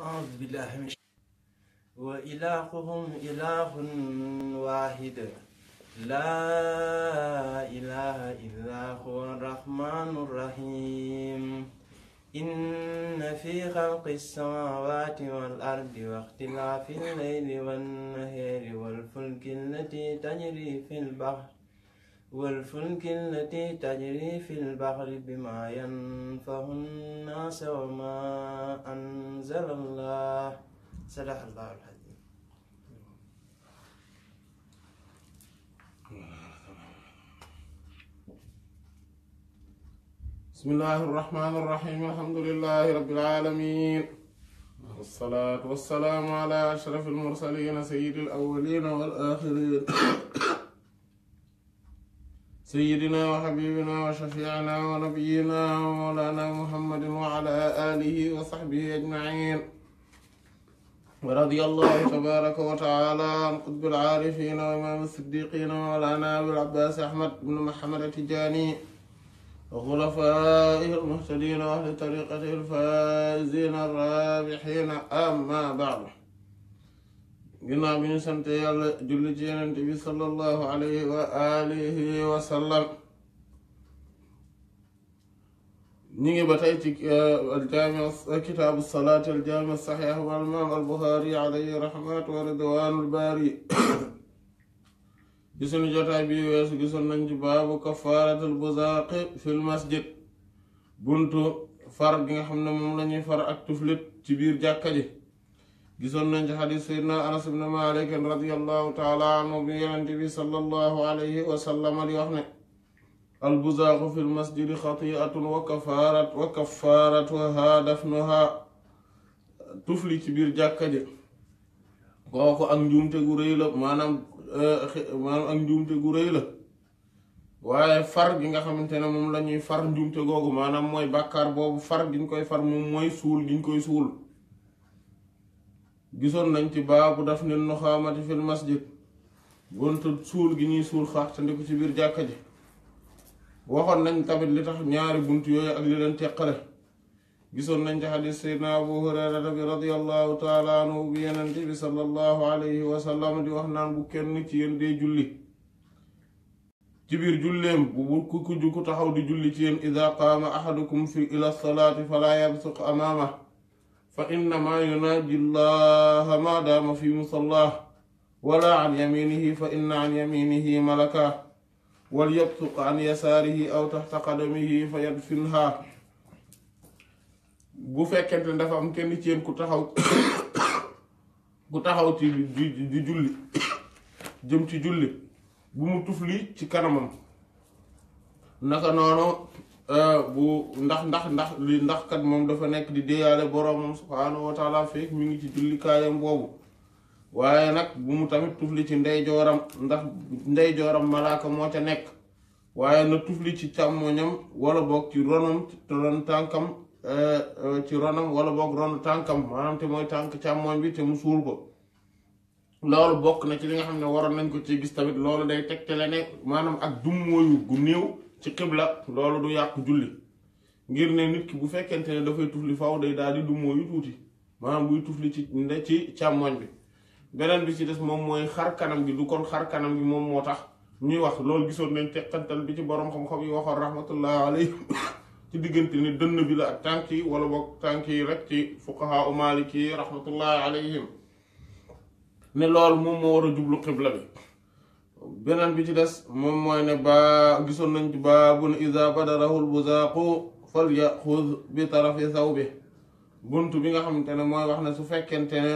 أعوذ بالله من وإلهكم إله واحد لا إله إلا هو الرحمن الرحيم إن في خلق السماوات والأرض واختلاف الليل والنهار والفلك التي تجري في البحر والفلك التي تجري في البحر بما ينفع الناس وما أنزل الله صدق الله العظيم بسم الله الرحمن الرحيم الحمد لله رب العالمين والصلاة والسلام على أشرف المرسلين سيد الأولين والآخرين سيدنا وحبيبنا وشفيعنا ونبينا ومولانا محمد وعلى آله وصحبه أجمعين ورضي الله تبارك وتعالى عن قطب العارفين وإمام الصديقين ومولانا أبو العباس أحمد بن محمد التجاني وخلفائه المهتدين وأهل طريقته الفائزين الرابحين أما بعد ginaaw bi ñu sant yàlla julli ci yonent bi sallallahu alayhi wa alihi wa sallam ñi ngi ba tey ci aljaami kitaabu salaat aljaami saxiix wal imaam albuxaari alayhi rahmat wa ridwaanul baari gisuñu jotaay bi weesu gisoon nañ ci baabu kafaaratul buzaaqi fil masjid buntu far gi nga xam ne moom lañuy far ak tuflit ci biir jàkka ji gisoon nañ ci xadis saydna anas ibn malik radiallahu taala anhu bi yonente bi sallallahu alayhi wa sallam di wax ne albuzaaqu fi lmasjidi xatiatun wa kafaarat wa kafaaratuha tufli ci biir jàkka ji kooku ak njuumte gu rëy la maanaam eh, maanaam ak njuumte gu rëy la waaye far gi nga xamante ne moom lañuy ñuy far njuumte googu maanaam mooy bàkkaar boobu far giñ koy far moom mooy suul giñ koy suul gisoon nañ ci baabu daf ni nuxaamati fil masjid buntu suul gi ñuy suul xaaxtandiku ci biir jàkka ji waxoon nañ tamit li tax ñaari bunt yooyu ak li leen teqale gisoon nañ ci xadis saydna abu hurayrata bi radiallahu taala bi yenent bi sallallahu alayhi wa di wax naan bu kenn ci yéen dee julli ci biir julleem bu ku ku taxaw di julli ci yéen ida qaama ahadukum fi ila salaati falaa yabsuq amaama fa innama yunaaji llaha maadaama fi musallah wala an yaminihi fa inna an yaminihi malaka wal yabsuq an yasaarihi aw taxta qadamihi fa yadfinha bu fekkente dafa am kenn ci yéen ku taxaw ku taxaw ci di julli jëm ci julli bu mu tufli ci kanamam naka noonu Euh, bu ndax ndax ndax li ndax kat moom dafa nekk di déyaale boroomam subhaanahu wa taala fekk ngi ci jullikaayam boobu waaye nag bu mu tamit tufli ci ndeyjooram ndax ndeyjooram malaaka moo ca nekk waaye na tufli ci càmmoñam wala boog ci ronam te ron tànkam euh, euh, ci ronam wala boog ron tànkam maanaam te mooy tànk càmmoñ bi te mu suul ko loolu bokk na ci li nga xam ne waroon nañ ko ci gis tamit loolu day tegtale ne maanaam ak dummóoyu gu néew ci xibla loolu du yàq julli ngir ne nit ki bu fekkente ne dafay tufli faw day daal di du mooyu tuuti maanaam buy tufli ci nde ci càmmoñ bi beneen bi ci des moom mooy xar kanam gi du kon xar kanam bi moom moo tax ñuy wax loolu gisoon nañ teqantal bi ci boroom xam-xam yi waxoon rahmatullah alayhi ci diggante ni dënn bi la ak tànk yi wala boog tànk yi rek ci fuqaha u maliki yi rahmatullahi alayhim ne loolu moom moo war a jublu xibla bi beneen bi ci des moom mooy ne baa gisoon nañ ci baabun iza badarahul buzaaqu fal yaxuz bi tarafi saw bi bunt bi nga xamante ne mooy wax ne su fekkente ne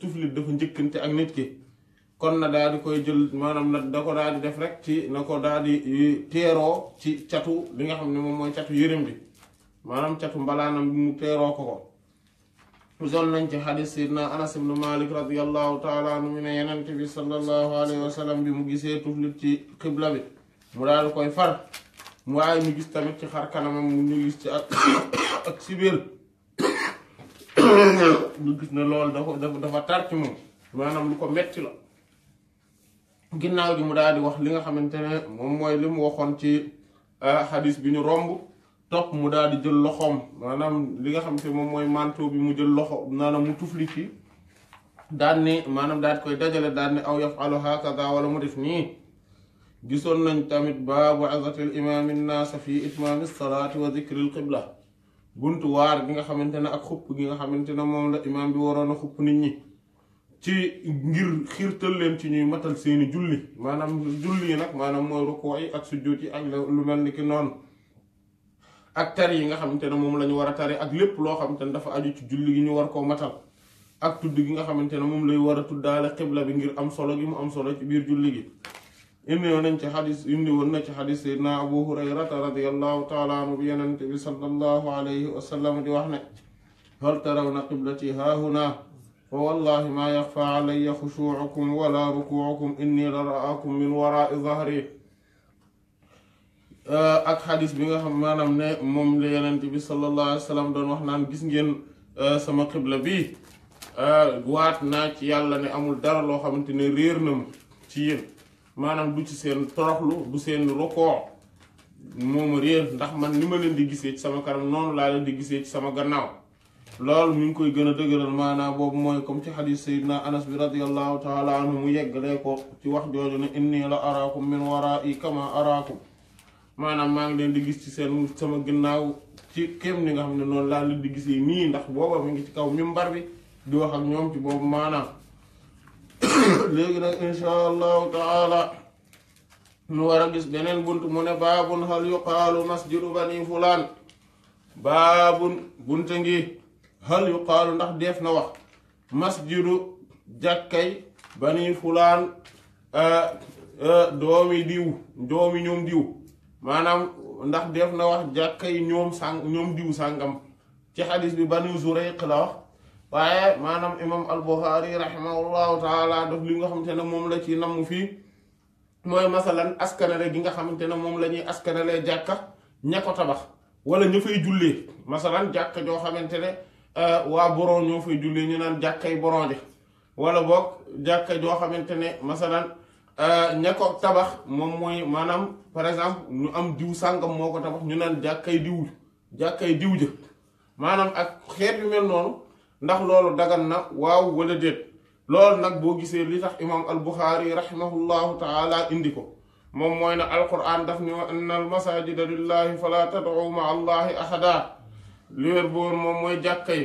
tuflit dafa njëkkante ak nit ki kon na daal di koy jël maanaam na ko daal di def rek ci na ko daal di teeroo ci catu li nga xam ne moom mooy catu yërëm bi maanaam catu mbalaanam bi teeroo ko ko musal nañ ci xadis na anas ibnu malik radiallahu taala mu ne yenent bi sallallahu alayhi wa sallam bi mu gisee tuflit ci xibla bi mu daal koy far waaye ñu gis tamit ci xar kanamam mu ñu gis ci ak ak sibeel gis ne loolu dafa dafa tar ci moom maanaam lu ko metti la ginnaaw ji mu daal di wax li nga xamante ne moom mooy li mu waxoon ci xadis ah, bi ñu romb topp mu daal di jël loxom manam li nga xam te moom mooy manteau bi mu jël loxo maanaam mu tufli ci dal ni manam dal koy dajale dal ni aw yafalu hakada wala mu def ni gisoon nañ tamit baabu imam an nas fi as salat wa al qibla buntu war gi nga xamante ak xupp gi nga xamante mom la imam bi warona a nit ñi ci ngir xirtal leen ci ñuy matal seeni julli manam julli nak manam moy mooy rukkoo ak sujjóot ak lu melni ki non ak tari yi nga xamante ne moom la ñu war a tari ak lépp loo xamante ne dafa aju ci julli gi ñu war koo matal ak tudd gi nga xamante ne moom lay war a tuddaale xibla bi ngir am solo gi mu am solo ci biir julli gi indi woon nañ ci xadis indi na ci xadis saydna abu hurayrata radiallahu ta anhu bi yenente bi sallallahu alayhi wa sallam di wax ne hal tarawna qiblati haahuna fa wallahi maa yaxfa alayya xushuucukum wala rukuucukum inni la raakum min warai zahri Euh, ak xadis bi nga xam maanaam ne moom la yonent bi sallallahu alayhi wa sallam doon wax naan gis ngeen euh, sama xibla bi euh, waat naa ci yàlla ne amul dara loo xamante ne réer na mu ci yéen maanaam du ci seen toroxlu bu seen rokoo mooma réer ndax man ni ma leen di gisee ci sama kanam noonu laa leen di gisee ci sama gannaaw loolu mi ngi koy gën a dëgëral maanaam boobu mooy comme ci xadis sayidna anas bi radiallahu taala anhu mu yeggalee ko ci wax jooju ne inni la araakum maanaam maa ngi leen di gis ci seen sama ginnaaw ci kem ni nga xam ne noonu laa leen di gisee nii ndax booba mu ngi ci kaw mimbar bi di wax ak ñoom ci boobu maanaam léegi nag insha allahu taala ñu war a gis beneen bunt mu ne baabun hal yuqaalu masjidu bani fulaan baabun bunta ngi hal yuqaalu ndax def na wax masjidu jàkkay bani fulaan eh, eh, doomi diw doomi ñoom diw maanaam ndax def na wax jàkka yi ñoom sàng ñoom diw sàngam ci xadis bi banu Zurayq la wax waaye maanaam imam al-Bukhari rahimahullahu taala li nga xamante ne moom la ci namm fii mooy masalan askanale gi nga xamante ne moom la ñuy askanalee jàkka ña ko tabax wala ñu fay jullee masalan jàkka joo xamante ne euh, waa boron ñoo fay jullee ñu naan jàkkay boron ja wala boog jàkka joo xamante ne masalan Euh, ña ko tabax moom mooy maanaam par exemple ñu am diw sàngam moo ko tabax ñu naan jàkkay diw jàkkay diw jë maanaam ak xeet yu mel noonu ndax loolu dagan na waaw wala déet loolu nag boo gisee li tax imaam al-Buxaari rahimahullahu taala indi ko moom mooy ne alquran daf ni wa anna al masajida lillahi fala tad'u ma allahi ahada li wér moom mooy jàkka yi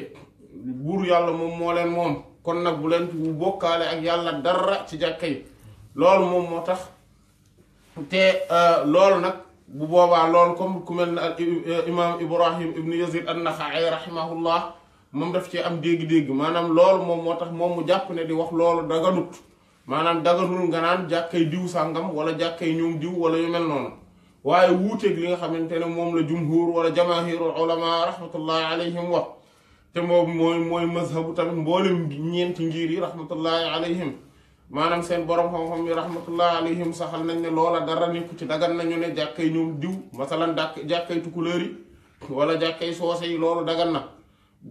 buur yàlla moom moo leen moom kon nag bu leen bu bokkaale ak yàlla dara ci jàkka yi loolu mom motax te loolu nak bu boba loolu comme ku mel imam Ibrahim ibn Yazid an-Nakha'i rahimahullah mom daf ci am deg deg manam loolu mom motax mom mu jàpp ne di wax loolu daganut maanaam daganul nga nan jakay diw sàngam wala jakay ñoom diw wala yu mel noonu waaye wuuteeg li nga xamantene mom la jumhur wala jamaahir ulama rahmatullah alayhim wa te mom moy moy mazhabu tam mbolim ñent ngir yi rahmatullah alayhim manam seen borom xam-xam yi rahmatullah alayhim saxal nañ ne loola dara ku ci dagan nañu ne jakkay ñoom diw masalan jakkay tu couleur yi wala jakkay soose yi loolu dagan na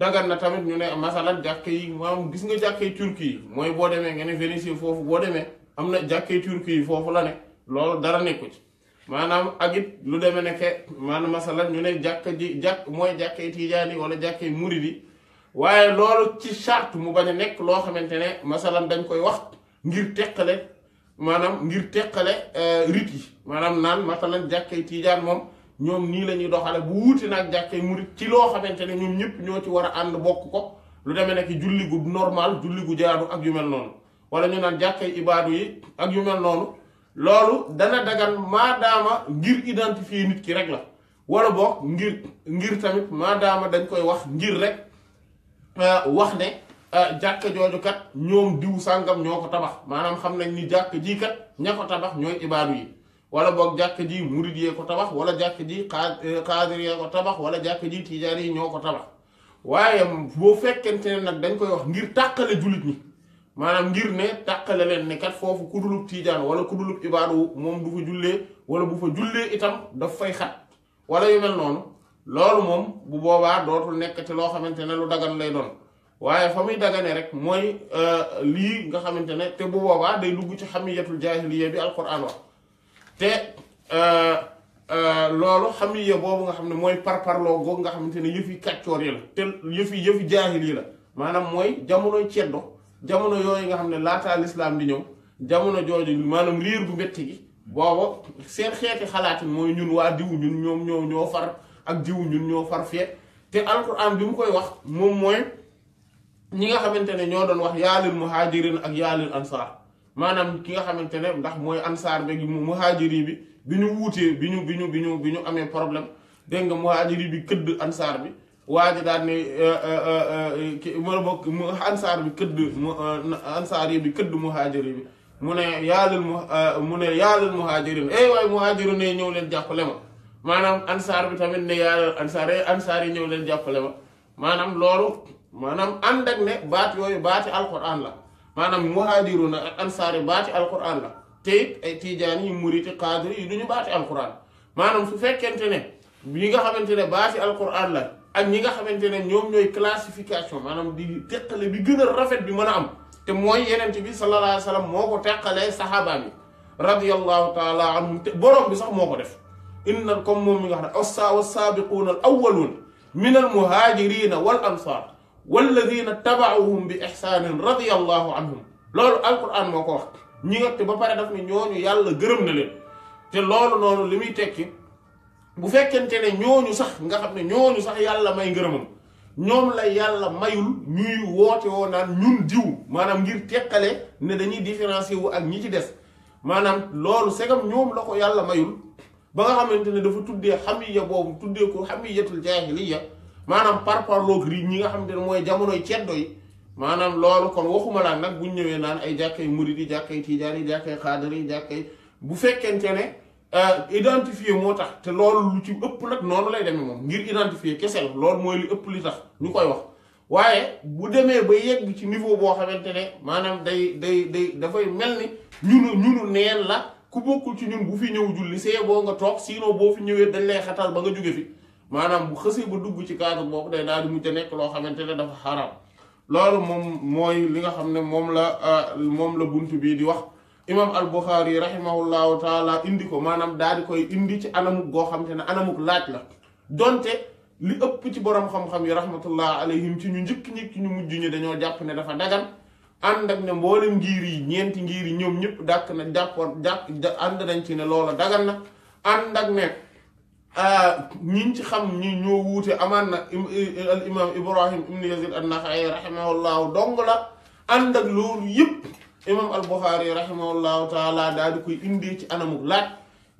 dagan na tamit ñu ne masalan jakkay yi manam gis nga jakkay turki moy bo deme demee nga fofu bo deme amna jakkay turki fofu la ne loolu dara ku ci manam agit lu deme ne ke manam masalan ñu ne jakkay ji jak moy jakkay tiijaan wala jakkay mouride waye waaye loolu ci charte mu baña nek lo xamantene masalan dañ koy wax ngir teqale maanaam ngir teqale euh, rit yi maanaam naan masalan jàkkee tiijaan moom ñoom nii la ñuy doxale bu wuute naag jàkkee murit ci loo xamante ne ñoom ñëpp ñoo ci war a ànd bokk ko lu demee nekk julli gu normal julli gu jaadu ak yu mel noonu wala ñu naan jàkkee ibaadu yi ak yu mel noonu loolu dana dagan maadaama ngir identifier nit ki rek la wala boog ngir ngir tamit maadaama dañ koy wax ngir rek euh, wax ne Ah, jàkka jooju kat ñoom diw sàngam ñoo ko tabax maanaam xam nañ ni jàkk ji kat ña ko tabax ñooy ibaadu yi wala boog jàkk ji murid ko tabax wala jàkk ji xaadir yee ko tabax wala jàkk ji tijaar yi ñoo ko tabax waaye boo fekkente ne nag dañ koy wax ngir tàqale jullit ñi maanaam ngir ne tàqale leen ne kat foofu ku dulub tiijaan wala ku dulub ibaadu moom du fa jullee wala bu fa jullee itam daf fay xat wala yu noonu loolu moom bu boobaa dootul nekk te loo xamante ne lu dagan lay doon waaye fa muy dagane rek mooy euh, lii nga xamante ne te bu boobaa day dugg ci xamiyatul jaahiliya bi alquran wax te euh, euh, loolu xamiya boobu nga xam ne mooy par parparloo googu nga xamante ne yëfi kàccoor yi la te yëfi yëfi jaahili la maanaam mooy jamonoy ceddo jamono yooyu nga xam ne laataa lislaam di ñëw jamono jooju maanaam riir bu métti gi booba seen xeeti xalaatin mooy ñun waa diw ñun ñoom ñoo ñoo far ak diw ñun ñoo far fee te alquran bi mu koy wax moom mooy ñi nga xamante ne ñoo doon wax mu muhajirin ak yaalil ansaar maanaam ki nga xamante ne ndax mooy ansaar bi muhajiri bi bi ñu wuutee bi ñu bi ñu bi ñu bi ñu amee problème dégg nga muhajiri bi këdd ansaar bi waa ji daal ne euh, euh, euh, ki ma bokk ansaar bi këdd ansaar yi bi këdd muhajiri bi mu ne yaalil mu mu ne yaalil mu eh waaye muhajirin ne ñëw leen jàppale ma maanaam ansaar bi tamit ne yaalil ansaar eh ansaar yi ñëw leen jàppale ma maanaam loolu. manam andak ne bat yoy bat alquran la manam muhaadiruna ak bat alquran la te ay tijani yi muriti qaadiri yi duñu bat alquran manam su fekente ne yi nga xamantene bat alquran la ak yi nga xamantene ñom ñoy classification manam di tekkale bi gëna rafet bi mëna am te mooy yenent bi sallallahu alayhi wasallam moko tekkale sahaba bi radiyallahu taala anhum borom bi sax moko def innakum mom mi nga xamantene as sabiquna al awwalun min al muhaajiriina wal ansaar والذين tabaauhum باحسان رضي الله عنهم لول القران moo ko نيغا تي با te ba pare daf يالا ñooñu نالين تي لول نونو لي مي تيكي بو فكنتي ني bu fekkente ne nga xamne ne ñooñu sax yàlla may ngërëmam ñoom la yàlla mayul ñuy woote woo naan ñun diw maanaam ngir teqale ne dañuy différencier wu ak ñi ci des maanaam loolu segam ñoom la ko ba nga xamante dafa tuddee xamiya boobu tuddee ko xamiyatul jaahiliya maanaam par rapport ak ñi nga xam ne mooy jamonoy ceddo yi maanaam loolu kon waxuma laa nag bu ñu ñëwee naan ay jàkkay murid yi jàkkay tiijaan yi jàkkay xaadar yi jàkkay bu fekkente ne euh, identifier moo tax te loolu lu ci ëpp nag noonu lay demee moom ngir identifier kese lool mooy li ëpp li tax ñu koy wax waaye bu demee ba yegg ci niveau boo xamante ne maanaam day day day dafay mel ni ñunu ñunu neen la ku bokkul ci ñun bu fi ñëw julli see boo nga toog sinon boo ñëwee dañ lay xatal ba nga jóge fi maanaam bu xësee ba dugg ci cadre boobu day daal di mujj a nekk loo xamante ne dafa xaraam loolu moom mooy li nga xam ne moom la euh, moom la bunt bii di wax imam al Buxaari rahimahullahu taala indi ko maanaam daal di koy indi ci anamuk goo xamante ne anamuk laaj la donte li ëpp ci borom xam-xam yi rahmatullah alayhim ci ñu njëkk ñi ñu mujj ñi dañoo jàpp ne dafa dagan ànd ak ne mboolem ngir yi ñeenti ngir yi ñoom ñëpp dàkk na jàppoon jàpp ànd nañ ci ne loola dagan na ànd ak ne. Euh, ñiñ ci xam ñi ñoo wuute amaan na al imam ibrahim ibn yazid an-naxa'i rahimahullahu dong la al ak loolu yëpp imam al buxaari rahimahullahu taala daal di koy indee ci anamu laat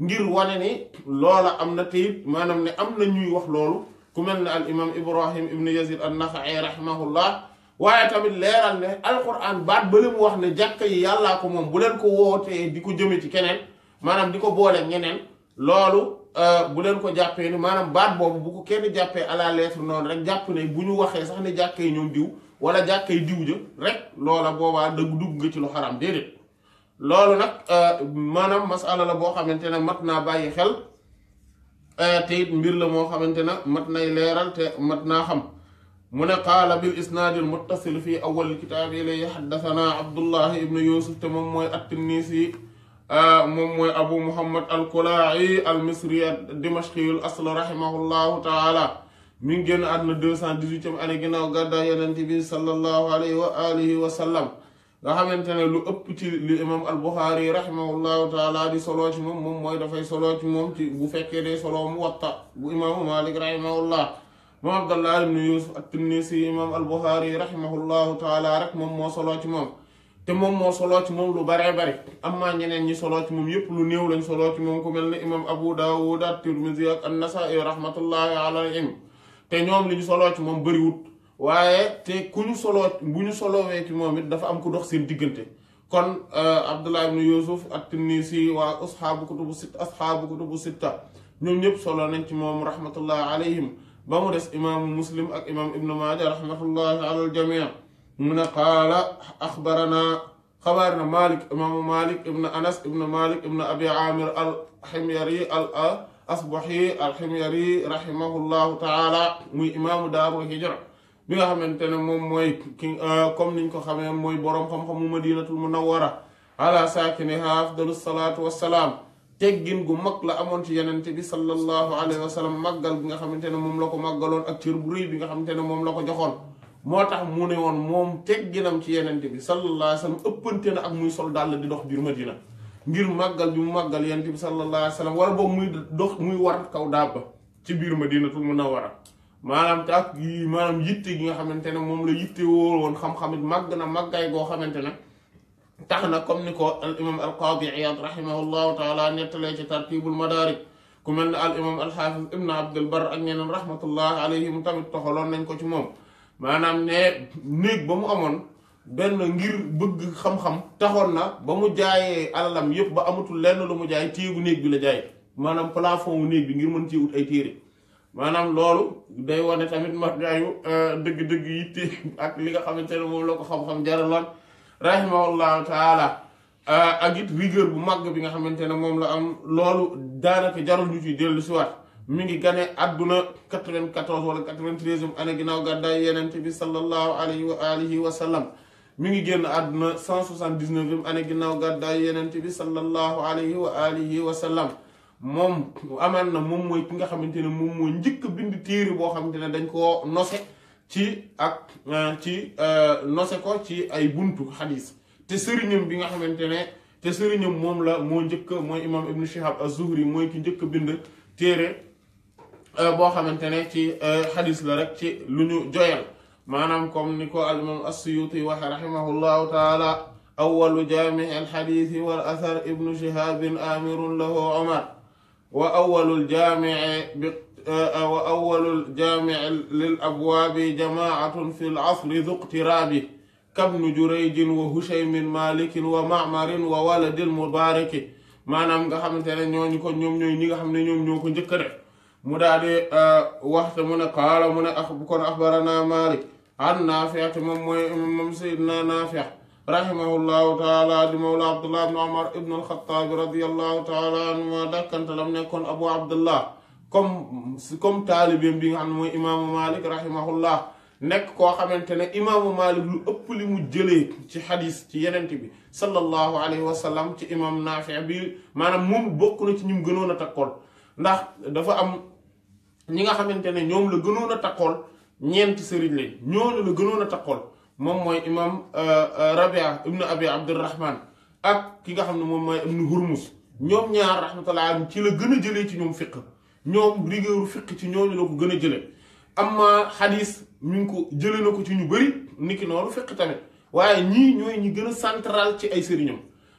ngir wane ni loola am na teyit maanaam ne am na ñuy wax loolu ku mel ne al imam ibrahim ibn yazid an-naxa'i rahimahullah waaye tamit leeral ne alquran baat bële wax ne jàkka yi yàllaa ko moom bu leen ko wootee di ko jëme ci keneen maanaam di ko boole ñeneen loolu Euh, bu leen ko jàppee ni maanaam baat boobu bu ko kenn jàppee à la noonu rek jàpp ne bu ñu waxee sax ne jàkkee ñoom diw wala jàkkee diw ja rek loola boobaa dëgg dugg nga ci lu xaram déedéet loolu nag euh, maanaam masala la boo xamante ne mat naa bàyyi xel euh, te mbir la moo xamante ne mat nay leeral te mat naa xam mu ne qaala bil isnaadil muttasil fii awwal kitaab ilay xaddasanaa abdullahi ibnu yusuf te moom mooy at-Tinnisi آه، موم ابو محمد الكلاعي المصري الدمشقي الاصل رحمه الله تعالى من ген ادنا 218 اني غيناو غدا يننتي صلى الله عليه واله وسلم دا خامتاني لو اوب تي امام البخاري رحمه الله تعالى دي صلوات موم موم موي دا فاي صلوات موم تي بو فكي دي صلو مو وقت بو امام مالك رحمه الله محمد عبد الله بن يوسف التنيسي امام البخاري رحمه الله تعالى رك موم مو صلوات te moom moo soloo ci moom lu baree bari amma ñeneen ñi soloo ci moom yëpp lu néew lañ soloo ci moom ku mel ne imam Abu Dawud at-Tirmidhi ak an-Nasa'i rahmatullahi alayhim te ñoom li ñu soloo ci moom bëriwut waaye te ku ñu bu ñu solowee moom it dafa am ku dox diggante kon euh, Abdullah ibn Yusuf at-Tinnisi waa ashaabu kutubu sitta ashaabu kutubu sitta ñoom ñëpp solo nañ ci moom rahmatullahi alayhim ba mu des imaamu Muslim ak imam Ibn Maaja rahmatullahi alal jamii من قال أخبرنا خبرنا مالك إمام مالك ابن أنس ابن مالك ابن أبي عامر الحميري الأصبحي الحميري رحمه الله تعالى مي إمام دار الهجرة بيها من تنمو موي كم نينكو خمي موي بورم خم خم مدينة المنورة على ساكنها أفضل الصلاة والسلام teggin gu mak la amon ci yenente bi sallallahu alayhi wasallam magal bi nga xamantene mom lako magalon ak ciir bu reuy bi nga xamantene mom lako joxone moo tax mu ne woon moom tegginam ci yenente bi sallallahu alayhi wa sallam ëppante na ak muy sol dàll di dox biir Madina ngir màggal bi mu màggal yenente bi sallallahu alayhi wa sallam wala boobu muy dox muy war kaw daaba ci biir Madinatul Munawwara maanaam te ak maanaam yitte gi nga xamante ne moom la yitte woo woon xam-xamit màgg na màggaay goo xamante ne tax na comme ni ko al imam al qaadi Iyaad rahimahullahu taala nettalee ci tartibul madaarib ku mel ne al imam al xaafis ibn abdul bar ak ñeneen rahmatullah alayhim tamit toxaloon nañ ko ci moom maanaam ne néeg ba mu amoon benn ngir bëgg xam-xam taxoon na ba mu jaayee alalam yëpp ba amatul lenn lu mu jaay téye bu néeg bi la jaay maanaam plafond wu néeg bi ngir mën ci wut ay téere maanaam loolu day wane tamit margaayu euh, dëgg-dëgg yitte ak li nga xamante ne moom la ko xam-xam jaraloon rahimahullahu taala euh, ak it rigueur bu màgg bi nga xamante ne moom la am loolu daanaka jarul ñu ci dellu siwaat mi ngi gane àdduna 94 wala 93e année ginnaaw gàddaay yenente bi sallallahu alayhi wa alihi wa sallam mi ngi génn àdduna 179e année ginnaaw gàddaay yenente bi sallallahu alayhi wa alihi wa sallam moom amaan na moom mooy ki nga xamante ne moom moo njëkk bind téere boo xamante ne dañ koo nose ci ak euh, ci euh, nose ko ci ay buntu xadis te sëriñam bi nga xamante ne te sëriñam moom la moo njëkk mooy imam ibnu shihab az-zuhri mooy ki njëkk bind téere bo xamantene ci hadith la rek ci lu ñu joyal maanaam comme ni ko alimam assiyuti waxe rahimahullahu taala awwal awalu jaamici alxadisi wal athar ibn shihab amir lahu umar wa awalu jaamici bi wa awwal al-jami' lil abwab jama'atun fi lasri du qtiraabi kabnu jurayjin wa hushaymin malik wa ma'mar wa walad al-mubarak manam nga xamantene ñoo ñooñu ko ñom ñoy ñi nga xamne ñom ñoko ñoo rek mu daal di euh, waxte mu ne mu ne kon axbarana malik an naafi' te moom mooy moom sayyidina naafi' rahimahullahu taala di mawla abdullah ibn umar ibn alxataabi radiallahu taala anhuma dakkantalam nekkoon abu abdullah comme comme bi nga xam ne mooy imaamu malik rahimahullah nekk ko xamante ne imaamu malik lu ëpp li mu jëlee ci xadis ci yenent bi sallallahu alayhi wa sallam ci imaam naafi bi maanaam moom bokk ci ñum gënoon a takkoon ñi nga xamante ne ñoom la gënoon a takkool ñeenti sëriñ lañ ñooñu la gënoon a takkool moom mooy imam euh, euh, rabia ibnu abi abdurrahman ak ki nga xam ne moom mooy ibnu hurmus ñoom ñaar rahmatullah ci la gën a jëlee ci ñoom fiq ñoom rigueur fiq ci ñooñu la ko gën a jëlee amma xadis ñu ngi ko jëlee na ko ci ñu bëri niki noonu fiq tamit waaye ñii ñooy ñi gën a central ci ay sëriñam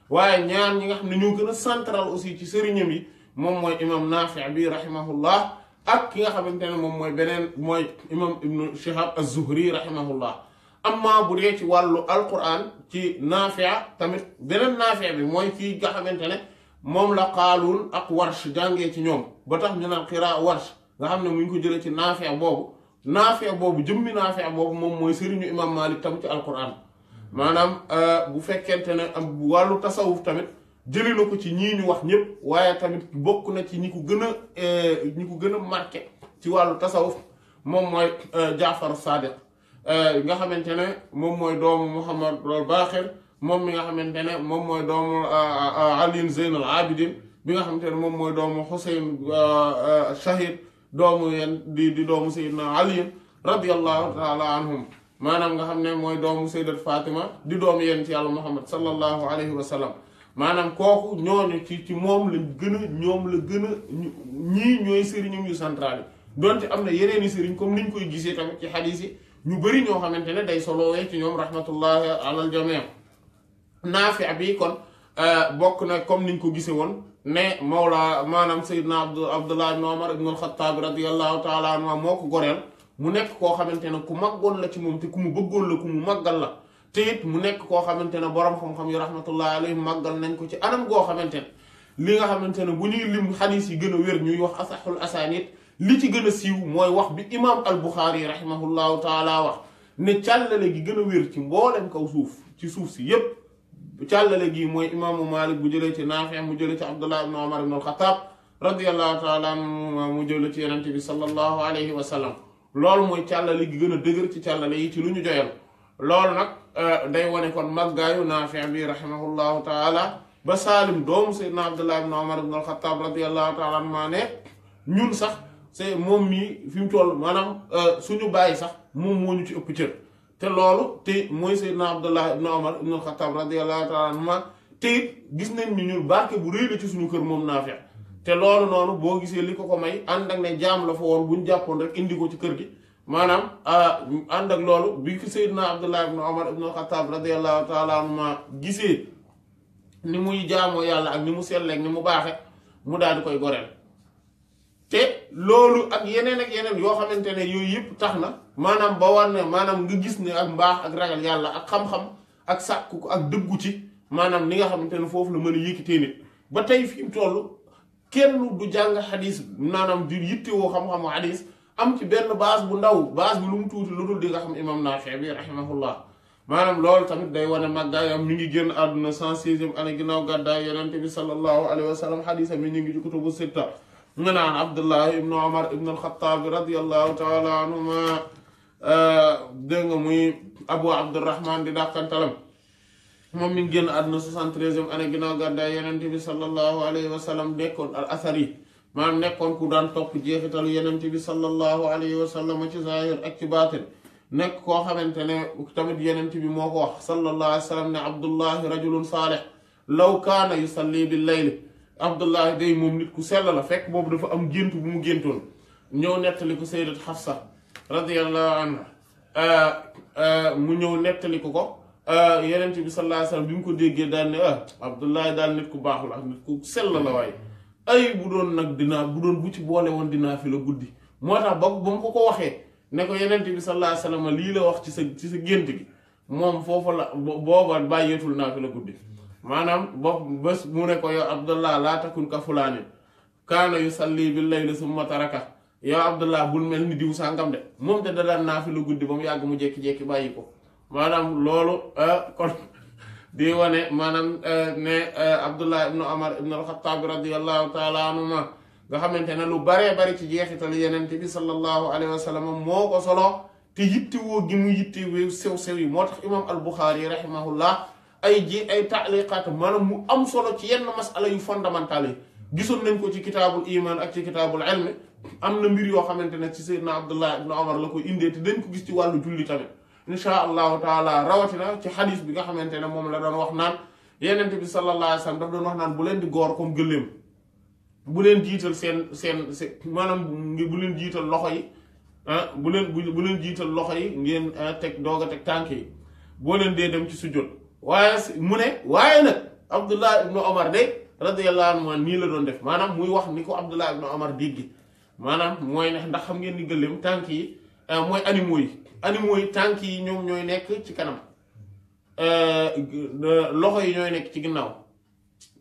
waaye ñaar ñi nga xam ne ñoo gën a central aussi ci sëriñam yi moom mooy imam naafi bi rahimahullah ak ki nga xamantene mom moy benen moy imam ibn shihab az-zuhri rahimahullah amma bu dee ci walu alquran ci nafi'a tamit benen nafi'a bi moy ki nga xamantene mom la qalul ak warsh jange ci ñom ba tax ñu nan qira warsh nga xamne muñ ko jëlee ci naafia boobu naafia boobu jëmmi nafi'a bobu mom moy serignu imam malik tam ci alquran manam bu fekkente ne am wàllu tasawuf tamit jëlee nako ci ñi ñu wax ñëpp waaye tamit bokku na ci ñi ko gën a ñi ko gën a marqué ci wàllu tasawuf moom mooy Jaafar Sadiq nga xamante ne moom mooy doomu Muhammad al Baqir moom mi nga xamante ne moom mooy doomu Ali Zeyn al Abidin bi nga xamante ne moom mooy doomu Xuseyn Shahid doomu yen di di doomu Seydina Ali radiyallahu taala anhum maanaam nga xam ne mooy doomu Sayyidat Fatima di doomu yéen ci yàlla Muhammad sallallahu alayhi wa sallam maanaam kooku ñooñu ci ci moom la gën a ñoom la gën a ñii ñooy sëriñum yu central yi donte am na yeneen i sëriñ comme ni ñu koy gisee tamit ci xadiis yi ñu bëri ñoo xamante ne day soloowee ci ñoom rahmatullahi alal jamii naafi ab yi kon euh, bokk na comme ni ñu ko gisee woon ne mawla maanaam sayyidna abd abdullah ibn omar ibn alxataab radiallahu taala anhu moo ko goreel mu nekk koo xamante ne ku màggoon la ci moom te ku mu bëggoon la ku mu màggal la teet mu nek ko xamantene borom xam-xam yu rahmatullah alayhi magal nañ ko ci anam go xamantene li nga xamantene bu ñuy lim hadith yi gëna wér ñuy wax asahul asanid li ci gëna a siiw mooy wax bi imam al bukhari rahimahullahu taala wax ne cyallale gi gëna wér ci mbolam kaw suuf ci suuf si yépp cyallale gi moy imam malik bu jëlé ci nafi' mu jëlé ci abdullah ibn umar ibn al-khattab radiyallahu taala mu jëlé ci yaronte bi sallallahu alayhi wa sallam lool moy cyallale gi gëna a dëgër ci cyallale yi ci luñu doyal lool nak Euh, day wane kon màggaayu Naafi' bi rahimahullahu taala ba Saalim doomu Seydina Abdullah ibn Omar ibn al-Khattab radiyallahu taala anhuma ne ñun sax c'est moom mii fi mu toll maanaam euh, suñu bàyyi sax moom moo ñu ci ëpp cër te loolu te mooy Seydina Abdullah ibn Omar ibn al-Khattab radiyallahu taala anhuma te gis nañ ni ñun barke bu rëy la ci suñu kër moom Naafi' te loolu noonu boo gisee li ko ko may ànd ak ne jaam la fa woon bu ñu jàppoon rek indi ko ci kër gi. maanaam ah, ànd ak loolu bi ki Seydina Abdullah ibn Omar ibn Xattaab radiyallahu taala anhuma gisee ni muy jaamoo yàlla ak ni mu selleek ni mu baaxe mu daal di koy goreel te loolu ak yeneen ak yeneen yoo xamante ne yooyu yëpp tax na maanaam ba war maanaam nga gis ne ak mbaax ak ragal yàlla ak xam-xam ak sàkku ko ak dëggu ci maanaam li nga xamante ne foofu la mën a yëkkitee nit ba tey fi mu toll kenn du jàng xadis maanaam di yittewoo xam-xamu xadis am ci benn baas bu ndaw base bi lu mu tuuti lu dul di nga xam imam Naafi bi rahimahullah maanaam loolu tamit day wane màggaayam mi ngi génn àdduna cent sixième année ginnaaw gàddaay yonente bi sallallahu alayhi wa sallam xadisa mi ñu ngi ci kutubu sitta nga naan abdullahi ibnu omar ibnu alxataabi radiallahu taala anhuma euh, dégg nga muy abu abdurahman di dàqantalam moom mi ngi génn àdduna soixante-treizième année ginnaaw gàddaay yonente bi sallallahu alayhi wa sallam al asari manam nekkon ku daan topp jeexitalu yenent bi sallallahu alayhi wa sallam ci zahir ak ci baatin nekk koo xamante ne tamit yenent bi moo ko wax sallallahu alayhi wa sallam ne abdullahi rajulun saalih law kaana yusalli bil layli abdullahi day moom nit ku sell la fekk boobu dafa am gént bu mu géntoon ñëw nettali ko sayyidat hafsa radiyallahu anha mu ñëw nettali ko ko yenent bi sallallahu alayhi wa sallam bi mu ko déggee daal ne ah abdullahi daal nit ku baax la nit ku sell la waaye ay bu doon nag dinaa bu doon bu ci boole woon dinaa fi la guddi moo tax ba ba mu ko ko waxee ne ko yenent bi sallallahu alayhi wasallam lii la wax ci sa ci sa gént gi moom foofu la booba bàyyeetul naa fi la guddi maanaam bopp bés mu ne ko yow abdullah laa takun ka yu kaana yusalli bil layli summa taraka yow abdullah bul mel ni diw sàngam de moom te da daan naa fi la guddi ba mu yàgg mu jekki-jekki bàyyi ko maanaam loolu ah, kon di wane maanaam eh, ne eh, abdullah ibnu omar ibnu alxataabi radiallahu taala anhuma nga xamante ne lu baree bari ci jeexital yeneen bi sallallahu alayhi wa sallam moo ko solo te yittewoo gi mu yittewoo sew sew yi moo tax imam al buxaari rahimahullah ay ji ay taaliqaat maanaam mu am solo ci yenn masala yu fondamental yi gisoon nañ ko ci kitaabul iman ak ci kitaabul ilmi am na mbir yoo xamante ne ci seydna abdullah ibnu omar la koy indee te dañ ko gis ci wàllu julli tamit insha allahu taala rawatina ci xadis bi nga xamante ne moom la doon wax naan yenente bi sallallahu alayhi wa sallam daf doon wax naan bu leen di goor comme gëléem bu leen jiital seen seen seen maanaam bu leen jiital loxo yi ah, bu leen bu leen jiital loxo yi ngeen ah, teg doog a teg tànk yi boo leen dee dem ci sujjóot waaye mu ne waaye nag abdullah ibnu omar de radiyallahu anhu nii la doon def maanaam muy wax ni ko abdullah ibnu omar déggi maanaam mooy ne ndax xam ngeen ni gëléem tànk yi ah, mooy animaux yi animaux yi tànk yi ñoom ñooy nekk ci kanam euh, loxo yi ñooy nekk ci ginnaaw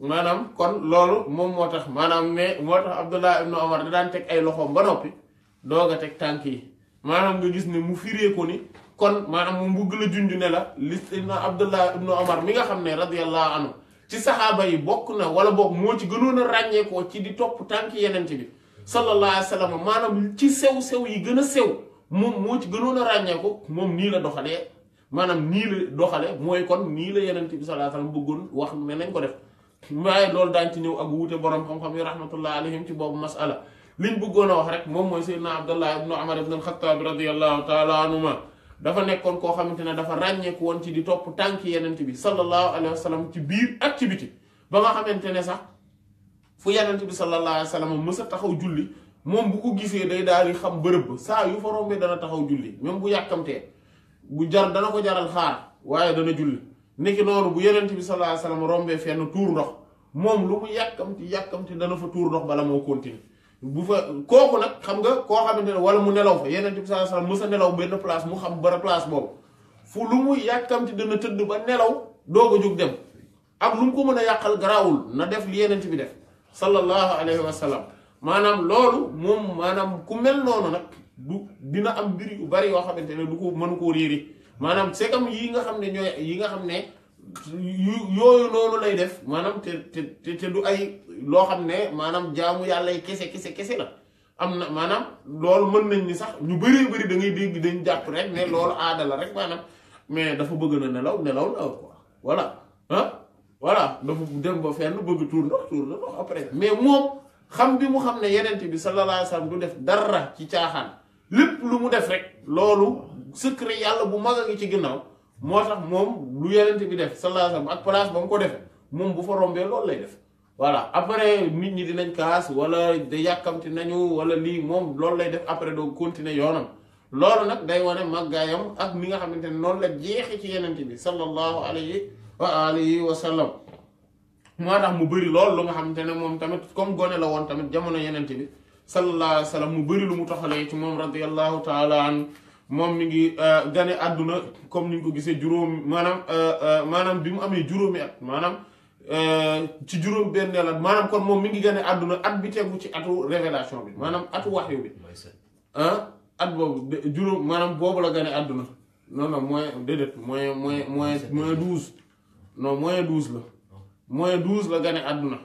maanaam kon loolu moom moo tax maanaam mais moo tax Abdullah ibnu Omar da daan teg ay loxoom ba noppi doog a teg tànk yi maanaam nga gis ne mu firee ko ni kon maanaam mu bëgg la junj ne la li Abdullah ibnu Omar mi nga xam ne radiyallahu anhu ci saxaaba yi bokk na wala bokk moo ci gënoon a ràññeekoo ci di topp tànk yeneen bi sallallahu alayhi wa maanaam ci sew sew yi gën a sew. moom moo ci gënoon a ràññeeku moom nii la doxalee maanaam nii la doxalee mooy kon nii la yeneen bi sallallahu alayhi wasallam bëggoon wax ne nañ ko def waaye loolu daan ci ñëw ak wuute borom xam-xam yi rahmatullah alayhim ci boobu masala liñ bëggoon a wax rek moom mooy sayyidna abdallah ibnu amar ibnu alxataab radiallahu taala anhuma dafa nekkoon koo xamante ne dafa ràññeeku woon ci di topp tànk yenent bi sallallahu alayhi wa sallam ci biir ak ci biti ba nga xamante ne sax fu yenent bi sallallahu alayhi wa sallam mës a moom bu ko gisee day daal di xam bërëb ba saa yu fa rombee dana taxaw julli même bu yàkkamtee bu jar dana ko jaral xaar waaye dana julli niki noonu bu yenent bi sallallahu alayhi wasallam rombee fenn tuur ndox moom lu mu yàkkamti dana fa tuur ndox bala moo continue bu fa kooku nag xam nga koo xamante ne wala mu nelaw fa yenent bi sallallahu alayhi wasallam mës a nelaw benn place mu xam bara place boobu fu lu mu yàkkamti dana tëdd ba nelaw doo ko jóg dem ak lu mu ko mën a yàqal garaawul na def li yenent bi def sallallahu alayhi wa sallam manam loolu mom manam ku mel nonu nak du dina am mbir yu bari yo xamantene du ko mënu koo réeri maanaam segam yi nga xamne ñoy yi nga xamne yoyu yu lay def manam te te te du ay lo xamne manam jaamu yalla yi kese kese kese la am manam lolu loolu nañ ni sax ñu bari bari da ngay deg dañ japp rek ne lolu aada la rek manam mais dafa bëgg na nelaw nelaw la quoi voilà hein voilà dafa dem ba fenn bëgg tour ndox tour ndox après mais mom xam bi mu xam ne yenent bi sallallahu alayhi wa sallam du def dara ci caaxaan lépp lu mu def rek loolu secret yàlla bu mag a ngi ci ginnaaw moo tax moom lu yenent bi def sallallahu alayhi ak place ba mu ko defee moom bu fa loolu lay def voilà après nit ñi dinañ kaas wala da yàkkamti nañu wala lii moom loolu lay def après doo continuer yoonam loolu nag day wane màggaayam ak mi nga xamante ne noonu la jeexe ci yenent bi sallallahu alayhi wa alihi wa sallam moo tax mu bëri lool lu nga xamante ne moom tamit comme gone la woon tamit jamono yeneen bi sallallahu alayhi mu bëri lu mu toxalee ci moom radiyallahu taala an moom mi ngi euh, gane àdduna comme ni ko gisee juróom maanaam euh, euh, maanaam bi mu amee juróomi at maanaam ci juróom benn la maanaam kon moom mi ngi gane àdduna at bi tegu ci atu révélation bi maanaam atu waxyu bi ah at boobu juróom maanaam boobu la gane àdduna non non moins déedéet moins moins moins moins douze non moins douze la mooy douze la gane àdduna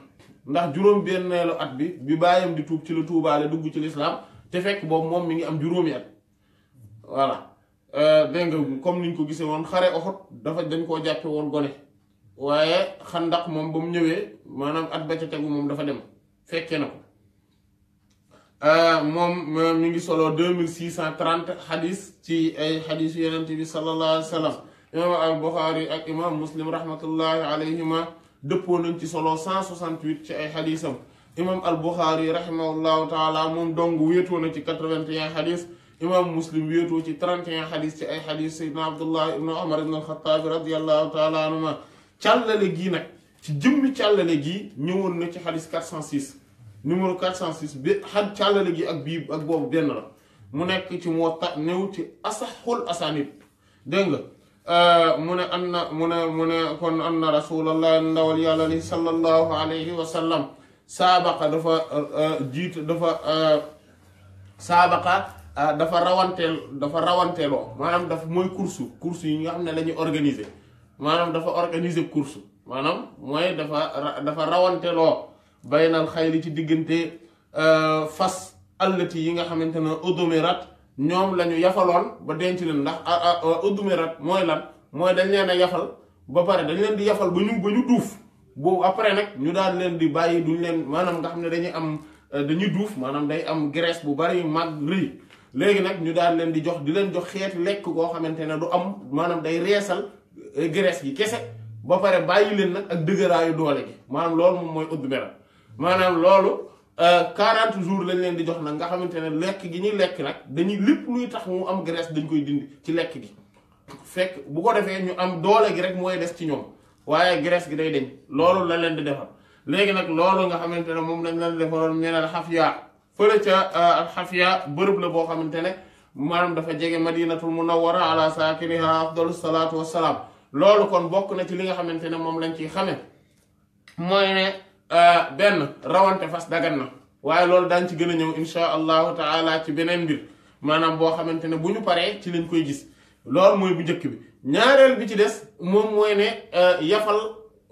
ndax juróom-benneelu benn at bi bi bàyyam di tuub ci lu tuubaale dugg ci lislaam te fekk boobu moom mi ngi am juróomi at voilà euh, dégg nga comme niñ ko gisee woon xare Uhud dafa dañ koo jàppe woon gone waaye ndax moom ba mu ñëwee maanaam at ba ca moom dafa dem fekkee na ko euh, moom euh, mu ngi solo deux mille six cent trente xadis ci ay xadis yu ti bi sallallahu alayhi wa sallam imaam al Buxaari ak imaam Muslim rahmatullahi alayhima dëppoo nañ ci solo 168 ci ay xadisam imam al buxaari rahimahullahu taala moom dong wéetoo na ci 81 xadis imam muslim wéetoo ci 31 xadis ci ay xadis saydna abdullah ibnu omar ibn alxataabi radiallahu taala anhuma càllale gii nag ci jëmmi càllale gi ñëwoon na ci xadis 406 numéro 406 bi xaj càllale gi ak bii ak boobu benn la mu nekk ci moo tax ñëw ci asaxul asanid dégg nga آه، من أن من من كن أن رسول الله أن ولي الله صلى الله عليه وسلم سابق دفع آه، جيت دفع آه، سابق دفع روان تل دفع روان تلو ما نام دفع موي كورس كورس يعني هم نلني أرگانيزه ما نام دفع أرگانيزه كورس ما نام موي دفع دفع روان تلو بين الخيل تي دقنتي فس التي يعني هم نتنا أدمرات ñoom la ñu yafaloon ba denc leen ndax a uddumirat mooy lan mooy dañ leen a yafal ba pare dañ leen di yafal ba ñu ba ñu duuf boobu après nag ñu daal leen di bàyyi duñ leen maanaam nga xam ne dañuy am euh, dañuy duuf maanaam day am graisse bu bari mag rëy léegi nag ñu daal leen di jox di leen jox xeeti lekk goo xamante ne du am maanaam day reesal euh, graisse gi kese ba pare bàyyi leen nag ak dëgëraayu doole gi maanaam loolu moom mooy uddumirat maanaam loolu. 40 jours lañ leen di jox nag nga xamante ne lekk gi ñuy lekk nag dañuy lépp luy tax mu am graisse dañ koy dindi ci lekk gi fekk bu ko defee ñu am doole gi rek mooy des ci ñoom waaye graisse gi day deñ loolu la leen di defal léegi nag loolu nga xamante ne moom lañ leen defaloon ñeneen xafiya fële ca euh, xafiya bërëb la boo xamante ne maanaam dafa jege madinatul munawwara ala saakiniha afdalu salaatu wassalaam loolu kon bokk na ci li nga xamante ne moom lañ ciy xame mooy ne Euh, benn rawante fas dagan na waaye loolu daañ ci gën a ñëw insha allahu taala ci beneen mbir maanaam boo xamante ne bu ñu paree ci lañ koy gis loolu mooy bu njëkk bi ñaareel bi ci des moom mooy ne euh, yafal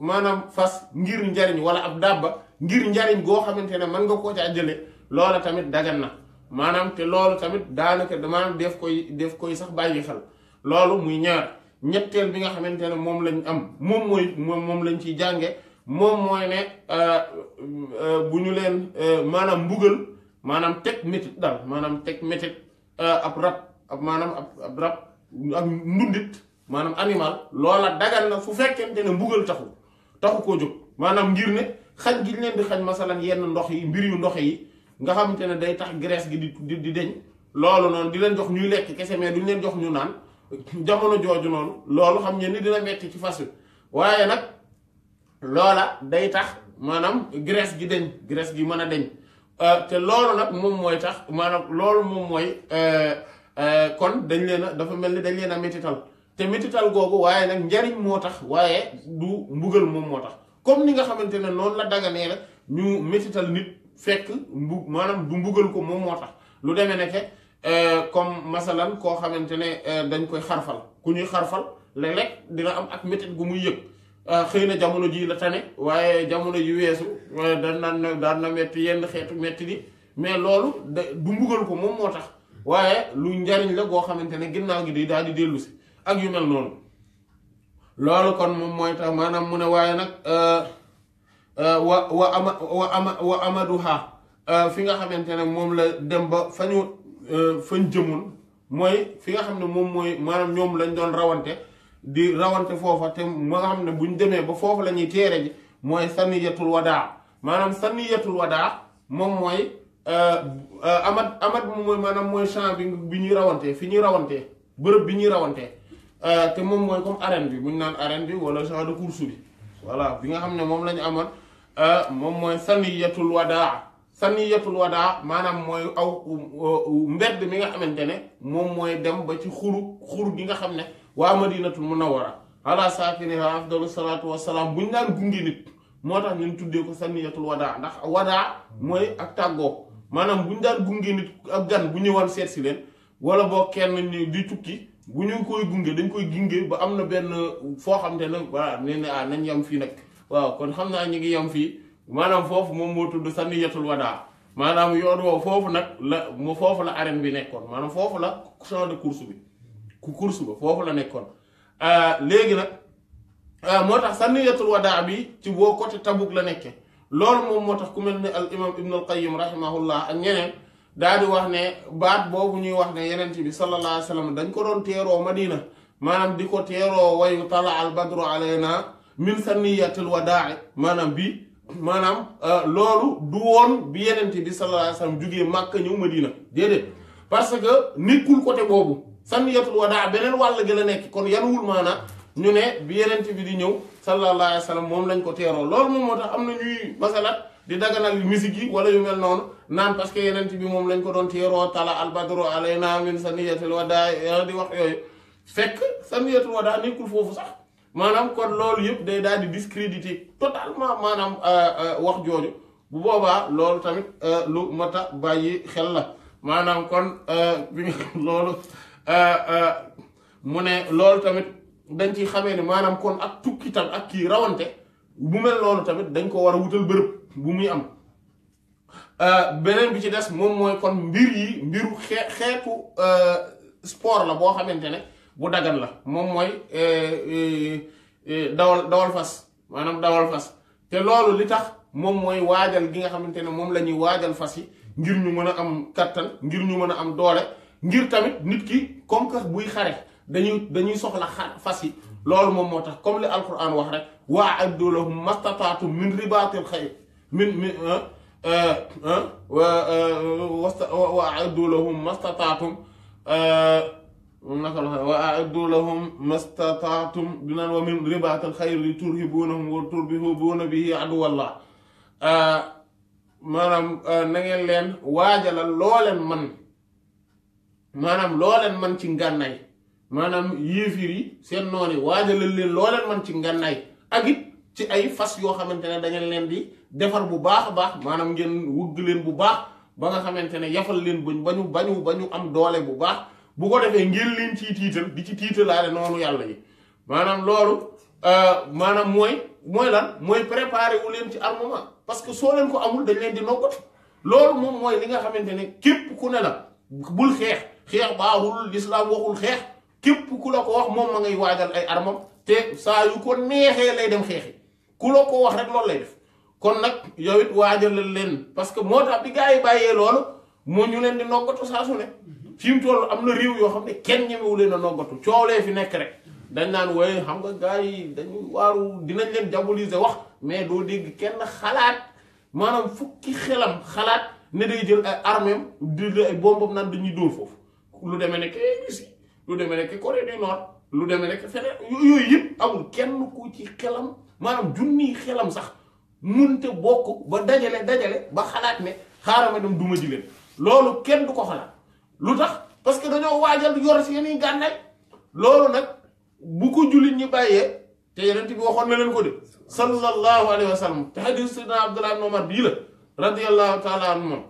maanaam fas ngir njariñ wala ab dàbba ngir njariñ goo xamante ne mën nga koo ci àjjale loola tamit daggan na maanaam te loolu tamit daanaka maanaam def koy def koy sax bàyyi xel loolu muy ñaar ñetteel bi nga xamante ne moom lañ am moom mooy moom moom lañ ciy jànge moom mooy ne euh, euh, bu ñu leen euh, maanaam mbugal maanaam teg métit daal maanaam teg métit ab rab ab maanaam ab rab ak ndundit maanaam animal loola dagal na fu fekkente ne mbugal taxu taxu koo jóg maanaam ngir ne xañ gi leen di xañ masalan yenn ndox yi mbir yu ndox yi nga xamante ne day tax graisse gi di di deñ loolu noonu di leen jox ñuy lekk kese mais duñ leen jox ñu naan jamono jooju noonu loolu xam ngeen ni dina metti ci fas wi waaye nag loola day tax maanaam graisse gi deñ graisse gi mën a deñ euh, te loolu nag moom mooy tax maanaam loolu moom mooy euh, euh, kon dañ leen a dafa mel ni dañ leen a métital te métital googu waaye nag njariñ moo tax waaye du mbugal moom moo tax comme ni nga xamante ne noonu la daganee la ñu métital nit fekk mbu maanaam du mbugal ko moom moo tax lu demee nekk comme masalan koo xamante ne dañ koy xarfal ku ñuy xarfal léeg-léeg dina am ak métit gu muy yëg Euh, xëy na jamono ji la tane waaye jamono ji weesu euh, daan naan daan na metti yenn xeetu metti ni mais loolu da du mbugal ko moom moo tax waaye lu njariñ la goo xamante ne ginnaaw gi day daal di dellu si ak yu mel noonu loolu kon moom mooy tax maanaam mu ne waaye nag euh, wa wa ama wa ama wa amaduha fi nga xamante ne moom la dem ba fa ñu fañ jëmoon mooy fi nga xam ne moom mooy maanaam ñoom lañ doon rawante di rawante foofa te ma nga xam ne bu ñu demee ba foofu la ñuy teere ji mooy saniyatul wadaa maanaam saniyatul wadaa moom mooy euh, euh, amat amat moom mooy maanaam mooy champ bi bi ñuy rawantee fi ñuy rawantee bërëb bi ñuy rawantee euh, te moom mooy comme arène bi mu naan arène bi wala champ de course voilà bi nga xam ne moom la ñu amoon moom mooy saniyatul wadaa saniyatul wadaa maanaam mooy aw mbedd mi nga xamante ne moom mooy dem ba ci xuru xur gi nga xam ne waa madinatul munawwara ala saakiniha afdalu salaatu bu ñu daan gunge nit moo tax ñu tuddee ko sanniyatul wadaa ndax wadaa mooy ak tàggoo maanaam buñ daan gungee nit ak gan bu ñëwaan seet si wala boo kenn di tukki bu ñu koy gunge dañ koy gunge ba am na benn foo xam ne voilà nee na ah nañ yem fii nag waaw kon xam naa ñu ngi yem fii maanaam foofu moom moo tudd sanniyatul wadaa maanaam yoon woo foofu nag la foofu la arène bi nekkoon maanaam foofu la champ de bi. ku kursu ba foofu la nekkoon euh, léegi nag euh, moo tax sànniyatul wadaa bi ci boo côté Tabuk la nekke loolu moom moo tax ku mel ne al imam ibnul qayyim rahimahullah ak ñeneen daal di wax ne baat boobu ñuy wax ne yenent bi sallallahu alayhi dañ ko doon teeroo madina maanaam di ko teeroo wayu tala al badru alayna min sanniyatil wadaa maanaam bi maanaam euh, loolu du woon bi yenent bi sallallahu alayhi wa sallam ñëw madina déedéet parce que nekkul côté boobu sanniyatul wadaa beneen wàll gi la nekk kon yanuwul maanaam ñu ne bi yenent bi di ñëw sallallahu alayhi wa moom lañ ko teeroo loolu moom moo tax am na ñuy masalat di daganal musique yi wala yu mel noonu naan parce que yenent bi moom lañ ko doon teeroo tala albadru alayna min sanniyatul wadaa eh, di wax yooyu fekk sanniyatul wadaa nekkul foofu sax maanaam kon loolu yëpp day daal di discrédité totalement maanaam euh, euh, wax jooju bu boobaa loolu tamit euh, lu mat a bàyyi xel la maanaam kon Euh, euh, mu ne loolu tamit dañ ci xamee ne maanaam kon ak tukki tam ak kii rawante bu mel loolu tamit dañ ko war a wutal bërëb bu muy am euh, beneen bi ci des moom mooy kon mbir yi mbir xee xeetu sport la boo xamante ne bu dagan la moom mooy dawal dawal fas maanaam dawal fas te loolu li tax moom mooy waajal gi nga xamante ne moom la ñuy waajal fas yi ngir ñu mën a am kattan ngir ñu mën a am doole ngir tamit nit ki comme que buy xare dañuy dañuy soxla xar fas yi loolu moom comme le alquran wax rek wa addu lahum mastataatum min ribatil khayr min min euh euh wa wa addu lahum euh naka la wa addu lahum mastataatum dinaan wa min ribatil khayr li turhibuunahum wa turhibuuna bihi wallah euh manam na ngeen len waajalal lolen man maanaam looleen man ci ngànnaay maanaam yéefir yi seen noonu waajalal leen looleen man ci ngànnaay ak ci ay fas yoo xamante ne dañu leen di defar bu baax a baax maanaam ngeen wugg leen bu baax ba nga xamante ne yafal leen bañ ba ñu bañu ba ñu am doole bu baax bu ko defee ngeen leen ciy tiital di ci tiitalaale noonu yàlla yi maanaam loolu euh, maanaam mooy mooy lan mooy préparer wu leen ci armement parce que soo leen ko amul dañ leen di nokkati loolu moom mooy li nga xamante ne képp ku ne la bul xeex xeex baaxul lislaam waxul xeex képp ku la ko wax moom ma ngay waajal ay armam te saa yu ko neexee lay dem xeexi ku la ko wax rek loolu lay def kon nag yow waajal la leen parce que moo tax di gaa yi bàyyee loolu moo ñu leen di noggatu saa su ne fi mu toll am na réew yoo xam ne kenn ñemewu leen a noggatu coolee fi nekk rek dañ naan waaye xam nga gaa yi dañu waaru dinañ leen diaboliser wax mais doo dégg kenn xalaat maanaam fukki xelam xalaat ne day jël ay armem di ay bombam naan dañuy dóor foofu lu demee nekk Russie lu demee nekk Corée du Nord lu demee nekk feneen yooyu yëpp amul kenn ku ci xelam maanaam junniy xelam sax munte bokk ba dajale dajale ba xalaat ne xaaral ma dem duma ji leen loolu kenn du ko xalaat lu tax parce que dañoo waajal yor seen i gànnaay loolu nag bu ko jullit ñi bàyyee te yeneen bi waxoon na leen ko de sallallahu alayhi wa sallam te hadis sidna Abdullah ibn Umar bii la radiyallahu taala anhu moom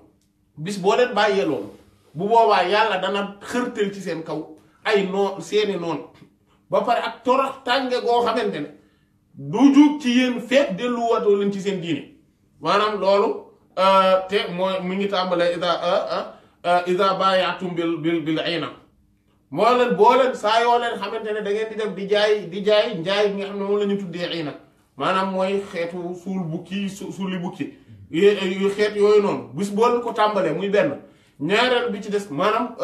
bis boo leen bàyyee loolu bu boobaa yàlla dana xërtal ci seen kaw ay noon seeni noonu ba pare ak torox tànge goo xamante ne du jug ci yéen feet delluwaatoo leen ci seen diine maanaam loolu euh, te mooy mu ngi tàmbalee ida euh, euh, ida baayatum bil bil bil ayna moo leen boo leen saa yoo leen xamante ne da ngeen di def di jaay di jaay njaay bi nga xam ne moom lañuy ñu tuddee ayna maanaam mooy xeetu suul bukki su suuli bukki xeet yooyu noonu bis boo leen ko tàmbalee muy benn ñaareel bi ci des maanaam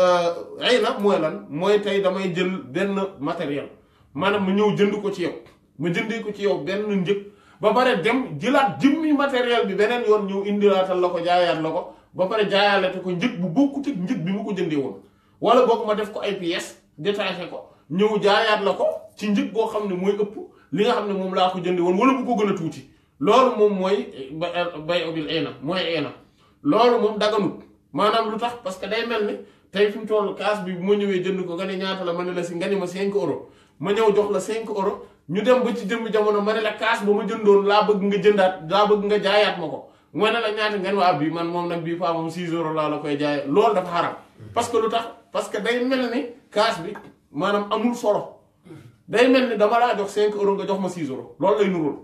ay na mooy lan mooy tey damay jël benn matériel maanaam mu ñëw jënd ko ci yow ma jëndee ko ci yow benn njëg ba pare dem jëlaat jëmmi matériel bi beneen yoon ñëw indilaatal la ko jaayaat la ko ba pare jaayaalate ko njëg bu bokkut ak njëg bi mu ko jëndee woon wala boog ma def ko ay pièces détaché ko ñëw jaayaat la ko ci njëg boo xam ne mooy ëpp li nga xam ne moom laa ko jëndee woon wala bu ko gën a tuuti loolu moom mooy bay obil eena mooy eena loolu moom maanaam lu tax parce que day mel ni tey fi mu toll kaas bi bu ma ñëwee jënd ko nga ne ñaata la ma ne la si nga ni ma 5 euros ma ñëw jox la 5 euros ñu dem ba ci jëmbi jamono ma ne la kaas ba ma jëndoon laa bëgg nga jëndaat laa nga jaayaat ma ko ma la ñaata nga waa bii man moom nag bii faa moom 6 euros laa koy jaayee loolu dafa xaram parce que lu tax parce que day mel ni kaas bi maanaam amul solo day mel ni dama laa jox 5 euros nga jox ma 6 euros loolu lay nuróol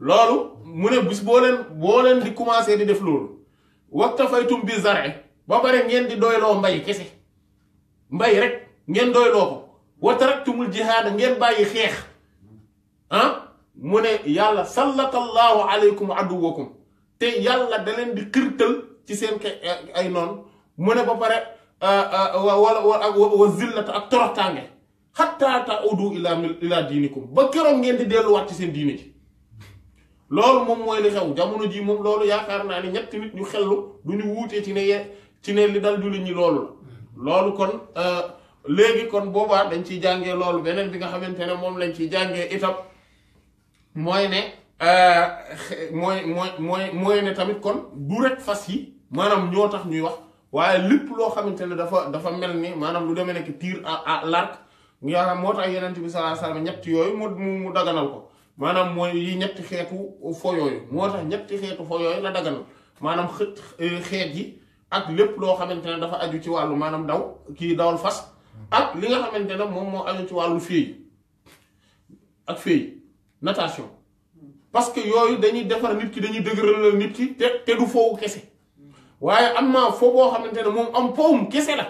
loolu mu ne bis boo leen boo leen di commencer di def loolu. waktafaytum bi zar'i ba bare ngeen di doylo mbay kesse mbay rek ngeen doylo ko wa taraktumul jihaada ngeen bàyyi xeex han mune yàlla sallallahu alaykum aduwakum te yàlla da leen di kirtal ci sen ay non mune ba bare wala wa zillat ak toroxtaange hatta ta'udu ila ila dinikum ba kero ngeen di delu wat ci sen diini loolu moom mooy li xew jamono ji moom loolu yaakaar naa ne ñetti nit ñu xellu du ñu wuutee ci ne ye ci ne li dal jullit ñi loolu la loolu kon euh, léegi kon boobaat dañ ciy jàngee loolu beneen bi nga xamante ne moom lañ ciy jàngee itam mooy ne euh, mooy mooy mooy mooy ne tamit kon du rek fas yi maanaam ñoo tax ñuy wax waaye lépp loo xamante ne dafa dafa mel ni maanaam lu demee nekk tir à l'arc nga xam moo tax yeneen bi sallallahu alayhi wasallam ñett yooyu mu mu daganal ko maanaam mooy yi ñetti xeetu fo yooyu moo tax ñetti xeetu fo yooyu la dagal maanaam xët xeet yi ak lépp loo xamante ne dafa aju ci wàllu maanaam daw kii dawal fas ak li nga xamante ne moom moo aju ci wàllu féey ak féey natation parce que yooyu dañuy defar nit dañuy dëgëralal nit ki te te du foowu am naa foo boo xamante ne moom am powum kese la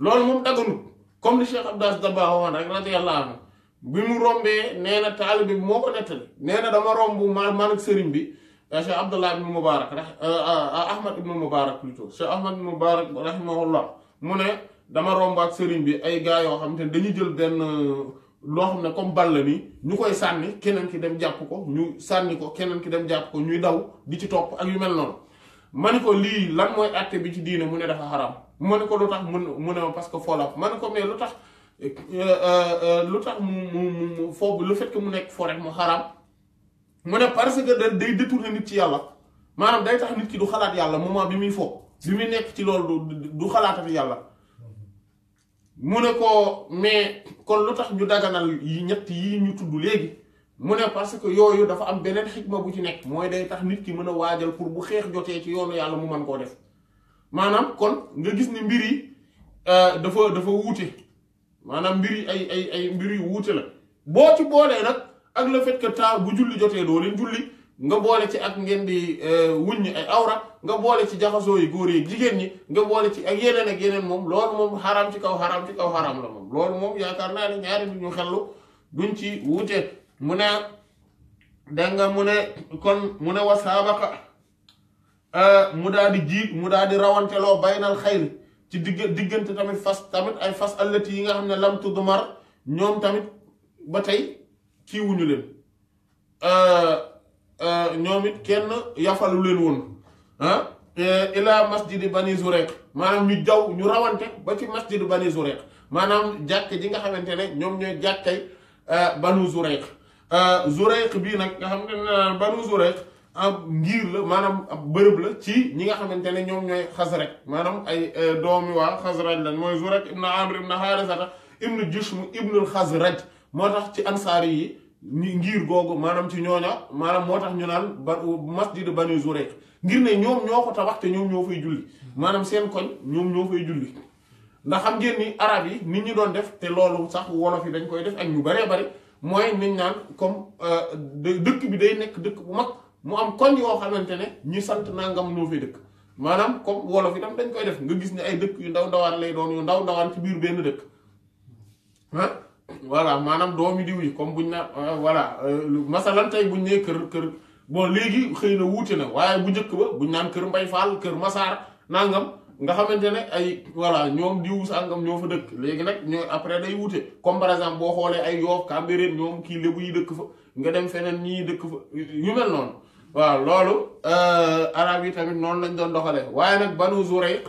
loolu moom daganut comme li Cheikh Abdas Dabba waxoon rek radiyallahu anhu bi mu rombee nee na taalibe bi moo ko nettali nee na dama romb ma man ak sëriñ bi eh, cheikh abdullah ibnu mubarak eh, eh, ahmad ibnu mubarak plutôt cheikh ahmad ibnu mubarak rahimahullah mu ne dama romb ak sëriñ bi ay gaa yoo xam te dañuy jël benn loo xam ne comme ball la nii ñu koy sànni keneen ki dem jàpp ko ñu sànni ko keneen ki dem jàpp ko ñuy daw di ci topp ak yu mel noonu ma ne ko lii lan mooy àtte bi ci diine mu ne dafa xaram ma ne ko lu tax mu ne ma parce que foolaf ma ne Euh, euh, euh, lu tax mu mu mu foofu le fait que mu nekk foo rek mu xaraam mu ne parce que da day détourner nit ci yàlla maanaam day tax nit ki du xalaat yàlla moment bi muy fo bi muy nekk ci loolu du du xalaatati yàlla mu ne ko mais kon lu tax ñu daganal yi ñett yi ñu tudd léegi mu ne parce que yooyu dafa am beneen xikma bu ci nekk mooy day tax nit ki mën a waajal pour bu xeex jotee ci yoonu yàlla mu man koo def maanaam kon nga gis ni mbir yi dafa dafa wuute maanaam mbir yi ay ay ay mbir yu wuute la boo ci boolee nag ak la fait que temps bu julli jotee doo leen julli nga boole ci ak ngeen di euh, wuññi ay awra nga boole ci jaxasoo yi góor yi jigéen ñi nga boole ci ak yeneen a yeneen moom loolu moom xaraam ci kaw xaraam ci kaw xaraam la moom loolu moom yaakaar naa ne ñaari du ñu xellu duñ ci wuute mu ne dégg nga mu ne kon mu ne wa saabaqa euh, mu daal di jiit mu daal di rawanteloo baynal xayri ci digg diggante tamit fas tamit ay fas allati yi nga xam ne lam tudmar ñoom tamit ba tey kii wuñu leen euh, euh, ñoom it kenn yafalu leen woon ah ilaa masjidi bani zureq maanaam ñu jaw ñu rawante ba ci masjidi bani zureq maanaam jàkk ji nga xamante ne ñoom ñooy jàkkay euh, banu zureq zureq bii nag nga xam ne banu zureq am ngiir la maanaam ab bërëb la ci ñi nga xamante ne ñoom ñooy rek maanaam ay euh, doomi waa xasraj lañ mooy Zurek ibn Amr ibn Haarisata ibn Jushm ibnul xasraj moo tax ci ansaari yi ñi ngir googu maanaam ci ñooña maanaam moo tax ñu naan ba masjid bani Zurek ngir ne ñoom ñoo ko tabax te ñoom ñoo fay julli maanaam seen koñ ñoom ñoo fay julli ndax xam ngeen ni arab yi nit ñi doon def te loolu sax wolof yi dañ koy def ak ñu baree bari mooy niñ naan comme euh, dëkk bi day nekk dëkk bu mag mu am koñ yoo xamante ne ñi sant nangam ñoo fay dëkk maanaam comme wolof itam dañ koy def nga gis ne ay dëkk yu ndaw ndawaan lay doon yu ndaw ndawaan ci biir benn dëkk ah maanaam doomi diw yi comme buñ na euh, voilà euh, masalan tey buñ nee kër kër bon léegi xëy na wuute na waaye bu njëkk ba buñ naan kër mbay faal kër masaar nangam nga xamante ne ay voilà ñoom diw sangam ñoo fa dëkk léegi nag ñoo après day wuute comme boo xoolee ay Yoff Cambérène ñoom kii lébu yi dëkk fa nga dem feneen ñii dëkk fa yu mel noonu waaw loolu euh, arab yi tamit noonu lañ doon doxalee waaye nag banu Zuray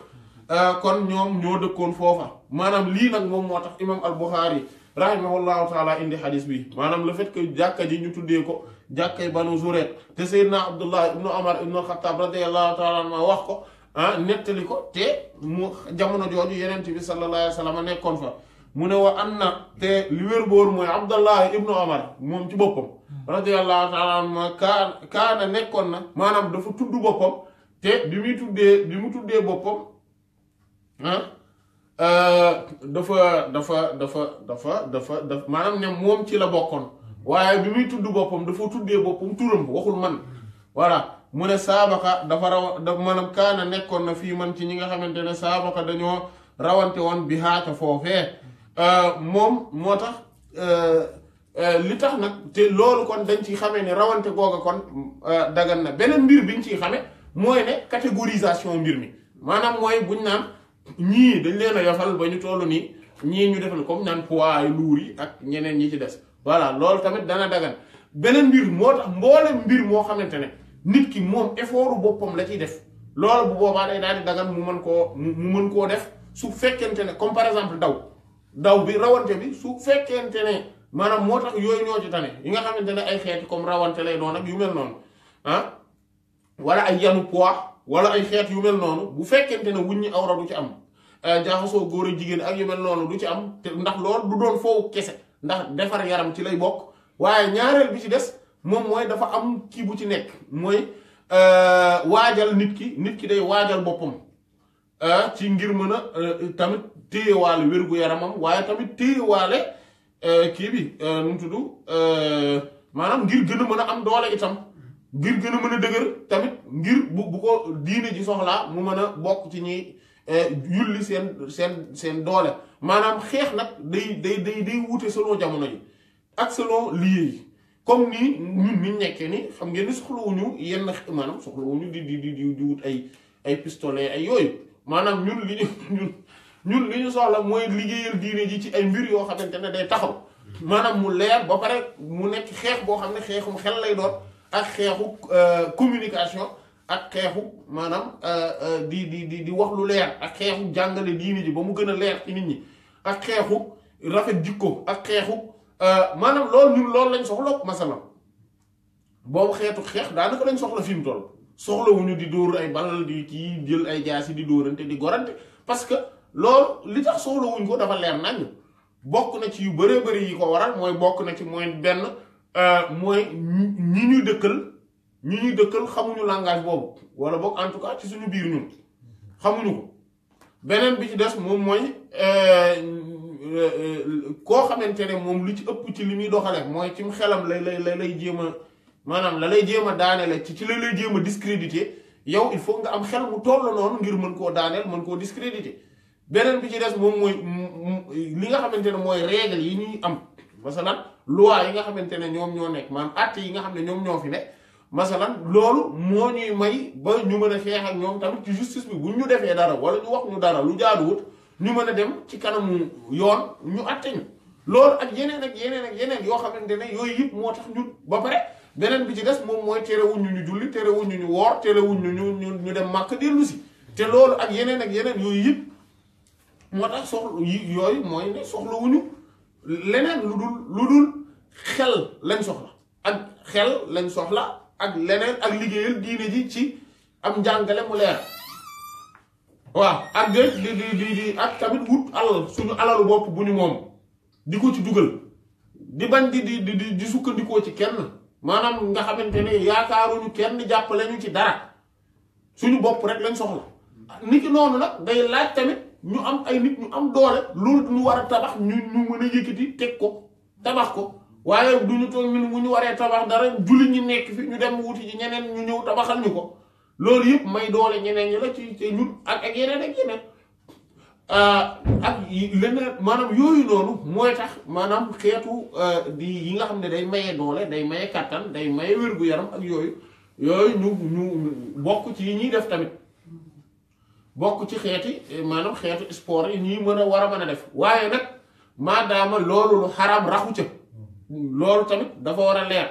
euh, kon ñoom ñoo dëkkoon foofa maanaam lii nag moom moo tax imam al-Bukhari rahimahullahu taala indi xadis bi maanaam le fait que jàkka ji ñu tuddee ko jàkkay banu Zuray te Seydina Abdullah ibnu Omar ibnu Xattaab radiyallahu taala anhuma wax ko ah nettali ko te mu jamono jooju yeneen bi sallallahu alayhi wa nekkoon fa. mu ne wa am na te li wér boor mooy abdallah ibnu omar moom ci boppam radiallahu taala anhuma kaa kaana nekkoon na maanaam dafa tudd boppam te bi muy tuddee bi mu tuddee boppam ah euh, dafa dafa dafa dafa maanaam ne ci la bokkoon waaye bi muy tudd boppam dafa tuddee boppam waxul man voilà mu ne saabaxa dafa raw da kaana nekkoon na fii man ci ñi nga xamante ne saabaxa dañoo rawante woon bi haata foofee Euh, moom moo tax euh, euh, li tax nag te loolu kon dañ ci xame ne rawante googa kon dagan na beneen mbir biñ ci xame mooy ne catégorisation mbir mi maanaam mooy buñ naan ñii dañ leen a yofal ba ñu toll nii ñii ñu defal comme naan poids luur yi ak ñeneen ñi ci des voilà loolu tamit dana dagan beneen mbir moo tax mboolem mbir moo xamante ne nit ki moom effortu boppam la ciy def loolu bu boobaa day daal di dagan mu mën koo mu mën koo def su fekkente ne comme par exemple daw daw bi rawante bi su fekkente ne maanaam moo tax yooyu ñoo ci tane yi nga xamante ne ay xeeti comme rawante lay doon ak yu mel noonu ah ay yanu poids wala ay xeet yu mel noonu bu fekkente ne wuñ ñi awra du ci am eh, jaaxasoo góor a jigéen ak yu mel noonu ci am te ndax lool du doon foofu kese ndax defar yaram ci lay bokk waaye ñaareel bi ci des moom mooy dafa am kii bu ci nekk mooy eh, waajal nit ki nit ki day waajal boppam eh, ci ngir mën a tamit téyewaale wér yaramam waaye tamit téyewaale eh, kii bi eh, nu tuddu tudd eh, maanaam ngir gën a mën a am doole itam ngir gën a mën a dëgër tamit ngir bu bu ko diine ji soxlaa mu mën a bokk ci ñi yulli seen seen seen doole maanaam xeex nag day day day day wuute selon jamono ji ak solo lieu comme nii ñun niñ nekkee ni xam ngeen ni soxlawuñu yenn maanaam soxlawuñu di di di di wut ay ay pistolet ay yooyu maanaam ñun li ñun li ñu soxla mooy liggéeyal diine ji ci ay mbir yoo xamante ne day taxaw maanaam mu leer ba pare mu nekk xeex boo xam ne xeexum xel lay doon ak xeexu euh, communication ak xeexu maanaam euh, euh, di di di di wax lu leer ak xeexu jàngale diine ji ba mu gën a leer ci nit ak xeexu rafet jikko ak xeexu maanaam loolu ñun loolu lañ soxla masalan boobu xeetu xeex daanaka lañ soxla fi mu toll soxlawuñu di dóor ay balal di kii jël ay jaasi di dóorante di gorante parce loolu li tax soxla wuñ ko dafa leer nañ bokk na ci yu bëree bëri yi ko waral mooy bokk na ci mooy benn euh, mooy ñi ñu dëkkal ñu ñu dëkkal xamuñu langage boobu wala boog en tout cas ci suñu biir ñun xamuñu ko beneen bi ci des moom mooy euh, koo xamante ne moom lu ci ëpp ci li muy doxale mooy ci mu xelam lay lay lay lay jéem a maanaam la lay jéem a daanele ci ci la lay jéem a discrédité yow il faut nga am xel mu toll noonu ngir mën koo daaneel mën koo discrédité beneen bi ci des moom mooy li nga xamante ne mooy règle yi ñuy am masalan loi yi nga xamante ne ñoom ñoo nekk maanaam àtte yi nga xam ne ñoom ñoo fi ne masalan loolu moo ñuy may ba ñu mën a xeex ak ñoom tamit ci justice bi bu ñu defee dara wala ñu wax ñu dara lu jaaduwut ñu mën a dem ci kanamu yoon ñu àtte ñu loolu ak yeneen ak yeneen ak yeneen yoo xamante ne yooyu yëpp moo tax ñu ba pare beneen bi ci des moom mooy terewuñ ñu ñu julli terewuñ ñu ñu woor terewuñ ñu ñu ñu dem màkk dellu si te loolu ak yeneen ak yeneen yooyu yëpp moo tax soxla yooyu mooy ne soxlawuñu leneen lu dul lu dul xel lañ soxla ak xel lañ soxla ak leneen ak liggéeyal diine ji ci am njàngale mu leer waaw ak de di di di di ak tamit wut suñu alalu bopp bu ñu moom di ko ci dugal di bañ di di di di sukkandikoo ci kenn maanaam nga xamante ne yaakaaruñu kenn jàppale ñu ci dara suñu bopp rek lañ soxla niki noonu nag day laaj tamit ñu am ay nit ñu am doole loolu ñu war a tabax ñu ñu mën a yëkkati teg ko tabax ko waaye du ñu toog ñun bu ñu waree tabax dara jullit ñi nekk fi ñu dem wuti ci ñeneen ñu ñëw tabaxal ñu ko loolu yëpp may doole ñeneen ñi la ci ci ñun ak ak yeneen ak yeneen euh, ak leneen maanaam yooyu noonu mooy tax maanaam xeetu euh, di yi nga xam ne day maye doole day maye kàttan day maye wér-gu-yaram ak yooyu yooyu ñu ñu bokk ci yi ñuy def tamit bokk ci xeeti eh, maanaam xeetu sport yi ñii mën a war a mën a def waaye nag maadaama loolu lu xaraam raxu ca loolu tamit dafa war a leer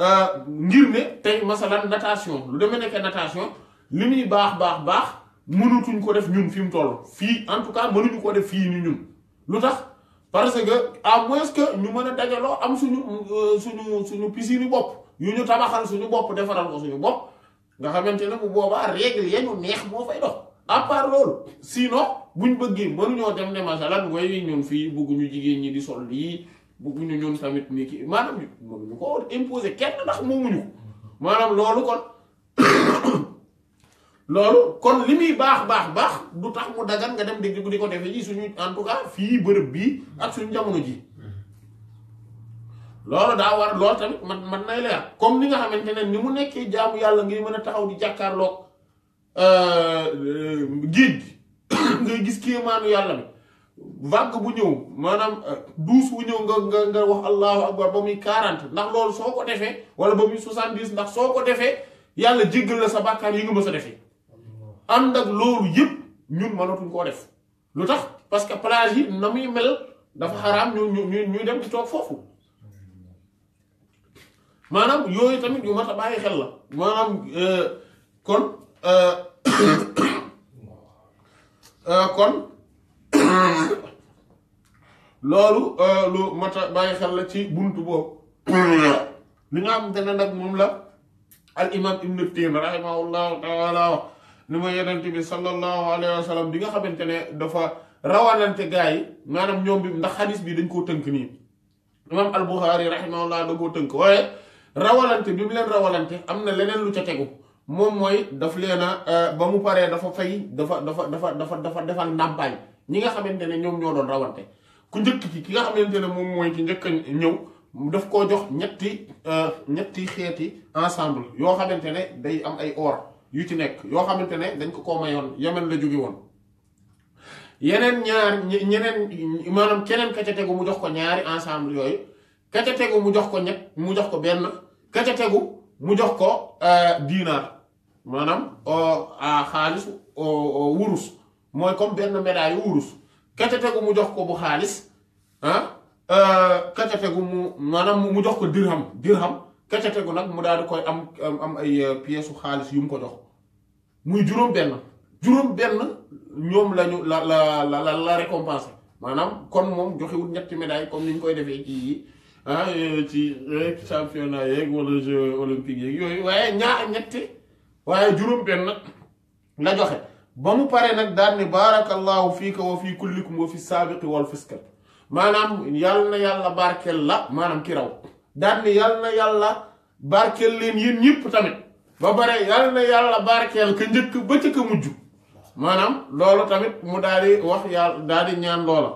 euh, ngir ne tey masalan natation lu demee nekkee natation li muy baax baax baax mënatuñ ko def ñun fi mu toll fii en tout cas mënuñu ko def fii ni ñun lu tax parce que à moins que ñu mën a dajaloo am suñu euh, suñu suñu piscine yu bopp yu ñu tabaxal suñu bopp defaral ko suñu bopp nga xamante ne mu boobaa règle ya ñu neex moo fay dox à part lool sinon buñ bëggé mënu ñoo dem ne masalan mooy ñun fi bëggu ñu jigéen ñi di sol li bëggu ñu ñun tamit nii manam mënu ñu ko imposer kenn ndax mo ko manam loolu kon loolu kon limi bax bax bax du tax mu dagan nga dem dégg di ko defee ji suñu en tout cas fi bërepp bi ak suñu jamono ji loolu da war loolu tamit man man nay leer comme ni nga xamantene ni mu nekké jaamu yalla ngi mëna taxaw di jàkkaarloog. Euh, euh, géej gi ngay gis kéemaanu yàlla bi vague bu ñëw maanaam euh, douze bu ñëw nga nga nga wax allahu akbar ba muy quarante ndax loolu soo ko defee wala ba muy soixante-dix ndax soo ko defee yàlla jéggal la sa bàkkaar yi nga mës a defee ànd ak loolu yëpp ñun mënatuñ koo def lu tax parce que plage yi na muy mel dafa xaraam ñu ñu ñuy dem di toog foofu maanaam yooyu tamit yu mat a xel la maanaam kon Euh, euh, kon loolu euh, lu mat a bàyyi xel la ci bunt boobu li nga xamante ne nag moom la al imam ibnu tin rahimahullahu taala wax ni ma yenente bi sallallahu alayhi wa sallam bi nga xamante ne dafa rawanante gaa yi maanaam ñoom bi ndax xadis bi dañ koo tënk nii imam al buxaari rahimahullah da koo tënk waaye rawalante bi mu leen rawalante am na leneen lu ca tegu moom mooy daf leen a euh, ba mu paree dafa fay dafa dafa dafa dafa dafa defal ndàmpaay ñi nga xamante ne ñoom ñoo doon rawante ku njëkk ki ki nga xamante ne moom mooy ki njëkk a ñëw daf koo jox ñetti euh, ñetti xeeti ensemble yoo xamante ne day am ay or yu ci nekk yoo xamante ne dañ ko koo mayoon yemen la woon yeneen ñaar ñeneen keneen ka ca mu jox ko ñaari ensemble yooyu ka ca mu jox ko ñett mu jox ko benn ka ca mu jox ko euh, diinaar maanaam euh, xaalis euh, euh, wurus mooy comme benn médaille wurus kete tegu mu jox ko bu xaalis ah kete tegu mu maanaam mu jox ko dirham dirham kete tegu nag mu daal di koy am am ay pièces xaalis yu mu ko jox muy juróom-benn juróom-benn ñoom lañu la la la la récompenser maanaam kon moom joxewul ñetti médaille comme ni ñu koy defee ci ah ci championnat yeeg wala jeux olympiques yeeg yooyu waaye ñaar ñetti. waaye juróom-benn la joxe ba mu paree nag daal ne baarakallahu fiika wa fi kullikum wa fi saabiqi wal fiskal maanaam yàlla na yàlla barkeel la maanaam ki raw daal ne yàlla yàlla barkeel leen yéen ñëpp tamit ba pare yàlla na yàlla barkeel ka njëkk ba ca mujj maanaam loolu tamit mu daal di wax yàlla daal di ñaan loola.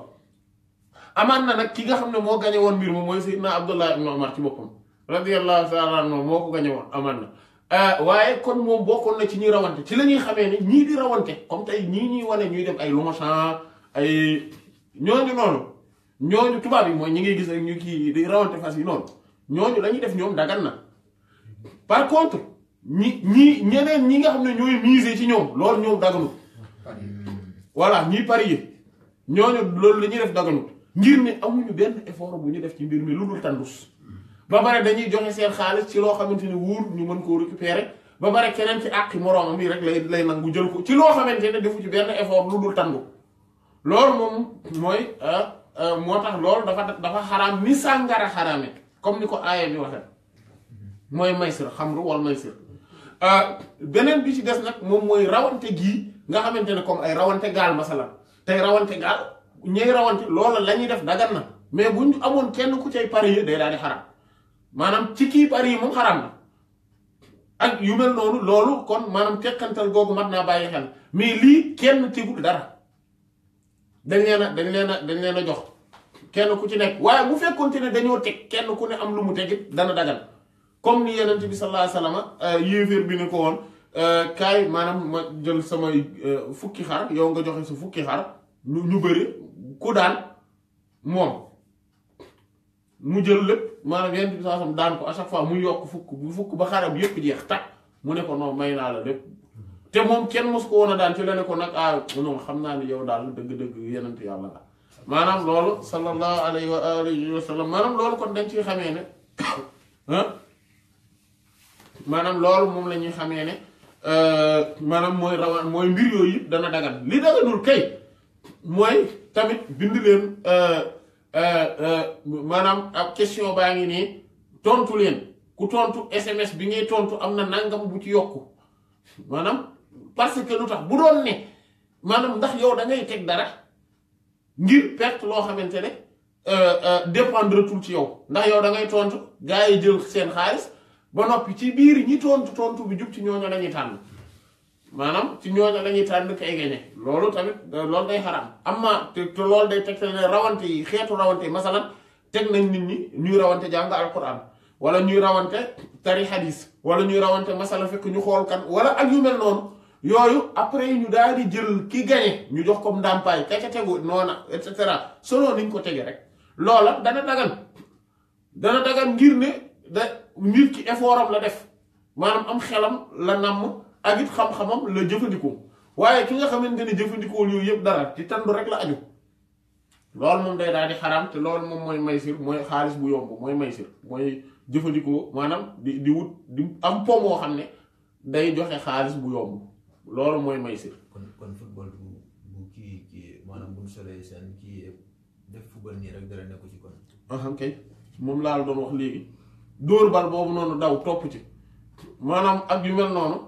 amaan na nag ki nga xam ne moo gañe woon mbir moom mooy Seydina Abdullah ab Umar ci boppam radiyallahu taala anhu moo ko gañe amaan na. Euh, waaye kon moom bokkoon na ci ñuy rawante ci la ñuy xamee ni ñii di rawante comme tey ñii ñuy wane ñuy dem ay Longchamp ay ñooñu noonu ñooñu tubaab yi mooy ñi ngay gis ñu kii di rawante fas yi noonu ñooñu la def ñoom dagan na. par contre ñi ñi ñeneen ñi nga xam ne ñooy miser ci ñoom loolu ñoom daganut voilà ñii parier ñooñu loolu la ñuy def daganut ngir ne amuñu benn effort bu ñu def ci mbir mi lu dul tandus ba pare dañuy joxe seen xaalis ci loo xamante ni wóor ñu mën koo récupérer ba pare keneen ci àqi moroomam yi rek lay lay nangu jël ko ci loo xamante ne defu ci benn effort lu dul tandu loolu moom mooy euh, euh, moo tax loolu dafa dafa xaraam ni sàngara xaraame comme ni ko aaya bi waxee mooy maysir xamru wal maysir euh, beneen bi ci des nag moom mooy rawante gii nga xamante ne comme ay rawante gaal masalan tey rawante gaal ñey rawante loola la ñuy def dagan na mais buñ amoon kenn ku pare parier day daal di maanaam ci kii bari yi moom xaraam na ak yu mel loolu kon maanaam teqantal googu mat naa bàyyi xel mais lii kenn tegul dara dañ leen dañ leen dañ leen a jox kenn ku ci nekk waaye bu fekkoonte ne dañoo teg kenn ku ne am lu mu tegit dana dagal comme ni yenent bi sallallahu alayhi wa sallam euh, yéeféer bi ne ko woon euh, kaay maanaam ma jël samay euh, fukki xar yow nga joxe su fukki xar ñu bëri ku daan moom mu jël lépp maanaam yonent bi saa sam daan ko à chaque fois mu yokk fukk bu fukk ba xaram yépp jeex takk mu ne ko non may naa la lépp te moom kenn mos ko woon a daan ci la ne ko nag ah xam naa daal dëgg-dëgg yonent yàlla la maanaam loolu sallallahu alayhi wa alihi wa sallam maanaam loolu kon dañ ciy xamee ne maanaam moom la ñuy xamee ne euh, maanaam mooy rawaan mooy mbir yooyu dana dagan li daganul kay mooy tamit bind leen euh, Euh, euh, maanaam ab ah, question baa ngi nii tontu leen ku tontu SMS bi ngay tontu am na nangam bu ci yokku maanaam parce que lu tax bu doon ne maanaam ndax yow da ngay teg dara ngir perte loo xamante ne euh, dépendre tout ci yow ndax yow da ngay tontu gars yi jël seen xaalis ba noppi ci biir ñi tontu tontu bi jub ci ñooñu la ñuy tànn. maanaam ci ñooñu la ñuy tànn kay gañe loolu tamit loolu day xaraam amma te te loolu day tegtal ne rawante yi xeetu rawante yi masalan teg nañ nit ñi ñuy rawante jàng alquran wala ñuy rawante tari hadis wala ñuy rawante masala fekk ñu xool kan wala ak yu mel noonu yooyu après yi ñu daal di jël ki gañe ñu jox ko ndàmpaay ka ca tegu noona et cetera selon niñ ko tegee rek loola dana dagan dana dagan ngir ne da ngir ci effort am la def maanaam am xelam la namm. ak it xam-xamam la jëfandikoo waaye ki nga xamante ne jëfandikoo yooyu yëpp dara ci tàndu rek la aju loolu moom day daal di xaram te loolu moom mooy maysir mooy xaalis bu yomb mooy maysir mooy jëfandikoo maanaam di di wut di am po moo xam ne day joxe xaalis bu yomb loolu mooy maysir. kon kon football bu bu kii kii maanaam bu mu solee seen kii def football nii rek dara nekku ci kon. ah kay moom laa la doon wax léegi dóor bal boobu noonu daw topp ci maanaam ak yu mel noonu.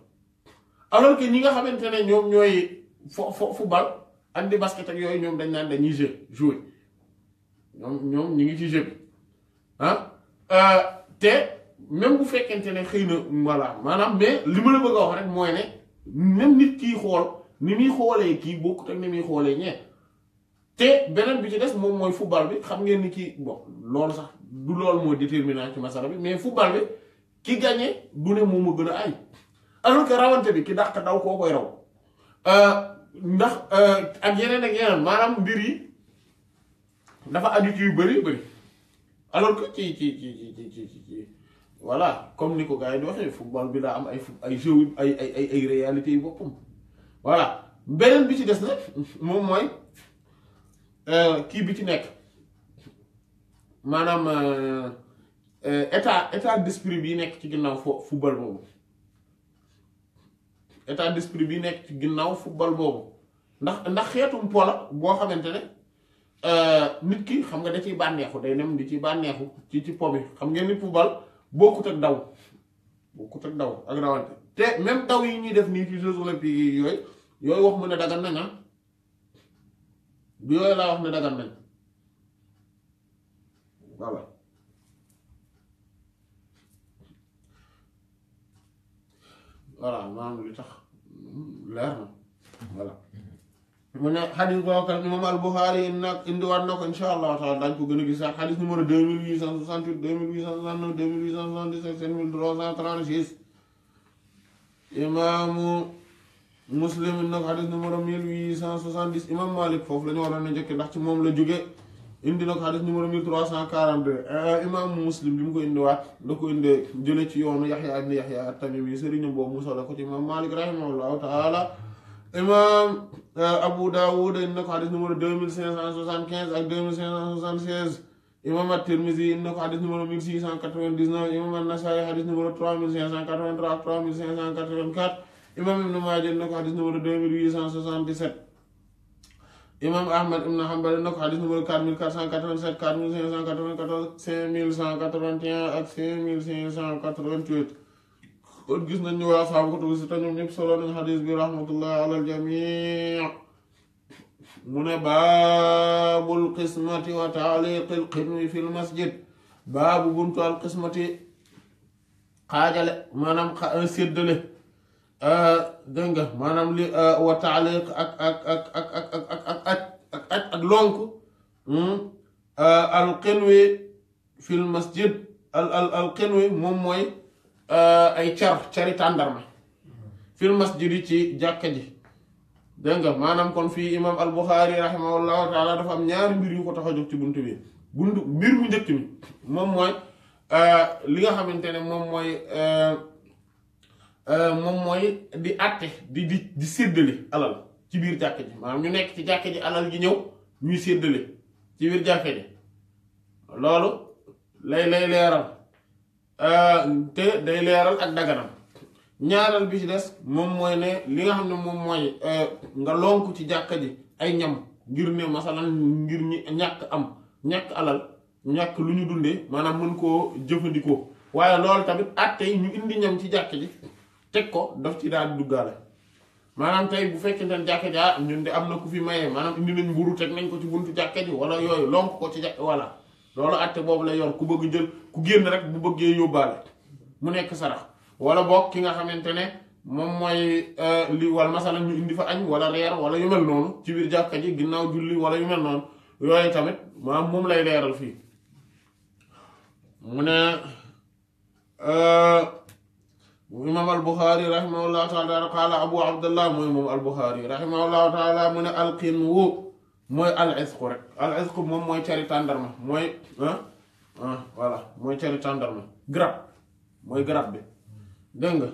alors que ñi nga xamante ne ñoom ñooy fo fo football ak di basket ak yooyu ñoom dañ naan dañuy jouer jouer ñoom ñoom ñu ngi ci jeu bi ah euh, te même bu fekkente ne xëy na voilà maanaam mais li ma la bëgg a wax rek mooy ne même nit kii xool ni muy xoolee kii bokkut ak ni muy xoolee ñee te beneen bi ci des moom mooy football bi xam ngeen ni ki bon loolu sax du lool mooy déterminant ci masara bi mais football bi ki gagné du ne moom a gën a ay alors que rawante bi ki dàq daw koo koy raw euh, ndax euh, ak yeneen ak yeneen maanaam mbir yi dafa aju ci yu bëri bëri alors que ci ci ci ci ci comme ni ko gars yi di waxee football bi daa am ay ay jeu ay ay ay réalités boppam voilà beneen bi ci des nag moom mooy euh, kii bi ci nekk maanaam état état d'esprit bi nekk ci ginnaaw foo football boobu. état d'esprit bi nekk ci ginnaaw football boobu ndax ndax xeetum pola boo xamante ne euh, nit ki xam nga da ciy bànneexu day nem di ciy bànneexu ci ci po bi xam ngeen ni football bokkut ak daw bokkut ak daw ak rawante te même daw yi ñuy def nii ci Jeux olympiques yooyu yooyu wax mu ne dagan nañ ah bu yooyu laa wax ne dagan nañ voilà voilà maanaam li leer na voilà mu ne xadis boo xam indiwaat moom Al-Bukhari yi nag indiwaat na ko incha allahu taala daañu mil gën a gisaat xadis numéro 2868 2869 2877 7336 imaamu muslim nag xadis numéro 1870 imam Malik foofu la ñu waroon a njëkk ndax ci moom la jóge indi na ko xadis numéro 1342 euh, imam muslim bi mu ko indiwaat da ko indi jële ci yoonu yaxya ibn yaxya at-tamimi sëriñam boobu mu solo ko ci imam malik rahimahullahu taala imam euh, abu dawud indi na ko xadis numéro 2575 ak 2576 imam at-tirmidhi indi na ko xadis numéro 1699 imam an-nasa'i xadis numéro 3583 ak 3584 imam ibn maaja indi na ko xadis numéro 2877 imam ahmad ibn hanbal na ko xadis numéro 4487 4594 5181 ak 5588 kon gis nañ ni waa saabu kutubu si te ñoom solo nañ xadis bi rahmatullah ala aljamii mu ne baabul qismati wa taaliqi alqitmi fi lmasjid baabu buntu alqismati xaajale maanaam séddale dégg nga maanaam li wa taaliq ak ak ak ak ak ak ak lonk al xenwe fil masjid al al al moom mooy ay car cari tàndarma fil masjid yi ci jàkka ji dégg nga maanaam kon fii imam al buxaari rahimahullahu taala dafa am ñaari mbir yu ko tax a jóg ci bunt bi mbir mu njëkk mi moom mooy li nga xamante ne moom mooy Euh, moom mooy di àtte di di di séddale alal ci biir jàkk ji maanaam ñu nekk ci jàkk ji alal ji ñëw ñuy séddale ci biir jàkk ji loolu lay lay leeral euh, te day leeral ak daganam ñaaral bi ci des moom mooy ne li nga xam ne moom mooy euh, nga lonk ci jàkk ji ay ñam ngir ne masalan ngir ñi ñàkk am ñàkk alal ñàkk lu ñu dundee maanaam mën koo jëfandikoo waaye loolu tamit àtte ñu indi ñam ci jàkk ji teg ko daf ci daal duggaale maanaam tey bu fekkente ne jàkka jaa ah ñun de am na ku fi maye maanaam indi nañ mburu teg nañ ko ci buntu jàkka ji wala yooyu lonk ko ci jàkka voilà loolu boobu la yor ku bëgg jël ku génn rek bu bëggee yóbbaale mu nekk sarax wala ki nga xamante ne moom mooy euh, li wala masalan fa añ wala reer wala yu mel noonu ci biir jàkka ji ginnaaw julli wala yu mel noonu yooyu tamit maanaam moom lay leeral fii mu ne. Euh, imam albuxaari raximahullahu taala qaala abu abdullah mooy moom albuxaari raximahullahu taala mu ne alqin wu mooy alisqu rek alisqu moom mooy cari tàndarma mooy voilà mooy cari tàndarma garab mooy garab bi dégg nga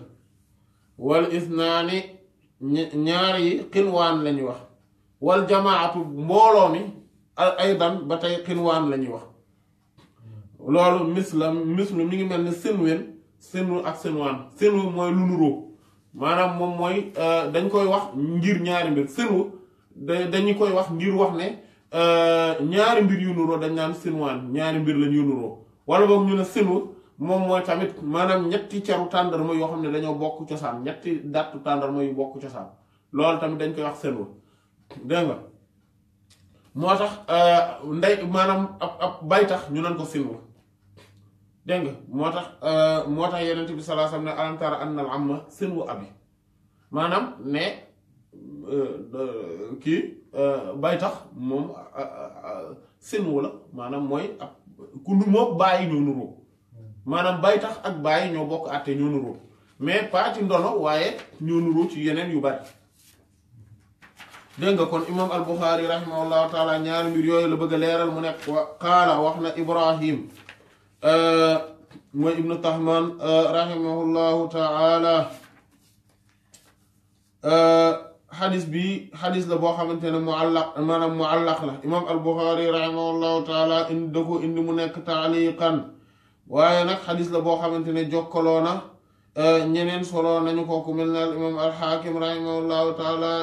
wal isnaani ñaar yi xinwaan la ñuy wax wal jamaatu mbooloo mi aydan ba tey xinwaan la ñuy wax loolu misla mislu mi ngi mel ni sinwin seen ak seen waan seen mooy lu nuroo maanaam moom mooy euh, dañ koy wax ngir ñaari mbir seen dañu koy wax ngir wax ne euh, ñaari mbir yu nuroo dañ naan seen ñaari mbir lañ yu nuroo wala boog ñu ne seen moom mooy tamit maanaam ñetti ceru tàndarma yoo xam ne dañoo bokk cosaan ñetti dattu tàndarma yu bokk cosaan loolu tamit dañ koy wax seen dégg nga moo tax euh, ndey maanaam ab ab bay tax ñu nan ko seen dégg nga moo tax euh, moo tax yonent bi sallallahu alayhi wa sallam ne alam tara anna al amma sinwu abi maanaam ne euh, kii euh, bay tax moom wu la maanaam mooy ab ku nu bàyyi ñoo nuroo maanaam bay tax ak bàyyi ñoo bokk àtte ñoo nuroo mais pas ci ndono waaye ñoo nuroo ci yeneen yu bari dégg nga kon imam al buxaari rahimahullahu taala ñaari mbir yooyu la bëgg a leeral mu nekk qaala wax na ibrahim Euh, mooy ibnu tahman euh, rahimahullahu taala xadis euh, bi xadis la boo xamante ne muallaq maanaam muallaq la imaam al-Buxaari rahimahullahu taala indi da ko indi mu waaye nag xadis la boo xamante ne jokkaloo na ñeneen soloo nañu ko ku mel ne al imaam al-Xaakim rahimahullahu taala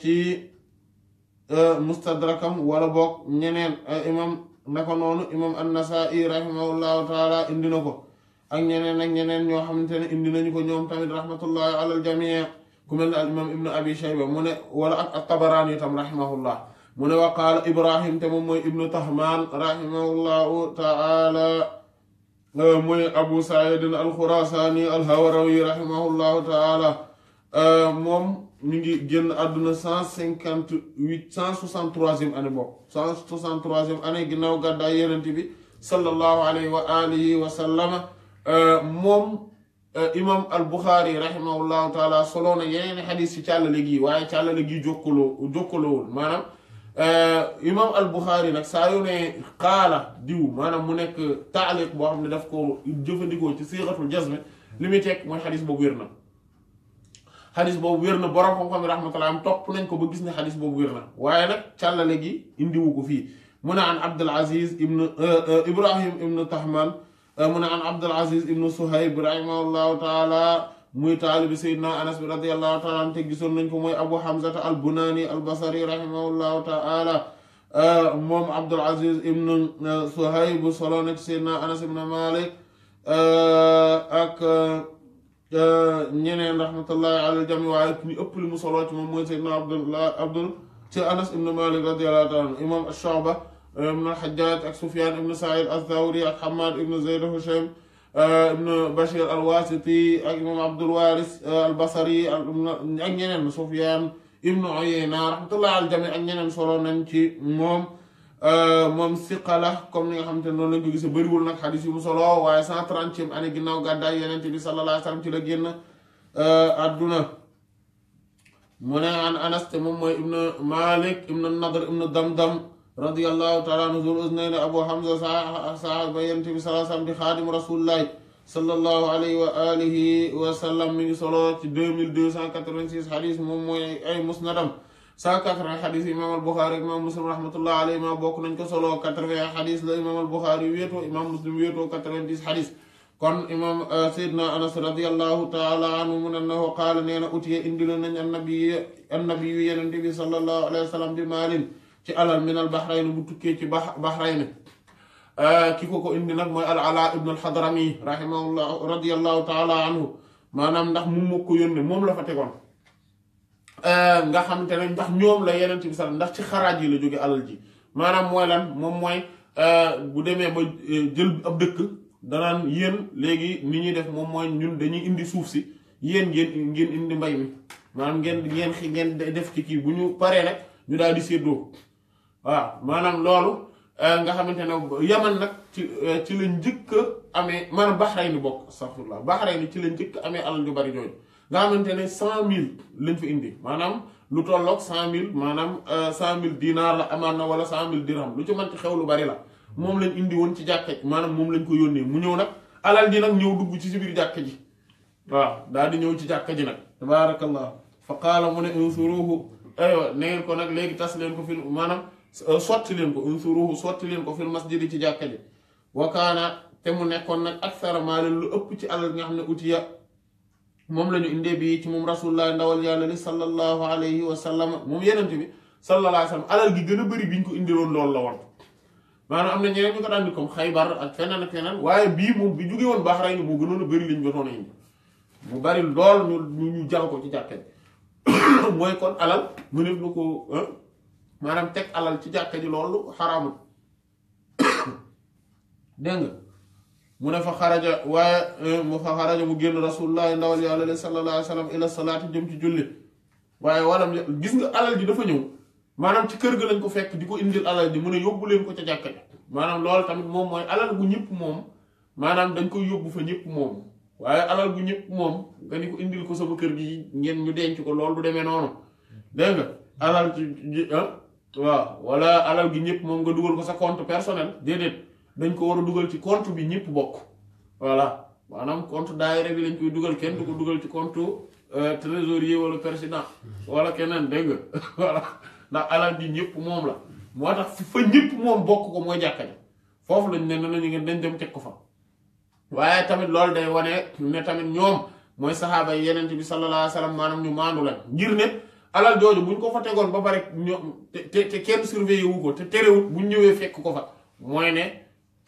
ci mustadrakam wala boog ñeneen imaam nako nonu imam an-Nasaa'i rahimahullahu taala indinako ak ñeneen ak ñeneen ño xamantene indinañu ko ñoom tamit rahmatullahi ala al-jami' ku mel al imam ibnu abi shayba mu ne wala ak at tabarani tam rahimahullah mu ne wa qaala ibrahim tam moy mooy ibnu tahmaan rahimahullahu taala moy abu sa'id al khurasani al-Hawrawi rahimahullahu taala mom ñu ngi génn àdduna cent cinquante huit cent soixante troisième année bokk cent soixante année ginnaaw gàddaay yonent bi sallallahu alayhi wa alihi wa sallama moom imam al buxaari rahimahullahu taala soloo na yeneen xadis ci càllale gi waaye càllale gi jokkaloo jokkaloowul maanaam imam al buxaari nag saa yu ne diw maanaam mu nekk taaliq boo xam daf ko jëfandikoo ci siixatul jazme li muy teg mooy xadis boobu hadith bobu werna borom xam-xam yi rahmatullah am nañ ko ba gis ne hadith bobu werna waye nak cyallale gi indi ko fi muna ne an Abdul Aziz ibn Ibrahim ibn Tahman muna ne an Abdul Aziz ibn Suhayb rahimahullahu taala muy talib sayyidina Anas radhiyallahu taala te gisone nañ ko moy Abu hamza al Bunani al Basri rahimahullahu taala moom Abdul Aziz ibn Suhayb solo na ci Seydina Anas ibn Malik ak. ñeneen rahmatullahi ala jami waaye ku ñu ëpp li mu solo ci moom mooy seydna abdullah abdul ci anas ibnu malik radiallahu taala anhu imam ashaba ibnu alxajaj ak sufyan ibn said althawri ak hamad ibn zayd hushaym ibn bashir al wasiti ak imam abdul waris al basri ak ñeneen sufyan ibn uyayna rahmatullahi ala jami ak ñeneen solo nañ ci moom Euh, moom siqala comme ni nga xamante ne noonu lañ ko gisee bëriwul nag xadis yu mu solo waaye cent trentième année ginnaaw gàddaay yonent bi sallallahu alayhi wa sallam ci la génn euh, àdduna mu ne an anas te moom mooy ibnu malik ibnu nadr ibnu damdam radiallahu taala anhu zul usnayni abu hamza sa sahaaba ba yonent bi sallallahu alayhi wa sallam di xaadim rasulillahi sallallahu alayhi wa alihi wa mi ngi solo ci deux mille deux cent quatre-vingt-six xadis moom mooy ay musnadam cent quatre-vingts xadis yi imaam al-Buxaari ak imaam Muslim rahmatullahi alayhi ma bokk nañ ko solo quatre-vingts la imaam al-Buxaari wéetoo imaam Muslim wéetoo quatre-vingt-dix xadis kon imaam euh, na Anas radiyallahu taala anhu mun annahu qaala nee na utiye indila nañ annabi annabi yu yenente bi sallallahu alayhi wa sallam bi maalin ci alal min al Bahrayn bu tukkee ci ba euh, ki ko ko indi nag mooy al Alaa ibnu al Hadrami rahimahullah radiyallahu taala anhu maanaam ndax mu mokk moom la fa tegoon Euh, nga xamante ne ndax ñoom la yeneen bi sax ndax ci xaraaj yi la jóge alal ji maanaam mooy lan moom mooy euh, bu demee ba euh, jël ab dëkk danaan yéen léegi ni ñuy def moom mooy ñun dañuy indi suuf si yéen ngeen ngeen indi mbay mi maanaam ngeen ngeen ngeen def ci kii bu ñu paree nag ñu daal di séddoo waaw maanaam loolu nga xamante ne yaman nag ci ci la njëkk amee maanaam Bahrayn bokk astaghfirullah Bahrayn ci lañ njëkk amee alal ju bari jooju nga xamantene 100000 lañ fi indi manam lu tolloog 100000 manam 100000 dinar la amana wala 100000 dirham lu ci man ci xew lu bari la mom lañ indi won ci jakk manam mom lañ ko yónnee mu ñëw nak alal di nak ñëw dugg ci si biir jàkka ji wa daal di ñëw ci jakk ji nak tabarakallah fa qala mun insuruhu ay aywa na ko nak legi tas leen ko fi manam soti leen ko insuruhu soti leen ko fi masjid ci jakk ji wakaana te mu nekkon nak aksara malen lu upp ci alal nga xamne ne utiya moom la ñu indee bi ci moom rasulullah ndawal yàlla li sallallahu alayhi wa sallam moom yenent bi sallallahu alayhi wa sallam alal a bëri bi ñu ko indiloon loolu la woon maanaam am na ñeneen ko daan di comme xaybar waaye bii moom bi jógee woon baax rek moo gënoon a bëri liñ jotoon a indi mu bari lool ñu ñu jax ko ci jàkkee mooy kon alal mu ne na ko maanaam teg alal ci jàkkee ji loolu xaraamul dégg mu ne fa xaraja waaye eh, mu fa xaraja mu génn rasulullahi ndawal yàlla de sallallahu alayhi wa sallam ila salaati jëm ci julli waaye walam gis nga alal ji dafa ñëw maanaam ci kër gi lañ ko fekk di ko indil alal ji mu ne yóbbu leen ko ca jàkka ja maanaam loolu moom mooy alal bu ñëpp moom maanaam dañ koy yóbbu fa ñëpp moom waaye alal bu ñëpp moom nga ko indil ko sama kër gi ngeen ñu denc ko loolu du demee noonu dégg nga alal ji ah, waaw wala alal gi ñëpp moom nga dugal ko sa compte personnel déedéet dañ ko war a dugal ci compte bi ñëpp bokk voilà maanaam compte daayira bi lañ koy dugal kenn ko dugal ci compte euh, trésorier wala président wala keneen dégg nga voilà ndax alal di ñëpp moom la moo tax fa ñëpp moom bokk ko mooy jàkka ja foofu lañ ne ne nañu ngeen dañ dem teg ko fa waaye tamit loolu day wane ne tamit ñoom mooy saxaaba yeneen yeneen bi sallallahu alayhi wa maanaam ñu maandu lañ ngir ne alal jooju buñ ko fa tegoon ba pare ñoom te kenn surveillé wu ko te terewut buñ ñëwee fekk ko fa mooy ne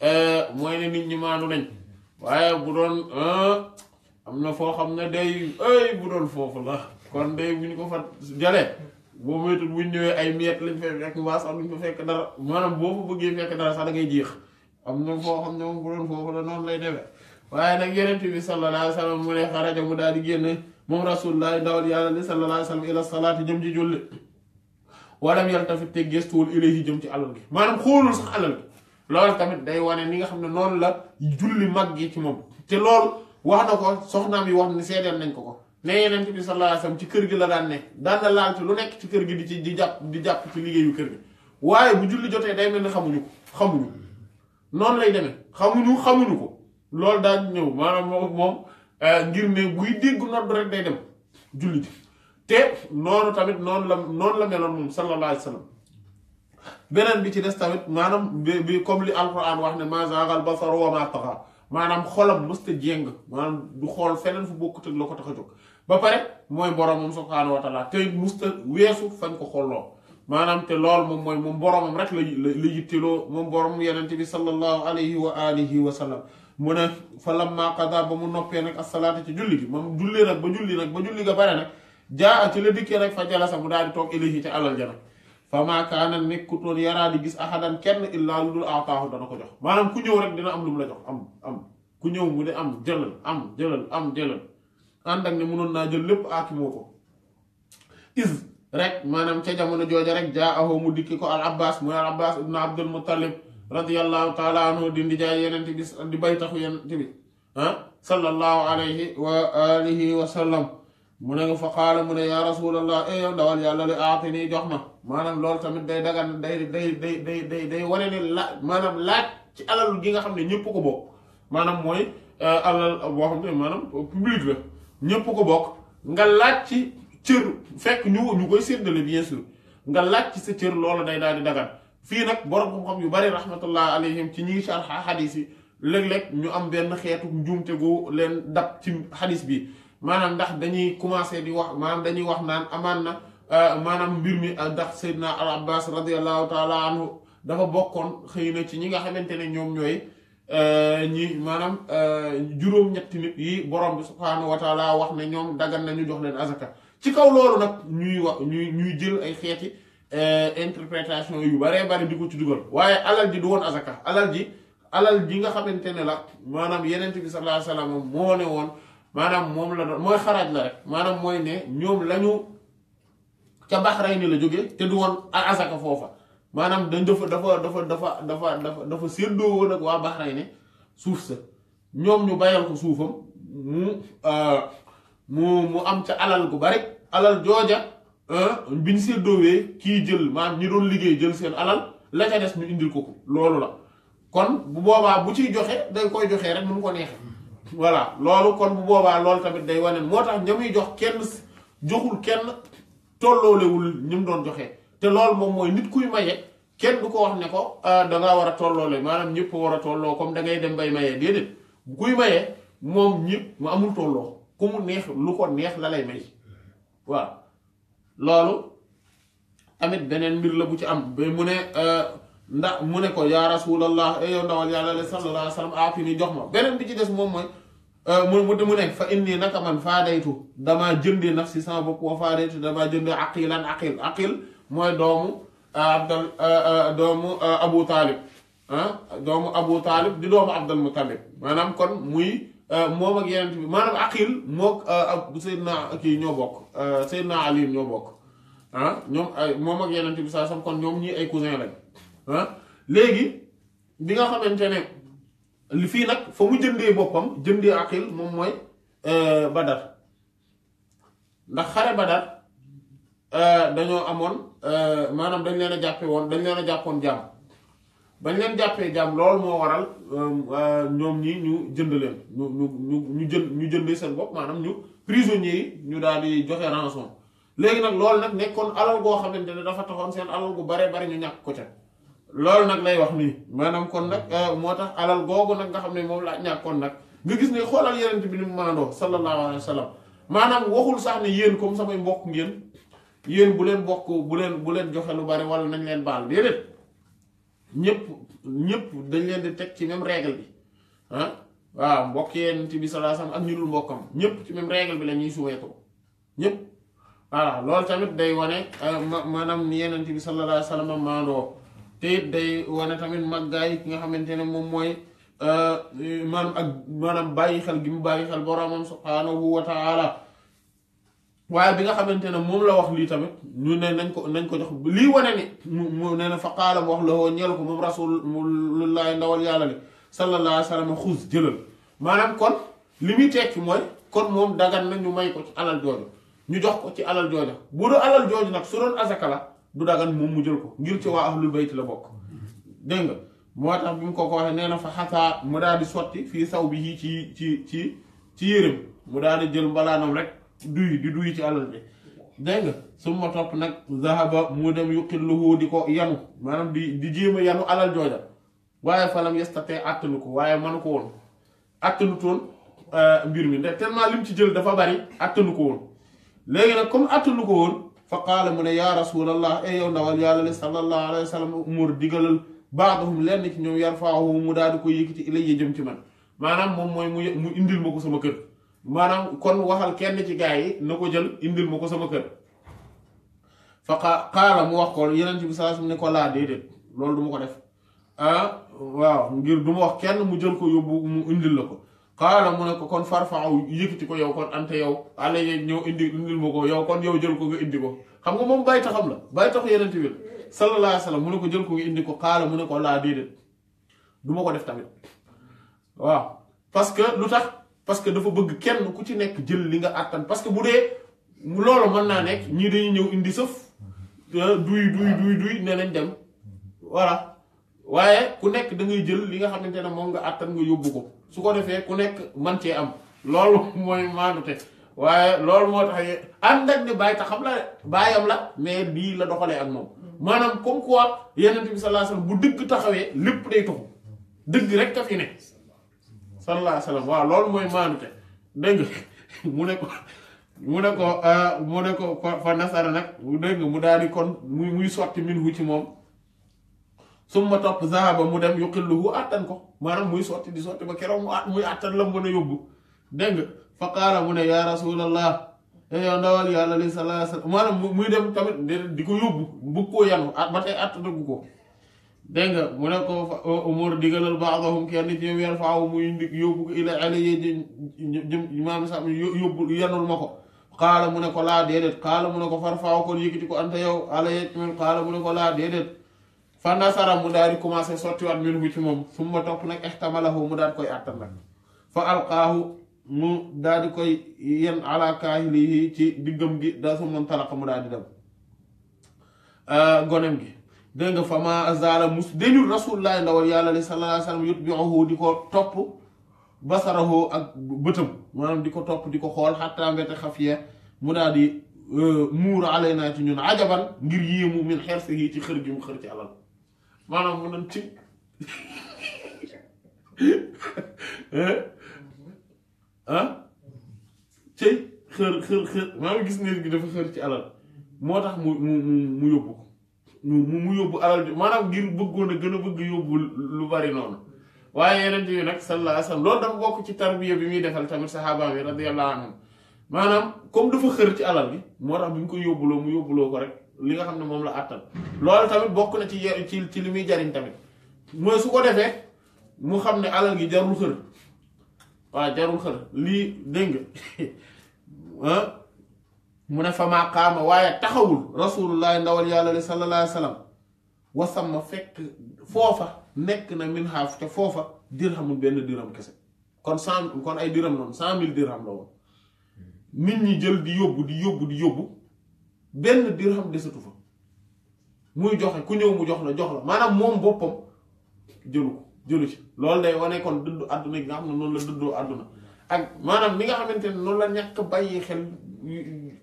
Euh, mooy ne nit ñi maanu nañ waaye bu doon euh, am na foo xam ne day ay bu doon foofu la kon day bu ñu ko fa jale boo moytul buñ ñëwee ay miet lañ fay fekk waa am luñ fa fekk dara maanaam boo fa bëggee fekk dara sax da ngay jiix am na foo xam ne moom bu doon foofu la noonu lay defee waaye nag yenent bi sallallahu alayhi wa sallam mu ne xaraja mu daal di génn moom rasulullah dawal yàlla li sallallahu alayhi wa sallam ila salaati jëm ci julli walam yaltafit te gestuwul ilayhi jëm ci alal gi maanaam xoolul sax alal loolu tamit day wane ni nga xam ne noonu la julli mag gi ci moom te loolu wax na ko soxnaam yi wax ne seedeel nañ ko ko ne yeneen bi sallallahu alayhi wasallam ci kër gi la daan ne daan na laal ci lu nekk ci kër gi di ci di jàpp di jàpp ci liggéeyu kër gi waaye bu julli jotee day mel ni xamuñu xamuñu noonu lay demee xamuñu xamuñu ko loolu daan ñëw maanaam moom moom euh, ngir ne buy dégg nodd rek day dem julli ji te noonu tamit noonu la noonu la meloon moom sallallahu alayhi wasallam benen bi ci dess tamit manam bi comme li alquran wax ne ma zaagal basaru wa ma taqa manam xolam musta jéng manam du xol fenen fu bokut ak lako taxajuk ba pare mooy boromam subhanahu wa taala te musta weesu fañ ko xollo manam te loolu moom mooy moom boromam rek la la yittiloo mom borom yenente bi sallallahu alayhi wa alihi wa sallam mu ne fa lamma qada ba mu noppé nak as-salatu ci julli gi mom julli nak ba julli nak ba julli ga pare nak jaa ci le dikke rek fa jala sa mu daal tok ilahi ci alal ja fama kaana nekkutoon yaraa di gis ahadan kenn illaa lu dul aataahu dana ko jox maanaam ku ñëw rek dina am lu mu la jox am am ku ñëw mu ne am jëlal am jëlal am jëlal ànd ak ne mënoon naa jël lépp aakimoo ko is rek maanaam ca jamono jooja rek jaa ahoo mu dikki ko al abbas mooy al abbas ibn abdul muttalib radiallahu taala anhu di ndijaay yenent bi di baytaxu yenent bi ah sallallahu alayhi wa alihi wa sallam mu ne nga fa xaala mu ne yaa rasulallah e eh, yow ndawal yàlla li aati nii jox ma maanaam loolu tamit day dagan day day day day day day wane la maanaam laaj ci alal gi nga xam ne ñëpp ko bokk maanaam mooy eh, alal boo xam ne maanaam ñëpp ko bokk nga laaj ci cër fekk ñu ñu koy séddale bien sûr nga ci sa loolu day daal di fii nag borom xam-xam yu bari rahmatullah alayhim ci ñi sarxa xadis yi léeg-léeg ñu am benn xeetu njuumte gu leen dab ci xadis bi maanaam ndax dañuy commencé di wax maanaam dañuy wax naan amaan na euh, maanaam mbir mi euh, ndax Seydina al abbas radiallahu taala anhu dafa bokkoon xëy na ci ñi nga xamante ne ñoom ñooy euh, ñi maanaam juróom-ñetti nit yi borom bi subhaanahu wa taala wax ne ñoom dagan nañu jox leen azaka ci kaw loolu nag ñuy wax ñuy ñuy jël ay xeeti interprétation yu baree bari di ko ci dugal waaye alal ji du woon azaka alal ji alal ji nga xamante ne la maanaam yeneen ti sallallahu alayhi wa sallam moo ne woon maanaam moom la doon mooy xaraaj la rek maanaam mooy ne ñoom lañu ca ni la jóge te du woon asaka foofa maanaam dañ dafa dafa dafa dafa dafa dafa dafa séddoo woon ak waa Bahrayn suuf sa ñoom ñu bayal ko suufam mu euh, mu mu am ca alal bu bari alal jooja euh, bi ñu séddoowee kii jël maan ñi doon liggéey jël seen alal la ca des ñu indil ko ko loolu la kon bu boobaa bu ciy joxe dañ koy joxee rek mu ko neexee voilà loolu kon bu boobaa loolu tamit day wane moo tax ñamuy jox kenn joxul kenn tolloolewul ñi mu doon joxe te loolu moom mooy nit kuy maye kenn du ko wax ne ko ah, da ngaa war a tolloole maanaam ñëpp war a tolloo comme da dem bay maye déedéet kuy maye moom ñëpp mu amul tolloo ku mu neex lu ko neex la lay waaw loolu tamit beneen mbir la bu ci am ba mu ne ah, ndax mu ne ko yaa rasulallah eh, yow ndawal yàlla sallallahu alayhi wa sallam aafi ni jox ma beneen bi ci des moom mooy. Euh, mu mu mu nekk fa indi naka man faadaytu damaa jëndee naf si sama bopp wa faadaytu damaa jëndee aqilan aqil aqil mooy doomu euh, abdal euh, doomu abu taalib di doomu abdal mutalib maanaam kon muy moom ak yeneen bi maanaam aqil mook Seydina kii ñoo bokk Seydina Ali ñoo bokk ah ay moom ak yeneen bi saa sam kon ñoom ñii ay cousin lañ ah léegi bi nga xamante ne li fii nag fa mu jëndee boppam jëndee aqil moom mooy euh, badar ndax xare badar euh, dañoo amoon euh, maanaam dañ leen a jàppe woon dañ leen a jàppoon jàmm bañ leen jàppee jàmm lool moo waral ñoom ñi ñu jënd leen ñu ñu ñu ñu jënd ñu jëndee seen bopp maanaam ñu prisonniers yi ñu daal di joxe rançon léegi nag lool nag nekkoon alal goo xamante ne dafa taxoon seen alal gu bare bare ñu ñàkk ko ca loolu nag lay wax nii maanaam kon nag euh, moo tax alal googu nag nga xam ne moom laa ñàkkoon nag nga gis ne xoolal yeneen bi ni mu maandoo sallallahu alayhi wa sallam maanaam waxul sax ne yéen comme samay mbokk ngeen yéen bu leen bokk bu leen bu leen joxe lu bari wala nañ leen baal déedéet ñëpp dañ leen di teg ci même règle bi ah waaw mbokk yeneen bi sallallahu alayhi wa ak ñu mbokkam ñëpp ci même règle bi la ñuy suweetoo ñëpp voilà loolu tamit day wane euh, maanaam yeneen bi sallallahu alayhi wa sallam te it day wane tamit màggaay ki nga xamante ne moom mooy euh, maanaam ak maanaam bàyyi xel gi mu bàyyi xel boroomam subhaanahu wa taala waaye bi nga xamante ne moom la wax lii tamit ñu ne nañ ko nañ ko jox lii wane ni mu ne na fa qaala mu wax la woo ñeel ko moom rasulullahi ndawal yàlla li sallallahu alayhi wa sallam xuus jëlal maanaam kon li muy tekki mooy kon moom dagan na ñu may ko ci alal jooju ñu jox ko ci alal jooja bu doon alal jooju nag su doon azaka la du dagan moom mu jël ko ngir ci waa ahlul bayt la bokk dégg nga moo tax bi mu ko ko nee na fa xasaa mu daal di sotti fii saw bi yii ci ci ci ci yéreem mu daal di jël mbalaanam rek duy di duy ci alal bi dégg nga su ma topp nag zahaba mu dem yuqilluhu di ko yanu maanaam di di jéem a yanu alal jooja waaye falam yestate àttalu ko waaye manu ko woon àttalu toon euh, mbir mi ndax tellement lim ci jël dafa bari àttalu ko woon léegi nag comme àttalu ko woon فقال من يا رسول الله ايو نوال يا الله صلى الله عليه وسلم امور ديغال بعضهم لن نيو يرفعه مداد كو ييكتي الي يجم مان مانام موم موي مو انديل مكو سما كير مانام كون واخال كين تي غاي نكو جيل انديل مكو سما كير فقال مو وخول يلانتي بي صلاح نيكو لا ديدت لول دوما كو ديف اه واو غير دوما وخ كين مو جيل كو يوبو مو انديل لاكو qaala mu ne ko kon farfaaw yëkkati ko yow kon ante yow ala yeg ñëw indi indil ma ko yow kon yow jël ko nga indi ko xam nga moom bàyyi taxam la bàyyi taxu yeneen bi sallallahu alayhi wa sallam mu ne ko jël ko nga indi ko kaala mu ne ko laa déedéet du ma ko def tamit waaw parce que lu tax parce que dafa bëgg kenn ku ci nekk jël li nga àttan parce que bu dee loolu mën naa nekk ñii dañuy ñëw indi sëf ah, duy duy duy duy ne dem voilà waaye ku nekk da ngay jël li nga xamante ne moom nga àttan nga yóbbu ko su ko defee ku nekk man cee am loolu mooy maandute waaye loolu moo tax ànd ak ne bàyyi taxam la bàyyam la mais bii la doxalee ak moom maanaam comme quoi yeneen bu dëgg taxawee lépp day taxu dëgg rek ka fi ne sallallahu alayhi loolu mooy maandute dégg nga mu ne ko mu ne ko euh, mu ne ko fa nasara nag dégg mu daal di kon muy muy sotti min ci moom summa topp zahaba mu dem yuqilluhu àttan ko maanaam muy sotti di sotti ba keroog mu at muy àttan la mu gën a yóbbu dégg fa qaala mu ne yaa rasulallah eh, yow yàlla li salaa salaam maanaam muy dem tamit di ko yóbbu bugg koo yanu ba tey àttanagu ko dégg nga mu ne ko umar digalal baadahum kenn ci ñoom yar faaw muy yóbbu ko ila aliyi maanaam sax yóbbu yanul ma ko qaala mu ne ko laa déedéet qaala mu ne ko farfaaw kon yëkkati ko anta yow alaye qaala mu ne ko laa déedéet fa nasara mu daal di commencé sottiwaat nag koy àttan nag fa alqaahu mu daal di koy yen ala kaahilihi ci diggam gi da su man talaqa mu daal di dem ah, gonem gi dégg nga fa ma zaala mus dañu rasulullahi ndawal yàlla li sallallahu alayhi wa sallam yutbi'uhu di ko topp basarahu ak bëtam maanaam di ko topp di ko xool xatta mbete xafiya mu daal di euh, muur alay naa ci ñun ajaban ngir yéemu min xersihi ci xër gi mu xër ci alal maanaam mu nan ci eh? ah cëy xër xër xër maa ngi gis nit gi dafa xër ci alal moo tax mu mu mu yóbbu mu mu yóbbu alal ji maanaam ngir bëggoon a gën a bëgg yóbbu lu bari noonu waaye yeneen yi nag sallallahu alayhi wa sallam loolu dafa bokk ci tarbiya bi muy defal tamit saxaabaam yi radiyallahu anhum maanaam comme dafa xër ci alal bi moo tax bi ñu ko yóbbuloo mu yóbbuloo ko rek li nga xam ne moom la àttan loolu tamit bokk na ci ci ci li muy jariñ tamit mooy su ko defee mu xam ne alal gi jarul xër waaw jarul xër lii dégg nga mu ne fa maa qaama waaye taxawul rasulullahi ndawal yàlla li sallallahu alayhi wa sallam wasam fekk foofa nekk na min xaaf te foofa dirhamul benn dirham kese kon cent kon ay dirham noonu cent mille dirham la woon nit ñi jël di yóbbu di yóbbu di yóbbu benn dirham desatu fa muy joxe ku ñëw mu jox na jox la maanaam moom boppam jëlu ko jëlu ci loolu day wane kon dëddu àdduna gi nga xam ne noonu la dëddoo àdduna ak maanaam li nga xamante ne noonu la ñàkk bàyyi xel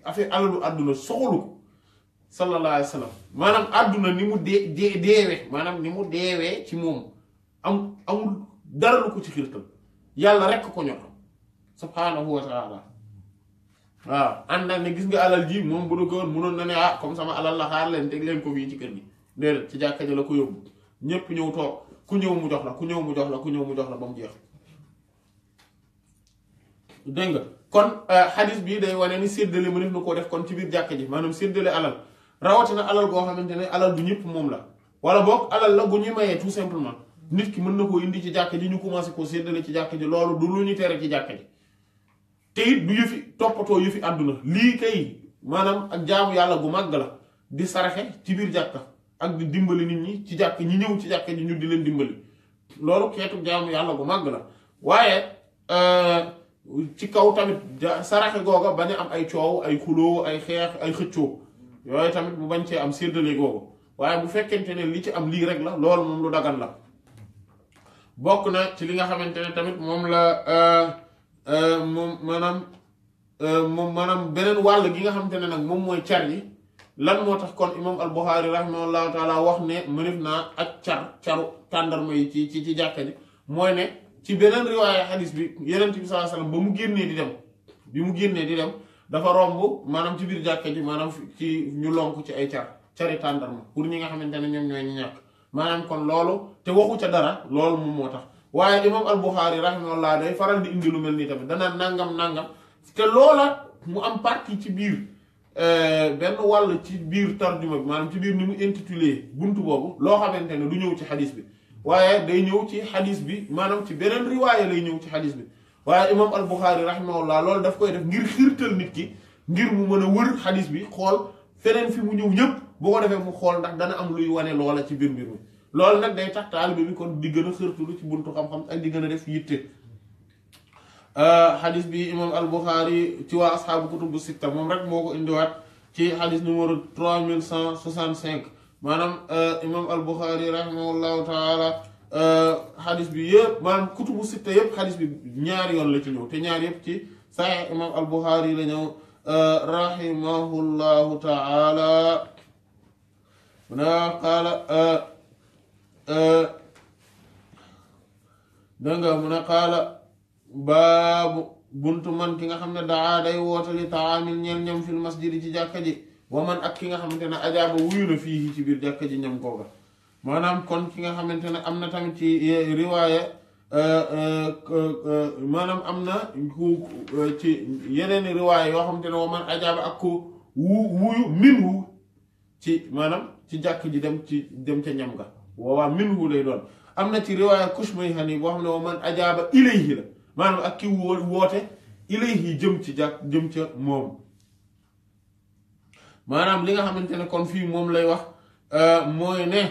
affaire alalu àdduna soxalu ko sallallahu wa sallam maanaam àdduna ni mu de dee deewee maanaam ni mu deewee ci moom am amul dara lu ko ci xirtal yàlla rekk ko ñor subhaanahu wa taala waaw ànd ak ne gis nga alal ji moom bu du ko woon mënoon na ne ah comme sama alal la xaar leen teg leen ko fii ci kër gi déedéet ci jàkka ja la ko yóbbu ñépp ñëw toog ku ñëw mu jox la ku ñëw mu jox la ku ñëw mu jox la ba mu jeex dégg nga kon euh, xadis bii day wane ni séddale mu def na koo def kon ci biir jàkka ji maanaam séddale alal rawatina alal goo xamante ne alal bu ñëpp moom la wala boog alal la gu ñuy mayee tout simplement nit ki mën na koo indi ci jàkka ji ñu commencé koo séddale ci jàkka ji loolu du lu ñu tere ci jàkka ji te it yu fi toppatoo yëfi àdduna lii kay maanaam ak jaamu yàlla gu màgg la di saraxe ci biir jàkka ak di dimbali nit ñi ci jàkk ñi ñëw ci jàkka ñi ñu di leen dimbali loolu xeetu jaamu yàlla gu màgg la waaye euh, ci kaw tamit saraxe googa bañ a am ay coow ay xuloo ay xeex ay xëccoo yooyu tamit mu bañ cee am séddale googa waaye bu fekkente ne li ci am lii rek la loolu moom lu dagan la bokk na ci li nga xamante ne tamit moom la euh, Euh, moom maanaam euh, moom maanaam beneen wàll gi nga xam ne nag moom mooy car yi lan moo tax kon imam al Buxaari rahimahullahu taala wax ne mënef naa ak car caru tàndarma yi ci ci ci jàkka ji mooy ne ci beneen riwaaya xadis bi yeneen bi sallallahu alayhi wasallam ba mu génnee di dem bi mu génnee di dem dafa romb maanaam ci biir jàkka ji maanaam ci ñu lonk ci ay car cari tàndarma pour ñi nga xamante ne ñoom ñooy ñu ñàkk maanaam kon loolu te waxu ca dara loolu moom moo tax waaye imam al-Bukhari rahimahullah day faral di indi lu mel nii tamit danaa nangam nangam te loola mu am partie ci biir euh, benn wàll ci biir tarjuma bi maanaam ci biir ni mu intitulé bunt boobu loo xamante ne du ñëw ci xadis bi waaye day ñëw ci xadis bi maanaam ci beneen riwaaya lay ñëw ci xadis bi waaye imam al-Bukhari rahimahullah loolu daf koy def ngir xiirtal nit ki ngir mu mën a wër xadis bi xool feneen fi mu ñëw ñëpp boo ko defee fu xool ndax dana am luy wane loola ci biir mbir loolu nag day tax taalibe bi kon di gën a xërtulu ci buntu xam-xam ak di gën a def yitte xadis euh, bi imam al Buxaari ci waa asxaabu kutubu sitta moom rek moo ko indiwaat ci xadis numéro 3165 maanaam euh, imam al Buxaari rahimahullahu taala xadis euh, bi yëpp maanaam kutubu sitta yëpp xadis bi ñaari yoon la ci ñëw te ñaar yëpp ci saxiix imam al Buxaari la ñëw rahimahullahu taala na qaala Euh, danga mun a xaala baabu buntu man ki nga xam ne daa day woote li taamin ñeen ñam fil masjidi ci jàkka ji wa man ak ki nga xamante ne ajaaba wuyu na fii ci biir jàkka ji ñam kooga maanaam kon ki nga xamante ne am na tamit ci e, riwaaya e, e, maanaam am na ku ci yeneen riwaaya yoo xamante ne wa man ajaaba ak ku wuyu min wu ci maanaam ci jàkk ji dem ci dem ca ñam ga boobaa minhu lay doon am na ci riwaaya Kushmayhani boo xam ne wa man ajaaba ilayhi la maanaam ak ki woote ilayhi jëm ci jàkk jëm ca moom maanaam li nga xamante ne kon fii moom lay wax euh, mooy ne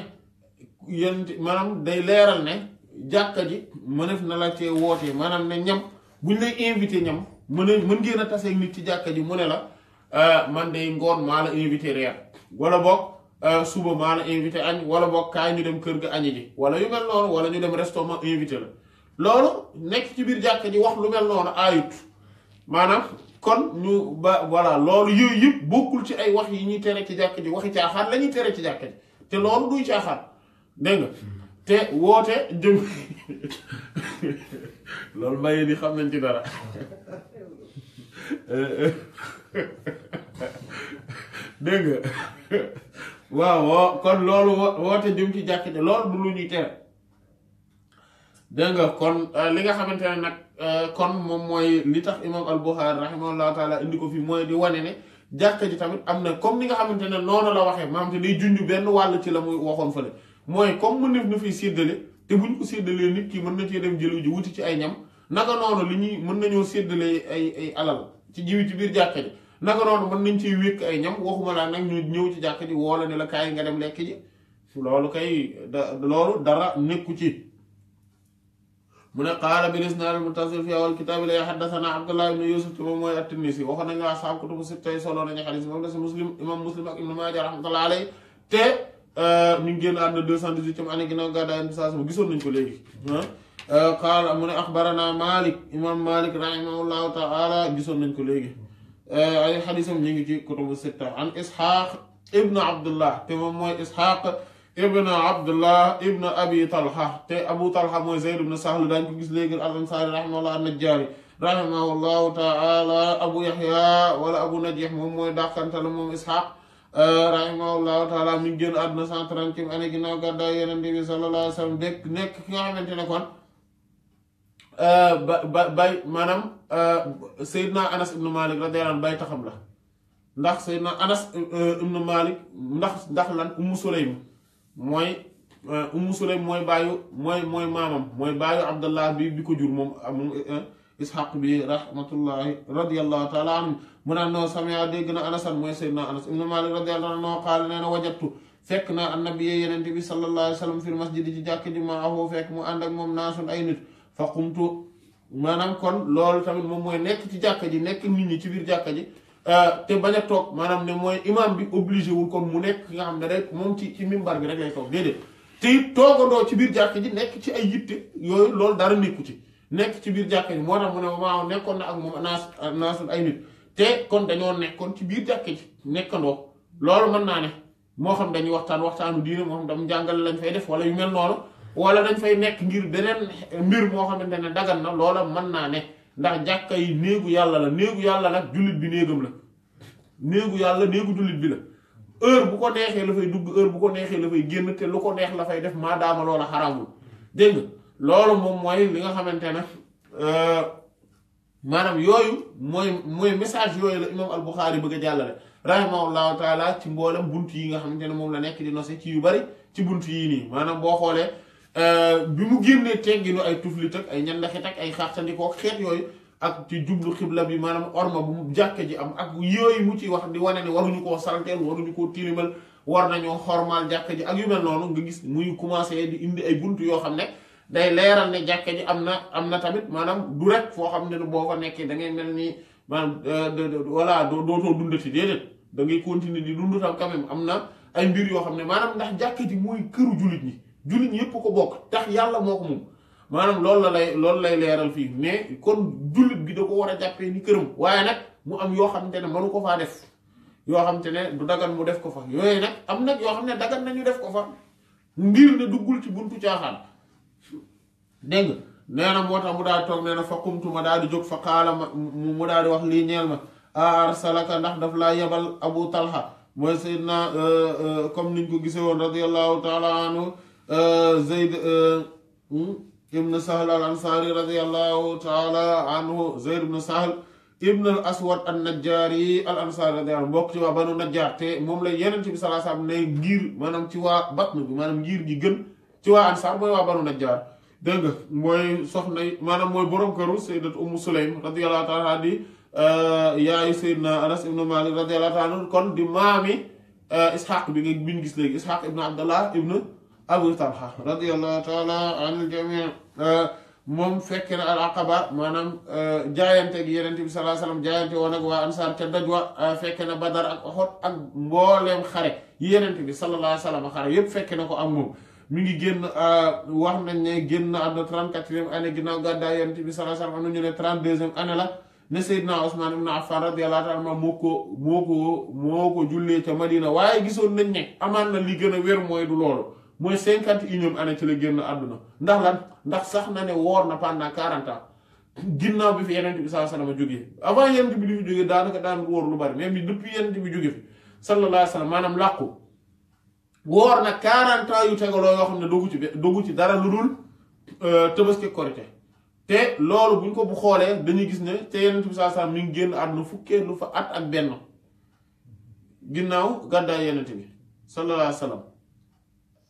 yent maanaam day leeral ne jàkka ji mënef na la cee wootee maanaam ne buñ lay invité ñam mën mën ngeen a taseeg ci jàkka ji mu ne la euh, man day ngoon maa la invité reer wala boog Euh, suba maa invité añ wala boog kaay ñu dem kër gi añi ji wala yu mel noonu wala ñu dem restaurant invité la loolu nekk ci biir jàkka ji wax lu mel noonu aayut maanaam kon ñu ba voilà loolu yooyu yëpp bokkul ci ay wax yi ñuy tere ci jàkka ji waxi caaxaan la ñuy tere ci jàkka ji te loolu duy caaxaan dégg te woote jëm loolu mbayee di xam nañ ci dara dégg waaw kon loolu woote jëm ci jàkk te loolu du lu ñuy tere dégg nga kon euh, li nga xamante ne nag euh, kon moom mooy li tax imam al-Bukhari rahimahullahu taala indi ko fii mooy di wane ne jàkk tamit am na comme ni nga xamante ne noonu la waxee maam te day junj benn wàll ci la muy waxoon fële mooy comme mu nekk na fiy séddale te buñ ko séddalee nit ki mën na ci dem jëlu ji wuti ci ay ñam naka noonu li ñuy mën nañoo séddalee ay ay alal ci jiw ci biir jàkk ji naka non man nañ ci wékk ay ñam waxuma la nak ñu ñew ci jàkk ji woola ne la kay nga dem lekk ji lolu kay da loolu dara nekku ci mune qala qaala bil isnaad al muttasil fi awal kitab la yahdathana abdullah ibn yusuf te moy at tirmidhi waxa nañ waa saam kutubu sitta solo nañ xalis mom la muslim imam muslim ak ibn majah rahmatullah alay te ñu euh, ngi génn and 218 cent dix-huitième année ginnaaw gàddaay Yonent gisoon nañ ko legi euh, qala mune akhbarana malik imam malik rahimahullahu taala gisoon nañ ko legi ay xadisam ñu ngi ci kutubu sitta an isxaq ibnu abdullah te moom mooy isxaq ibnu abdullah ibnu abi talha te abu talha mooy zayd ibnu sahl daañu ko gis léegi al ansaari rahimahullah an najjaari rahimahullahu taala abu yahya wala abu najih moom mooy dàqante la moom isxaq rahimahullahu taala mi ngi génn àdduna cent trentième année ginnaaw gàddaay yonent bi sallallahu alayhi wa sallam dëkk Euh, ba ba bay maanaam euh, Seydina Anas ibnu Malik radiyallahu anhu bay taxam la ndax Seydina Anas euh, ibnu Malik ndax ndax lan Ummu Sulaym mooy Ummu Sulaym mooy baayu mooy mooy maamam mooy baayu Abdallah bi bi ko jur moom ah, moom eh, eh, Ishaq bi rahmatullahi radiyallahu taala anhu a naan noo samea dégg na Anasan mooy Seydina Anas ibnu Malik radiyallahu anhu noo xaale nee na wajattu fekk na annabi yee yenente bi sallallahu alayhi wa sallam fil masjid ci jàkk ji maahu fekk mu ànd ak moom naasun ay nit fa qumtu maanaam kon loolu tamit moom mooy nekk ci jàkka ji nekk nit ñi ci biir jàkka ji euh, te bañ a toog maanaam ne mooy imam bi obligé wul kon mu nekk nga xam ne rek moom ci ci mimbar bi rek lay toog déedéet te it toogandoo ci biir jàkka ji nekk ci ay yitte yooyu loolu dara nekku ci nekk ci biir jàkka ji moo tax mu ne maa nekkoon na ak moom naas naasul ay nit te kon dañoo nekkoon ci biir jàkka ji nekkandoo loolu mën naa ne moo xam dañuy waxtaan waxtaanu diine moo xam dam jàngale lañ fay def wala yu mel noonu wala dañ fay nekk ngir beneen mbir moo xamante ne dagan na loola man naa ne ndax jàkka yi néegu yàlla la néegu yàlla nag jullit bi néegam la néegu yàlla néegu jullit bi la heure bu ko neexee la fay dugg heure bu ko neexee la fay génn te lu ko neex la fay def maadaama loola xaraamul dégg nga loolu moom mooy li nga xamante ne euh, maanaam yooyu mooy mooy message yooyu la imaam al-Bukhari bëgg a jàllale rahimahullahu taala ci mboolem bunt yi nga xamante ne moom la nekk di nose ci yu bari ci bunt yii maanaam boo xoolee Euh, bi mu génnee tegginu ay tuflit ak ay ñandaxit ak ay xaaxtandikoo xeet yooyu ak ci jublu xibla bi maanaam orma bu mu jàkke ji am ak yooyu mu ci wax di wane ne waruñu koo salteel waruñu koo tilimal war nañoo xormaal jàkk ji ak yu mel noonu nga gis muy commencé di indi ay bunt yoo xam ne day leeral ne jàkk ji am na am na tamit maanaam du rek foo xam ne boo fa nekkee da ngay mel nii maanaam euh, voilà dootoo dundati déedéet da ngay continuer di dund tam quand am na ay mbir yoo xam ne maanaam ndax jàkk ji mooy këru jullit ñi jullit yëpp ko bokk tax yàlla moo mun moom maanaam loolu la lay loolu lay leeral fii mais kon jullit bi da ko war a jàppee ni këram waaye nag mu am yoo xamante ne mënu ko faa def yoo xamante ne du dagan mu def ko fa yooyu nag am nag yoo xam ne daggan nañu def ko fa ngir ne duggul ci buntu caaxaan dégg nga nee na moo tax mu daal toog nee na fa qumtu ma daal di jóg fa xaala mu daal di wax lii ñeel ma arsalaka ndax daf laa yebal abu talha mooy sayyidna euh, euh, comme niñ ko gisee woon radiallahu taala Euh, Zayd euh, hmm, ibn Sahl al Ansari radiyallahu taala anhu Zayd ibn Sahl ibn al Aswad an al Ansari radiyallahu mbokk ci waa banu Najjaar te moom la yeneen ci bi salaa salaam ne ngir maanaam ci waa batn bi maanaam ngir gi gën ci waa Ansaar mooy waa banu Najjaar dégg nga mooy soxna maanaam mooy borom këru Sayyidat Ummu Sulaym radiyallahu taala di euh, yaayu Seydina Anas ibn Malik radiyallahu taala kon di maami Ishaq bi nga bin gis léegi Ishaq ibn Abdallah ibn abu talha radiallahu taala an jamii moom fekke na al aqaba maanaam eh, jaayante gi yenente bi sallallahu alayhi wasallam jaayante woon ak waa ansaar ca dajwa eh, fekke na badar ak oxot ak mbooleem xare yi yenente bi sallallahu alayhi wasallam xare yépp fekke na ko am moom mi génn eh, wax nañ ne génn na àdduna trente-quatrième année ginnaaw gàddaay yenente bi sallallahu alayhi wasallam am na ñu ne trente-deuxième année la ne Seydina Ousmane ibn Affan radiyallahu anhu moo ko moo ko moo ko jullee ca Madina waaye gisoon nañ ne amaan na li gën a wér mooy du loolu mooy cinquante et unième année ci la génn àdduna ndax lan ndax sax na ne woor na pendant quarante ans ginnaaw bi fi yenent bi sallallahu alayhi wasallam jógee avant yenent bi di fi daan wóor lu bari mais bi depuis yenent bi jógee fi sallallahu alayhi wasallam maanaam làqu woor na quarante ans yu tegaloo yoo xam ne dogu ci dogu ci dara lu dul euh, Tabaski Korite te loolu buñ ko bu xoolee dañuy gis ne te yenent bi sallallahu alayhi wasallam mi ngi génn àdduna fukkee lu fa at ak benn ginnaaw gàddaay yenent bi sallallahu alayhi wasallam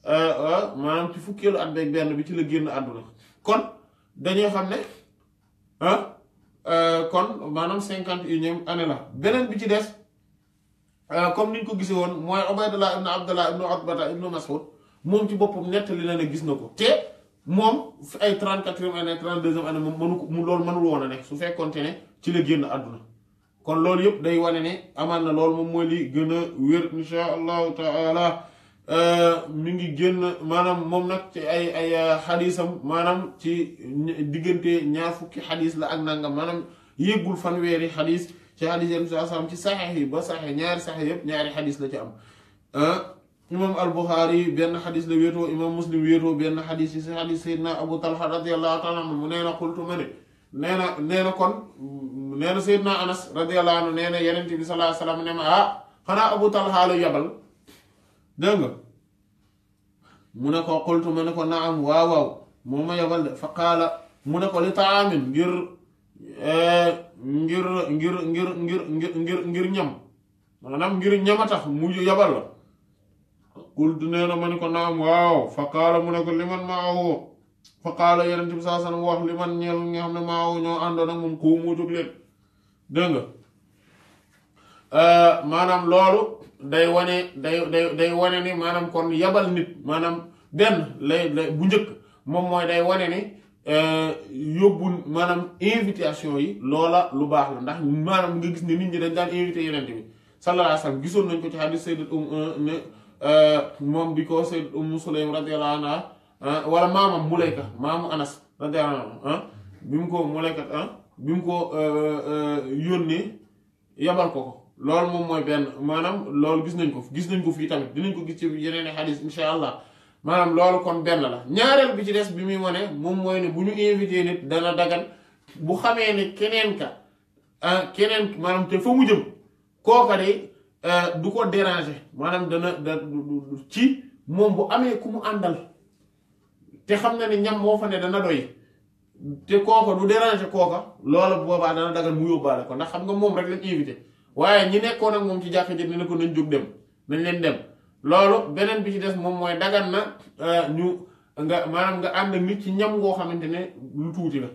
Euh, maanaam ci fukkeelu at beeg benn bi ci la génn àdduna kon dañuy xam ne ah, euh, kon maanaam cinquante et unième année la beneen bi ci des euh, comme ni ñu ko gisee woon mooy Ubaydullah ibnu Abdullah ibnu Utbata ibnu Mas'ud moom ci boppam nettali na ne gis na ko te moom fi ay trente quatrième année trente deuxième moom mënu ko mu loolu mënul woon ne su fekkonte ne ci la génn àdduna kon loolu yëpp day wane ne amaan na loolu moom mooy li gën a wér insha allahu Euh, mu ngi génn maanaam moom nag ci ay ay euh, xadisam maanaam ci diggante ñaar fukki xadis la ak nangam maanaam fan fanweeri xadis ci xadis yenn saa saam ci saxeex yi ba saxeex ñaari saxeex yépp ñaari xadis la ci am euh, imam al buxaari benn xadis la wéetoo imam muslim wéetoo benn xadis yi si xadis sayidna abu talha radiallahu taala anhu mu nee na xultu ma ne nee na nee na kon nee na sayidna anas radiallahu anhu nee na yenente bi salaa salaam ne ma ah xanaa abu talha yabal dégg munako mana qultu munako naam waaw waaw moma yabal fa qala munako li taamin ngir eh, ngir ngir ngir ngir ngir ngir ngir ñam manam ngir ñama tax mu yabal qultu neena munako naam waaw fa qala munako liman maahu fa qala yeneen bi liman ñel nga xamne maahu ño ando nak moom ko mu jóg leen dégg eh, manam day wane day day day wane ni maanaam kon yabal nit maanaam benn lay lay bu njëkk moom mooy day wane ni eh, yóbbu maanaam invitation yi loola lu baax la ndax maanaam nga gis ne nit ñi dañ daan invité yonent bi sallallahu alayhi wa gisoon nañ ko ci xadis sayyidat um ne eh, moom bi ko sayyidat um sulaym radiyallahu anha eh, wala maamam mulayka maamu anas radiyallahu anhu bi mu ko mulaykat bi mu ko yónnee yabal ko ko loolu moom mooy benn maanaam loolu gis nañ ko gis nañ ko fii tamit dinañ ko gis ci yeneen xadis incha allah maanaam loolu kon benn la ñaareel bi ci des bi muy wane moom mooy ne bu ñu invité nit dana dagan bu xamee ne keneen ka ah, keneen maanaam te fa mu jëm kooka de ah, du ko déranger maanaam dana da ci moom bu amee ku mu àndal te xam na ne ñam moo fa ne dana doy te kooka du déranger kooka loolu boobaa dana dagan mu yóbbaale ko ndax xam moom rek lañ invité. waaye ñi nekkoon ak moom ci jàkka ji dina ko nañ jóg dem nañ leen dem loolu beneen bi ci des moom mooy dagan na euh, ñu nga maanaam nga ànd ak nit ci ñam ngoo xamante ne lu tuuti la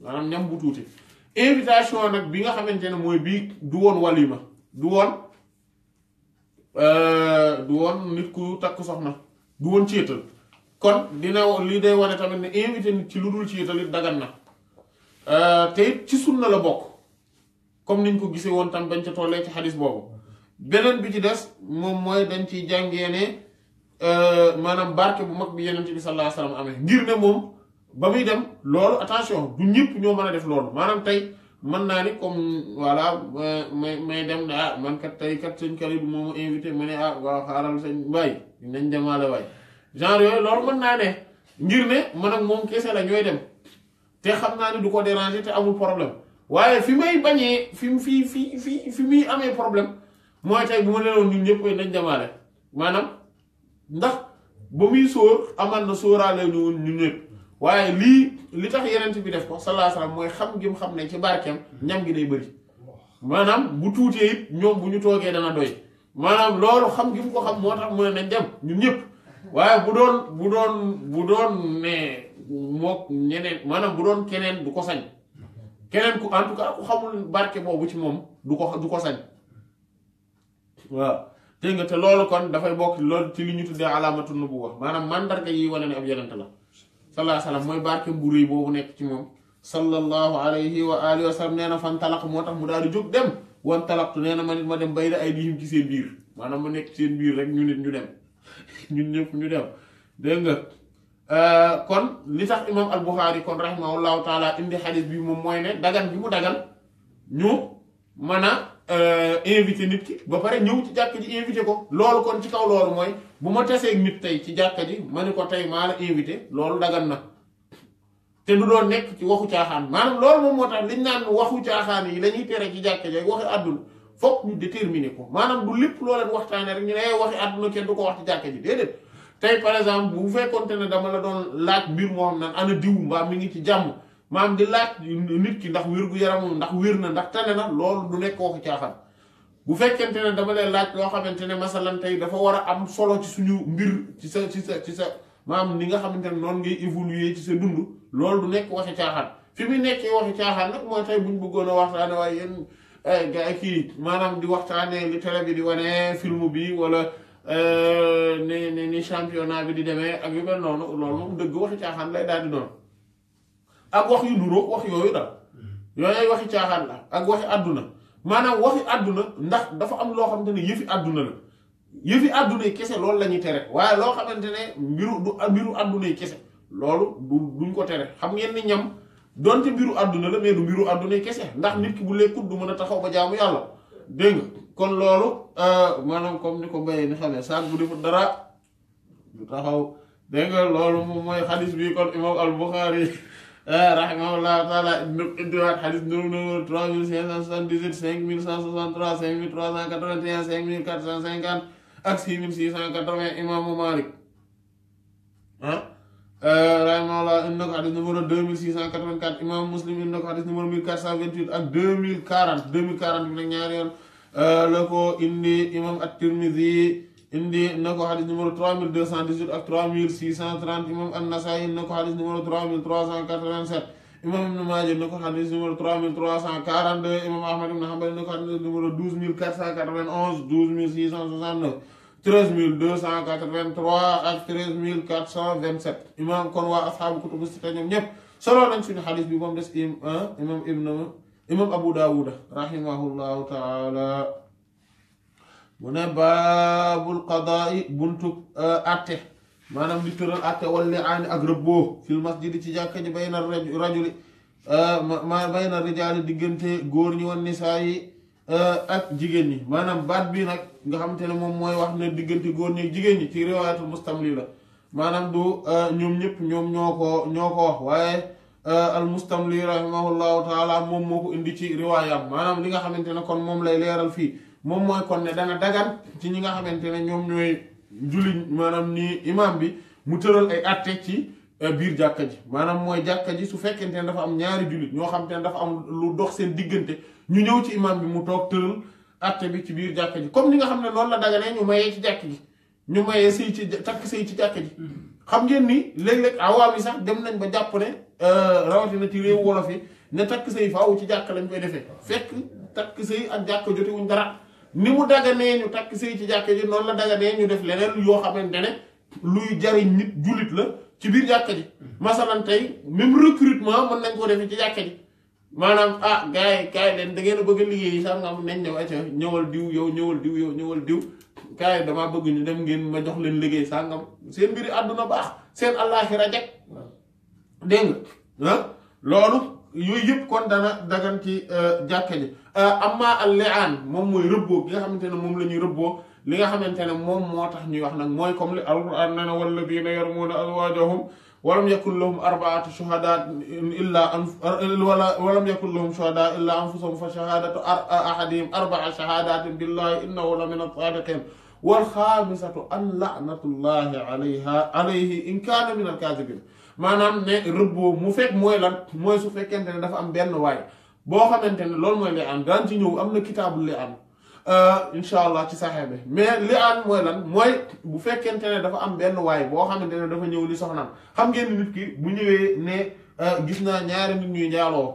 maanaam ñam bu tuuti invitation nag bi nga xamante ne mooy bii du woon walima du woon euh, du woon nit ku takk soxna du woon céetal kon dina li day wane tamit ne invité ci lu dul céetal it dagan na euh, te it ci sunna la bokk comme niñ ko gisee woon tam bañ ca tollee ci xadis boobu beneen bi ci des moom mooy dañ ciy jàngee ne euh, maanaam barke bu mag bi yenent bi sallallahu alayhi wasallam amee ngir ne moom ba muy dem loolu attention du ñoo def loolu maanaam tey mën naa ni comme voilà may may dem ne ah, man kat tey kat sëñ Khalid moomu invité ma ne ah waaw xaaral nañ demaale waay genre yooyu loolu mën naa ne ngir ne man ak moom kese la ñooy dem te xam naa ni du ko déranger te amul problème waaye fi may bañee fi mu fi fi fi fi muy amee problème mooy tey bu ma leenoon ñun ñëpp koy nañ demaale maanaam ndax ba muy sóor amal na sóoraale ñu woon ñun ñëpp waaye lii li tax yeneen bi def ko sallallahu alayhi mooy xam gi mu xam ne ci barkeem ñam gi nay bëri maanaam bu tuutee it ñoom bu ñu toogee dana doy maanaam loolu xam gi mu ko xam moo tax mu ne nañ dem ñun ñëpp waaye bu doon bu doon bu doon ne moo ñeneen maanaam bu doon keneen du ko sañ keneen ku en tout cas ku xamul barke boobu ci moom du ko du ko sañ waaw dégg nga te loolu kon dafay bokk lool ci li ñu tuddee alaamatu nubuwwa maanaam mandarga yi wane ne ab yonent la sallallahu alayhi wa sallam mooy barke bu rëy boobu nekk ci moom sallallahu alayhi wa alihi wa sallam nee na fan talaq moo tax mu daal di jóg dem wan talaqtu nee na ma nit ma dem bay da ay diim ci seen biir maanaam ma nekk ci seen biir rek ñu nit ñu dem ñun ñëpp ñu dem dégg nga Euh, kon li tax imam al-Bukhari kon rahimahullahu taala indi xadis bi moom mooy ne dagan bi mu dagan ñu mën a euh, invité nit ki ba pare ñëw ci jàkk ji invité ko loolu kon ci kaw loolu mooy bu ma teseeg nit tey ci jàkk ji ma ni ko tey maa la invité loolu dagan na te du doon nekk ci waxu caaxaan maanaam loolu moom moo tax liñ naan waxu caaxaan yi la ñuy tere ci jàkk ji ak waxi àdduna fokk ñu déterminer ko maanaam du lépp loo leen waxtaane rek ñu ne eh, waxi àdduna kenn ko wax ci jàkk ji déedéet tey par exemple bu fekkoonte ne dama la doon laaj mbir moo xam naan ana diw mbaa mi ngi ci jàmm maam di laaj nit ki ndax wér gu yaram ndax wér na ndax tane na loolu du nekk waxu caaxaan bu fekkente ne dama lay laaj loo xamante ne masalan tey dafa war a am solo ci suñu mbir ci sa ci ci sa maam ni nga xamante ne noonu ngay sa dund loolu du nekk waxi caaxaan fi mu nekkee waxi caaxaan nag mooy tey buñ bëggoon a waxtaane waaye yéen eh, gaa kii maanaam di waxtaanee li télé bi di wane film bi wala Euh, ni ni ni bi di demee ak yu mel noonu loolu moom dëgg waxi caaxaan lay daal di doon ak wax yu nuróo wax yooyu la yooyu waxi caaxaan la ak waxi àdduna maanaam waxi àdduna ndax dafa am loo xamante ne yëfi àdduna la yëfi yi kese loolu la ñuy tere waaye loo xamante ne mbiru du mbiru àdduna yi kese loolu du duñ ko tere xam ngeen ni ñam doon donte mbiru àdduna la mais mbiru àdduna yi kese ndax nit ki bu lekkut du mën a taxaw ba jaamu yàlla dégg kon euh manam comme niko baye ni xamee sa bu defu dara du taxaw de nga lolu mo moy hadith bi kon imam al Buxaari eh, rahimahullah taala indiwaat xadis numéro numéro trois mille cinq cent soixante-dix-huit cinq mille cent soixante-trois cinq mille trois cent quatre-vingt-un cinq mille quatre cent cinquante ak six mille six cent quatre-vingts imaamu Maalik ah eh, rahimahullah indi na ko xadis numéro deux mille six cent quatre-vingt-quatre imaamu Muslim indi ko xadis numéro mille ak deux mille quarante deux yoon la euh, ko indi imam at-Tirmidhi indi na ko xadis numéro 3218 ak 3630 imam an-Nasa'i na ko xadis numéro 3387 imam ibn Maaja na ko xadis numéro 3342 imam Ahmad ibn Hanbal na ko xadis numéro 12491 12669 13283 ak 13427 imam kon waa asxaabu kutubu sitta ñoom ñëpp solo nañ suñu xadis bi moom des imam ibn imam abu dawud rahimahullahu taala mu Babul Qada'i Buntuk buntu eh, Mana manam di tëral ate wal li'an ak rëbboo fil masjid ci jàkka ji bayna rajuli eh, ma bayna rijaali digeunte gor ñu won nisaa Mana eh, ak jigen ni manam bat bi nak nga xamante ne moom mooy wax ne digeunte gor ñi jigen ñi ci riwayatul mustamli la manam du ñom ñep ñom ñoko ñoko wax waye Euh, almustamli rahimahullahu taala moom moo ko indi ci riwaayam maanaam li nga xamante ne kon moom lay leeral fii moom mooy kon ne dana dagan ci ñi nga xamante ne ñoom ñooy julli maanaam nii imaam bi mu tëral ay atte ci euh, biir jàkka ji maanaam mooy jàkka ji su fekkente ne dafa am ñaari jullit ñoo xam te ne dafa am lu dox seen ñu ñëw ci imaam bi mu toog tëral bi ci biir jàkka ji comme ni nga xam ne noonu la daganee ñu mayee ci jàkka ji ñu mayee sëy ci takk sëy ci jàkka ji mm-hmm. xam ngeen ni léeg-léeg awaam yi sax dem nañ ba jàpp ne Euh, rawatina ci réew wolof yi ne takk sëy faaw ci jàkk lañ koy defee fekk takk sëy ak jàkk jotewuñ dara ni mu daganee ñu takk sëy ci jàkk ji noonu la daganee ñu def leneen yoo xamante ne luy jariñ nit jullit la ci biir jàkk ji masalan tey même recrutement mën nañ koo defee ci jàkk ji maanaam ah gars yi kaay leen da ngeen a bëgg a liggéey yi nga am nañ ne wacca ñëwal diw yow ñëwal diw yow ñëwal diw kaay damaa bëgg ñu dem ngeen ma jox leen liggéey sax nga am seen mbiri àdduna baax seen àllaaxira jag dégg nga ah loolu yooyu yëpp kon dana dagan ci jàkka ji amma al-li'aan moom mooy rëbboo gi nga xamante ne moom la ñuy rëbboo li nga xamante ne moom moo tax ñuy wax nag mooy comme li alquran nana walladina yarmuuna azwaajahum walam yakun lahum arbaatu shuhadaa illa an wala walam yakun lahum shuhadaa illa anfusahum fa shahaadatu ahadihim arbaa shahaadatin billahi innahu la min as-saadiqin wal xaamisatu an la'natullahi alayha alayhi in kaana min al-kaadibin maanaam ne rëbboo mu fekk mooy lan mooy su fekkente ne dafa am benn waay boo xamante ne loolu mooy li'aan daan ci ñëw am na kitaabul li'aan euh, incha allah ci saxee bi mais li'aan mooy lan mooy bu fekkente ne dafa am benn waay boo xamante ne dafa ñëw li soxnaam xam ngeen nit ki bu ñëwee ne euh, gis naa ñaari nit ñuy njaaloo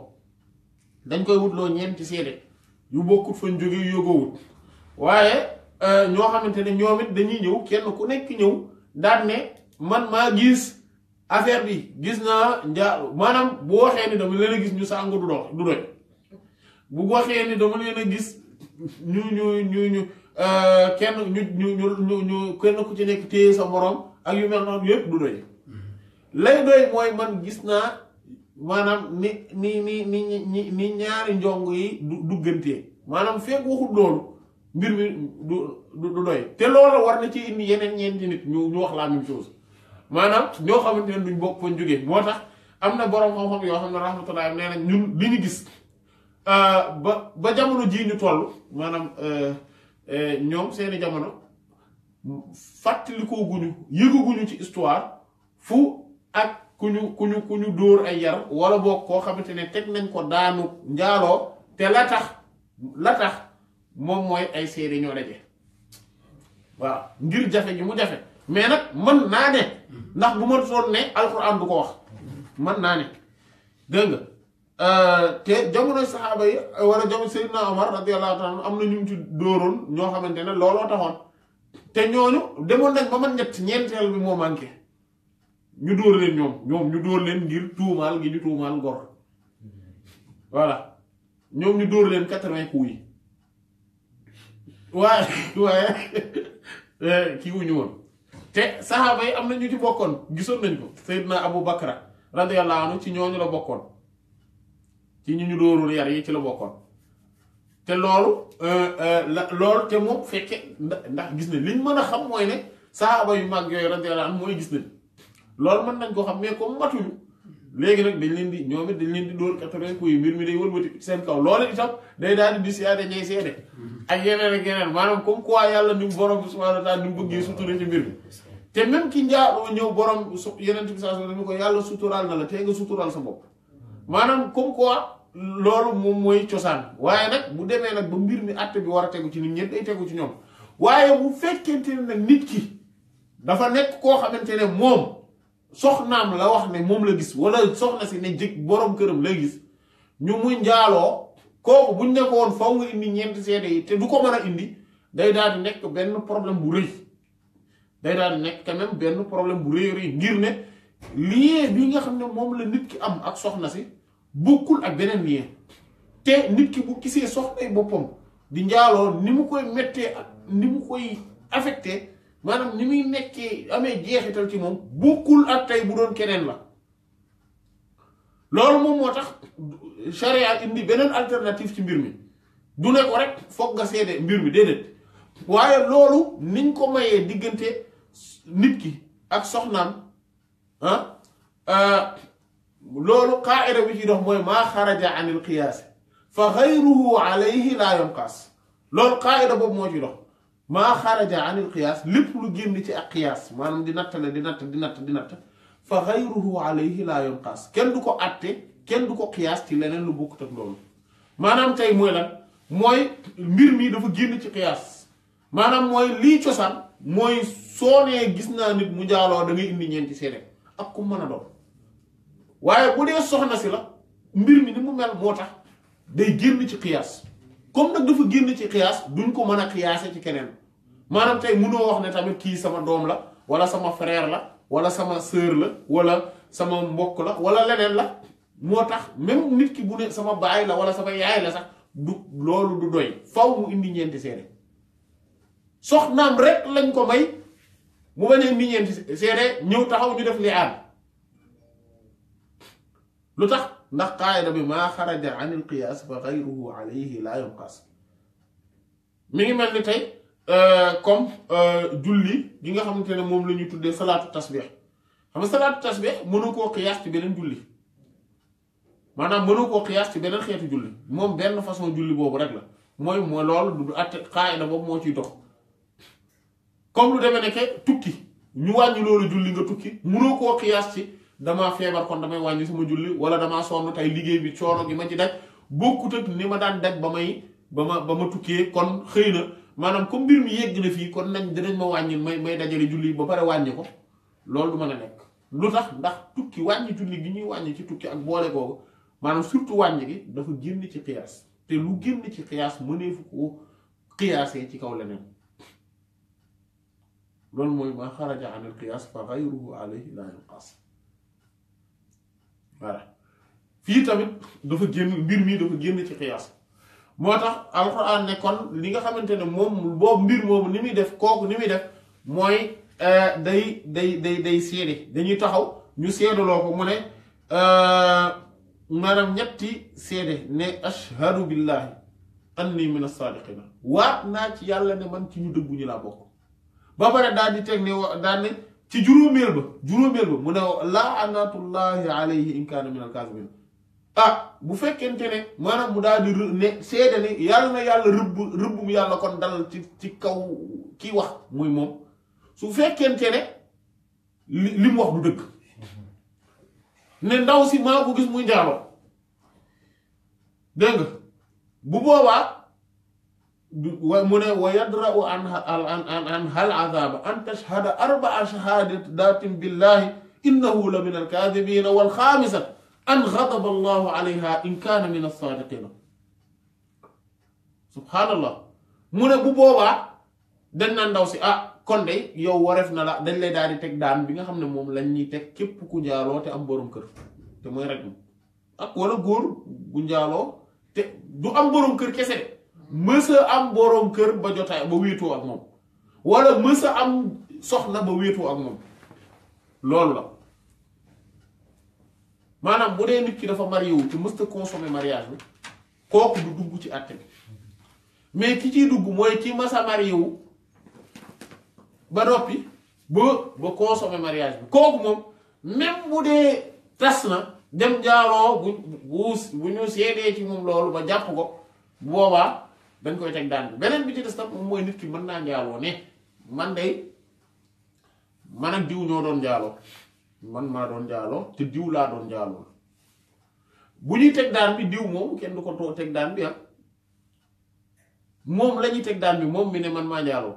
dañ koy wutloo ñeenti seede yu bokkut fañ jógee yógoowut waaye euh, ñoo xamante ne ñoom dañuy ñëw kenn ku nekk ñëw daan ne gis affaire bi gis naa nja maanaam bu waxee ni dama leen a gis ñu sàngu du dox waxee ni dama leen a gis ñu ñu ñu ñu euh, kenn ñu ñu kenn ku ci nekk téye sa morom ak yu mel noonu yëpp du doy lay doy mooy man gis naa maanaam ni ni ni ni ñaari njong yi du duggantee maanaam fekk waxul loolu mbir mi du du doy te loolu war na ci indi yeneen ñeenti nit ñu ñu wax la même chose. maanaam ñoo xamante ne duñ bokk fañ jógee moo tax am na boroom xam-xam yoo xam ne rahmatullahi nee na ñun li ñu gis euh, ba ba jamono jii ñu toll maanaam euh, euh, ñoom seeni jamono fàttalikoguñu yëguguñu ci histoire fu ak ku ñu ku ñu ku ñu dóor ay yar wala boog koo xamante ne teg nañ ko daanu njaaloo te la tax la tax moom mooy ay seede ñoo daje waaw ngir jafe gi mu jafe mais nak man na ne ndax bu mën fon ne alxuraan du ko wax man na ne deug nga euh, te jamono sahaba yi wala jamono Seydina umar radiyallahu taala amna ñu ci dóoroon ño xamantene lolo taxon te ñooñu demoon nak ba man ñet ñentel bi mo manke ñu door leen ñom ñom ñu door leen ngir tuumal gi ñu tuumal ngor voilà ñom ñu door leen 80 vingts coups wa waaye waaye euh, kii wuñu te saxaaba yi am na ñu ci bokkoon gisoon nañ ko naa Abu Bakra radiyallahu anhu ci ñooñu la bokkoon ci ñu ñu dóorul yar yi ci la bokkoon te loolu euh, euh, la loolu te moom fekke ndax gis ne liñ mën a xam mooy ne saxaaba yu mag yooyu radiyallahu anhu mooy gis nañ loolu mën nañ koo xam mais ko matuñu léegi nag dañ leen di ñoom dañ leen di dóor quatre-vingts coups mbir mi day wëlbati seen kaw loolu itam day daal di di siyaade ñay seede mm-hmm. ak yeneen ak yeneen maanaam comme quoi yàlla ni mu borom bi subhaanahu wa taala ni mu bëggee sutura mbir mi te même ki njaaroo ñëw borom su yeneen bi saa ko yàlla suturaal na la tey nga suturaal sa bopp maanaam comme quoi loolu moom mooy cosaan waaye nag bu demee nag ba mbir mi àtte bi war a tegu ci nit ñëpp day tegu ci ñoom waaye bu fekkente ne nag nit ki dafa nekk koo xamante ne moom soxnaam la wax ne moom la gis wala soxna si ne jëkk boroom këram la gis ñu muy njaaloo kooku buñ nekkoon faw nga indi ñeenti seede yi te du ko mën a indi day daal di nekk benn problème bu rëy. day daan nekk quand benn problème bu rëy rëy ngir ne lien bi nga xam ne moom la nit ki am ak soxna si bokkul ak beneen lien te nit ki bu gisee ay boppam di njaaloo ni mu koy mettee ak ni mu koy affecté maanaam ni muy nekkee amee jeexital ci moom bokkul ak tey bu doon keneen la loolu moom moo tax charia indi beneen alternative ci mbir mi du ne ko rek foog nga seede mbir mi déedéet waaye loolu niñ ko mayee diggante nit ki ak soxnaam ah, ah loolu qaa'ida bi ci dox mooy maa xaraja an il qiyaas fa xayruhu alayhi laa yonqaas loolu an il lépp lu génn ci ak qiyaas maanaam di nattale di natt di natt di natt fa xayruhu alayhi laa yonqaas kenn du ko atte kenn du ko qiyaas ci leneen lu bokkut ak loolu maanaam tey mooy lan mooy mbir mi dafa génn ci qiyaas maanaam mooy lii cosaan mooy soo nee gis naa nit mu jaaloo da ngay indi ñeenti seede ak ku mën a doon waaye bu dee soxna si la mbir mi ni mu mel moo tax day génn ci xiyaas comme nag dafa génn ci xiyaas duñ ko mën a xiyaase ci keneen maanaam tey mënoo wax ne tamit kii sama doom la wala sama freer la wala sama sœur la wala sama mbokk la wala leneen la moo tax même nit ki bu ne sama baay la wala sama yaay la sax du loolu du doy faw mu indi ñeenti seede soxnaam rek lañ ko may mu bañ a nit ñeenti seede ñëw taxaw ñu def li aan lu tax ndax qaayida bi maa xaraja an il qiyaas fa gayruhu alayhi laa yunqas mi ngi mel ni tey euh, comme euh, julli gi nga xamante ne moom la ñuy tuddee salaatu tasbix xam nga salaatu tasbix mënu koo qiyaas ci beneen julli maanaam mënu koo qiyaas ci beneen xeetu julli moom benn façon julli boobu rek la mooy mooy loolu du àtte qaayida boobu moo ciy dox comme lu demee nekke tukki ñu wàññi loolu julli nga tukki mënoo koo xiyaas ci damaa feebar kon damay wàññi sama julli wala damaa sonn tey liggéey bi coono gi ma ci daj bokkut ak ni ma daan daj ba may ba ma ba ma tukkee kon xëy na maanaam comme mbir mi yegg na fii kon nañ danañ ma wàññi may may dajale julli ba pare wàññi ko loolu du mën a nekk lu tax ndax tukki wàññi julli gi ñuy wàññi ci tukki ak boole googu maanaam surtout wàññi gi dafa génn ci xiyaas te lu génn ci xiyaas mëneefu ko xiyaasee ci kaw leneen لول موي ما خرج عن القياس فغيره عليه لا ينقص فوالا في تامت دا فا ген مبير مي دا فا ген سي قياس موتاخ القران ني كون ليغا خامتاني موم بوب مبير موم نيمي ديف كوك نيمي ديف موي داي داي داي داي سيري داني تاخاو ني سيدو لوكو مو ني ا مرام نيتي سيدي ني اشهد بالله اني من الصادقين واتنا تي يالا ني مان تي ني دغ ني لا بوك ba pare daal di teg ne daal ne ci juróomeel ba juróomeel ba mu ne laanatullahi alayhi in kaana min alkaasibiin ah bu fekkente ne maanaam mu daal di ne seede ne yàlla na yàlla rëbb yàlla kon dal ci ci kaw kii wax muy moom su fekkente ne li li mu wax du dëgg ne ndaw si maa ko gis muy njaaloo dégg bu boobaa wa mu ne wa yadra'u an an hal azaba an tashhada arbaa shahadatin billahi innahu la min alkaadibina wal xaamisat an xadaba allahu in kaana min alsaadiqina subhaanallah mu ne bu boobaa dañ naan ndaw si ah kon de yow wareef na la dañ lay daal di teg daan bi nga xam ne moom lañ ñuy teg képp ku njaaloo te am borom kër te mooy rek ak wala góor bu njaaloo te du am borom kër kese mës am boroom kër ba jotaay ba wéetu ak moom wala mës am soxna ba wéetu ak moom loolu la maanaam bu dee nit ki dafa marié wu te mës a consommer mariage bi kooku du dugg ci àtte bi mais ki ciy dugg mooy ci mës a marié wu ba noppi ba ba consommer mariage bi kooku moom même bu dee tas na dem jaaloo bu bu bu ñu seedee ci moom loolu ba jàpp ko boobaa. dañ koy teg daan bi beneen bi ci des mooy nit ki mën naa njaaloo ne man day man ak diw ñoo doon njaaloo man maa doon njaaloo te diw laa doon njaaloo bu ñuy teg daan bi diw moom kenn du ko too teg daan bi ah moom lañuy teg daan bi moom mi ne man maa njaaloo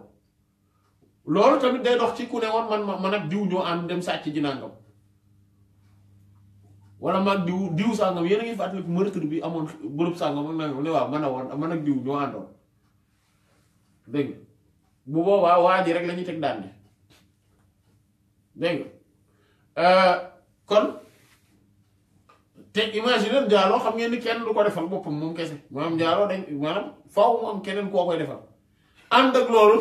loolu tamit day dox ci ku ne woon man man ak diw ñoo am dem sàcc ji nangam wala mak diw diw sangam yéen a ngi fàttali meurtre bi amoon bërëb sangam ak nangam ne wa man won man ak diw ñoo àndoon deng bu bo wa ji rek lañu tek teg deng euh kon te imagine njaaloo xam ngeen ni kenn du ko defal boppam moom kese maanaam njaaloo dañ manam faaw mu am kenen ko koy defal and ak lolu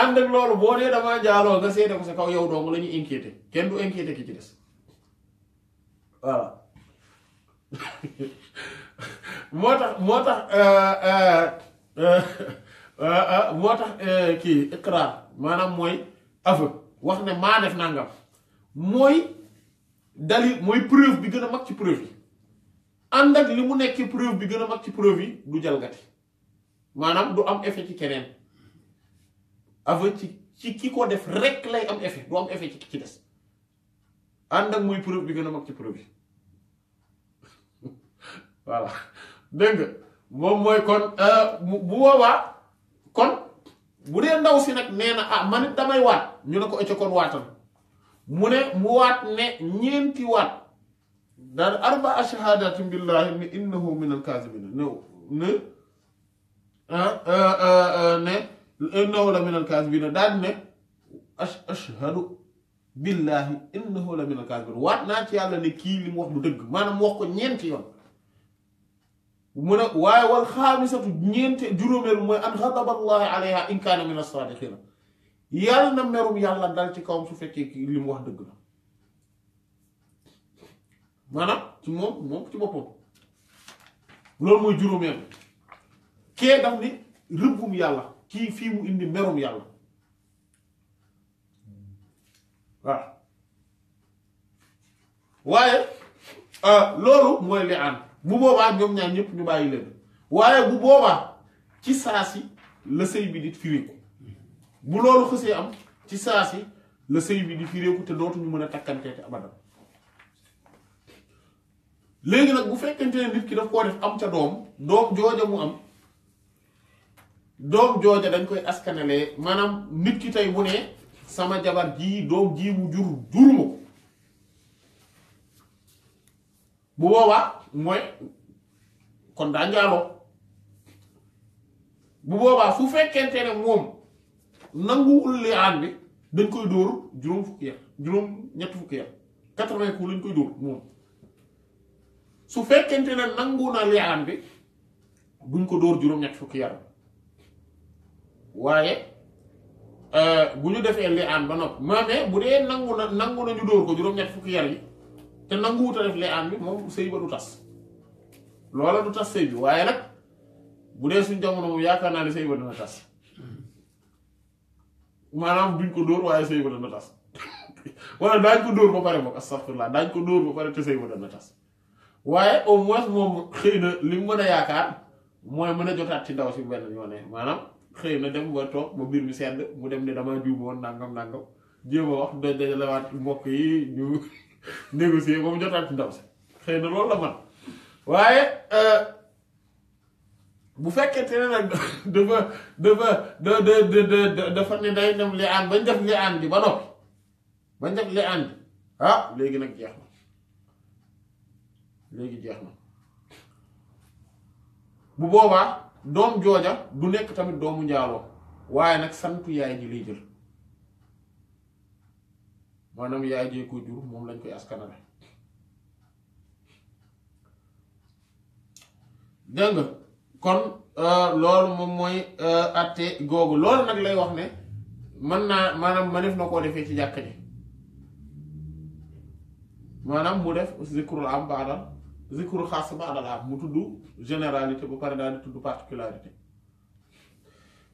and ak loolu boo dee damaa njaaloo nga seede ko sa kaw yow dong la ñuy inquiété kenn du inquiéter ki ci dess waaw moo tax moo tax euh, euh, euh, moo tax ki iqrar maanaam mooy aveu wax ne maa def naa nangam mooy dalil mooy preuve bi gën a mag ci preuve yi ànd ak li mu nekkee preuve bi gën a mag ci preuve yi du jalgati maanaam du am effet ci keneen aveu ci ci ki ko def rek lay am effet du am effet ci ki ci des ànd ak muy preuve bi gën mag ci preuve yi voilà dégg nga moom mooy kon euh, bu boobaa kon bu dee ndaw si nag nee na ah man it damay waat ñu ne ko ëcc kon waatal mu ne mu waat ne ñeenti waat daal arba ashahadati billahi ne innahu min alkaasibina ne ne ah, euh, euh, ne innahu daal ne ashhadu billahi innahu la min al-kaazibin waat naa ci yalla ne ki lim wax du deug manam wax ko ñent yoon mu na way wal khamisatu ñent juromel moy an xadaba allah alayha in kana min as sadiqin yalla na merum yalla dal ci kawm su fekke ki lim wax deug la manam ci mom mom ci lool moy juromel kee daf ni rubum yalla ki fi mu indi merum yalla waaye euh, loolu mooy le aan bu boobaa ñoom ñaar ñëpp ñu bàyyi leen waaye bu boobaa ci saa si la sëy bi di firéeku bu loolu xësee am ci saa si la sëy bi di firéeku te dootuñu mën a takkanteeti abadan léegi nag bu fekkente ne nit ki daf koo def am ca doom doom jooja mu am doom jooja dañ koy askanalee maanaam nit ki tey bu ne sama jabar jii doom jii mu jur juruma bu boobaa mooy kon daa njaaloo bu boobaa su fekkente ne moom nanguwul liaan bi dañ koy dóor juróom fukki yar juróom ñett fukki yar quatre-vingts lañ koy dóor moom su fekkente ne nangu na liaan duñ ko dóor juróom ñett fukki yar waaye Euh, bu ñu defee li aan ba nopp maamee bu dee nangu na nangu na dóor ko juróom-ñett fukki yar yi te nanguwut a def li aan bi moom sëy ba du tas loola du tas sëy bi waaye bu dee suñ jamono moom yaakaar naa ne sëy ba dina tas maanaam duñ ko dóor waaye sëy ba daañ ko dóor ba pare moom astaghfirullah daañ ko dóor ba pare te sëy tas waaye au moins moom xëy na li mu mën a yaakaar mooy mën a jotaat ci ndaw si benn yoone maanaam xëy na dem ba toog ba mbir mi sedd mu dem ne damaa juum woon nangam nangam jéem a wax da dajalewaat mbokk yi ñu négocier ba mu jotaat ndaw si xëy na loolu la man waaye euh, bu fekkente ne nag dafa dafa da da da dafa ne day dem li aan bañ def li aan bi ba noppi bañ def li aan ah, bi léegi nag jeex na léegi jeex na bu boobaa. doom jooja du nekk tamit doomu njaaloo waaye nag santu yaay ji lay jël maanaam yaay jee ko jur moom lañ koy askanale dégg nga kon euh, loolu moom mooy àtte euh, googu loolu nag lay wax ne mën naa maanaam mëneef na koo defee ci jàkk ji maanaam mu def zikrul am baadal zikru xaas ba àdal am mu tudd généralité ba pare daal di tudd particularité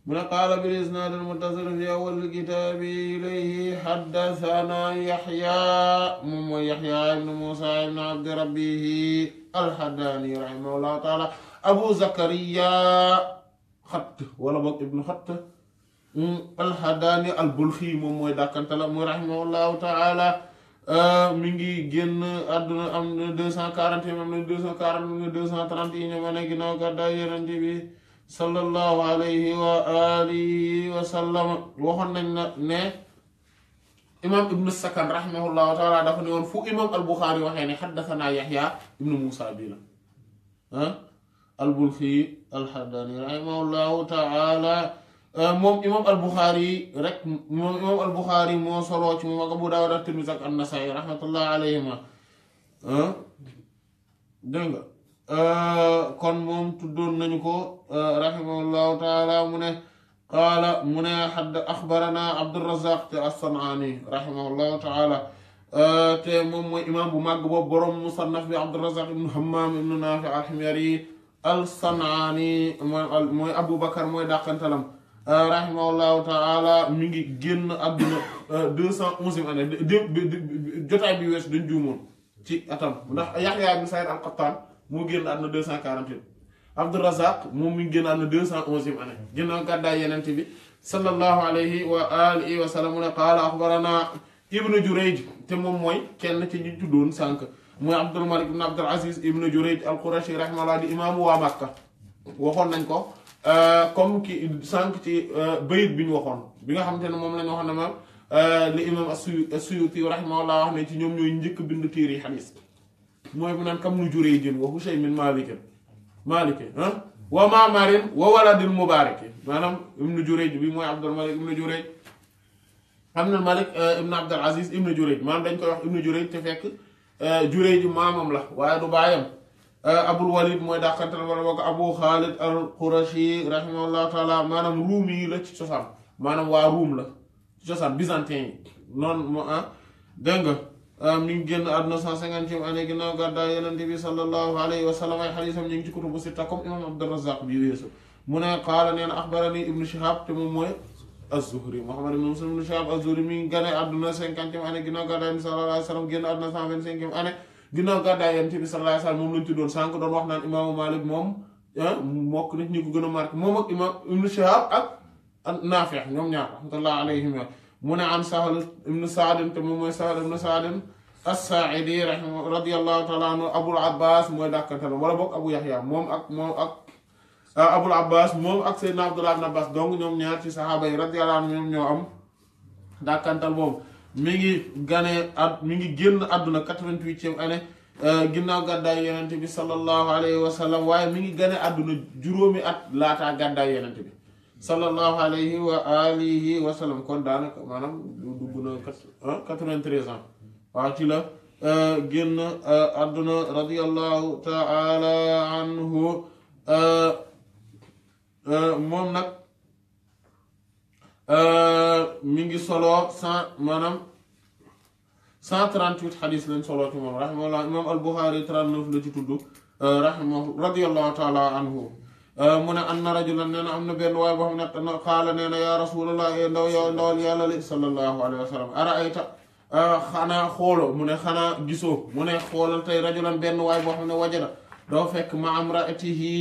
mu ne qaala bil isnaad al muttasil fi awwal kitaabi ilayhi xaddasana yaxya moom mooy yaxya ibnu muusa ibnu abdi rabbihi alxaddaani rahimahullahu taala abu zakariya xatt wala boog ibnu xatt alxaddaani albulxi moom mooy dàkkante la muy rahimahullahu taala Euh, mu ngi génn àdduna am na deux cent quarante am na deux cent quarante am na deux cent trente yi ñoom ne ginnaaw gàddaay wa alihi wa sallam waxoon nañ na ne imam ibnu sakan rahimahullahu taala dafa ne woon fu imam al waxee ne xaddasanaa yaxya ibnu muusa bi la ah albulxi alxadani rahimahullahu taala Euh, moom imam al-Bukhari rek moom imam al-Bukhari moo soloo ci moom ak Abu Dawud at-Tirmidhi ak an-Nasa'i alayhima euh, kon moom tuddoon nañu ko euh, rahimahullahu taala mu ne qaala mu ne xadd axbarana Abdurrazaq te as-San'aani rahimahullahu taala te moom mooy imam bu màgg boobu borom musannaf bi Abdurrazaq ibnu Hammaam ibnu Naafi al-Himyari al-San'aani mooy Abu Bakar mooy dàqantalam Euh, rahimahullahu taala mu ngi euh, génn àdduna deux cent onzième année jotaay bi wees dañ juumoon ci atam ndax Yaxya bin Saïd al-Qattan moo génn na deux cent quarante-huit Abdourazaq moom mi ngi génn àdduna deux cent onzième année ginnaaw gàddaay yenente bi sallallahu alayhi wa alihi wa sallam mu ne qaala axbarana ibnu Jurayj te moom mooy kenn ci ñu tuddoon sànq mooy Abdul Malik ibn Abdul Aziz ibnu Jurayj al-Qurashi rahimahullah di imaamu waa Makka woxoon nañ ko comme ki sank ci beuyit biñ waxon bi nga xamantene mom moom la ñu waxoon li imam as-Suyuti rahimahullah wax ne ci ñoom ñooy njëkk bind téere yi xadis bu naan kam nu juree jën wa Hushaym min Malikin Malikin ah wa Ma'marin wa waladin mubarakin maanaam ibnu Jurayj bi mooy Abdul Malik ibnu Jurayj Abdul Malik ibnu Abdul Aziz ibnu Jurayj maanaam dañ koy wax ibnu Jurayj te fekk Jurayj maamam la waaye du baayam Euh, abul walid mooy dàqantal wala boo ko abu xaalid al qurashi rahimahullahu taala maanaam ruum yi la ci cosaan maanaam waa ruum la ci cosaan byzantin yi moo ah dégg nga euh, mi ngi génn àdduna cent cinquantième année gàddaay bi sallallahu alayhi wa sallam ay xadiisam ñu ngi ci kutubu sitta comme imam abdurrazaq bi weesu mu ne qaala nee na axbarani ibnu shihab te moom ginnaaw gàddaay yonent bi sallallahu alayhi wa sallam moom lañ tuddoon sànq doon wax naan imaamu Malik moom ah, mokk nit ñi ko gën a marqué moom ak imaam Ibnu Shihab ak Naafi ñoom ñaar rahmatullahi alayhim mu ne an Sahl ibnu Saadin te moom mooy Sahl ibnu Saadin as-Saaidi rahimahu radiyallahu taala anhu Abul Abbas mooy dàkkantal wala boog Abu Yaxya moom ak moom ak. Ah, Abul Abbas moom ak Seydina Abdullah ibn Abbas donc ñoom ñaar ci saxaaba yi radiyallahu anhum ñoom ñoo am dàkkantal moom. mi ngi ganee at mi ngi génn àdduna quatre-vingt-huitième année euh, ginnaaw gàddaay yonent bi sallallahu alayhi wa sallam waaye mi ngi ganee àdduna juróomi at laata gàddaay yonent bi sallallahu alayhi wa alihi wa sallam kon daanaka maanaam dugg na quatre-vingt-treize ans waaw la euh, génn euh, àdduna radiyallahu taala anhu moom nag Euh, mi ngi solo cent maanaam cent trente-huit xadis lañ solo ci moom rahimahullah imaam al-Buxaari trente-neuf la ci tudd euh, rahimahu radiyallahu taala anhu euh, mu anna rajulan nee am na benn waay boo xam ne xaala nee na yaa rasulallah e ndaw yow ndawal yàlla li sallallahu alayhi wa sallam ara ayta xanaa xoolo mu ne xanaa gisoo mu ne xoolal tey rajulan benn waay boo xam ne wajada doo fekk ma am raatihi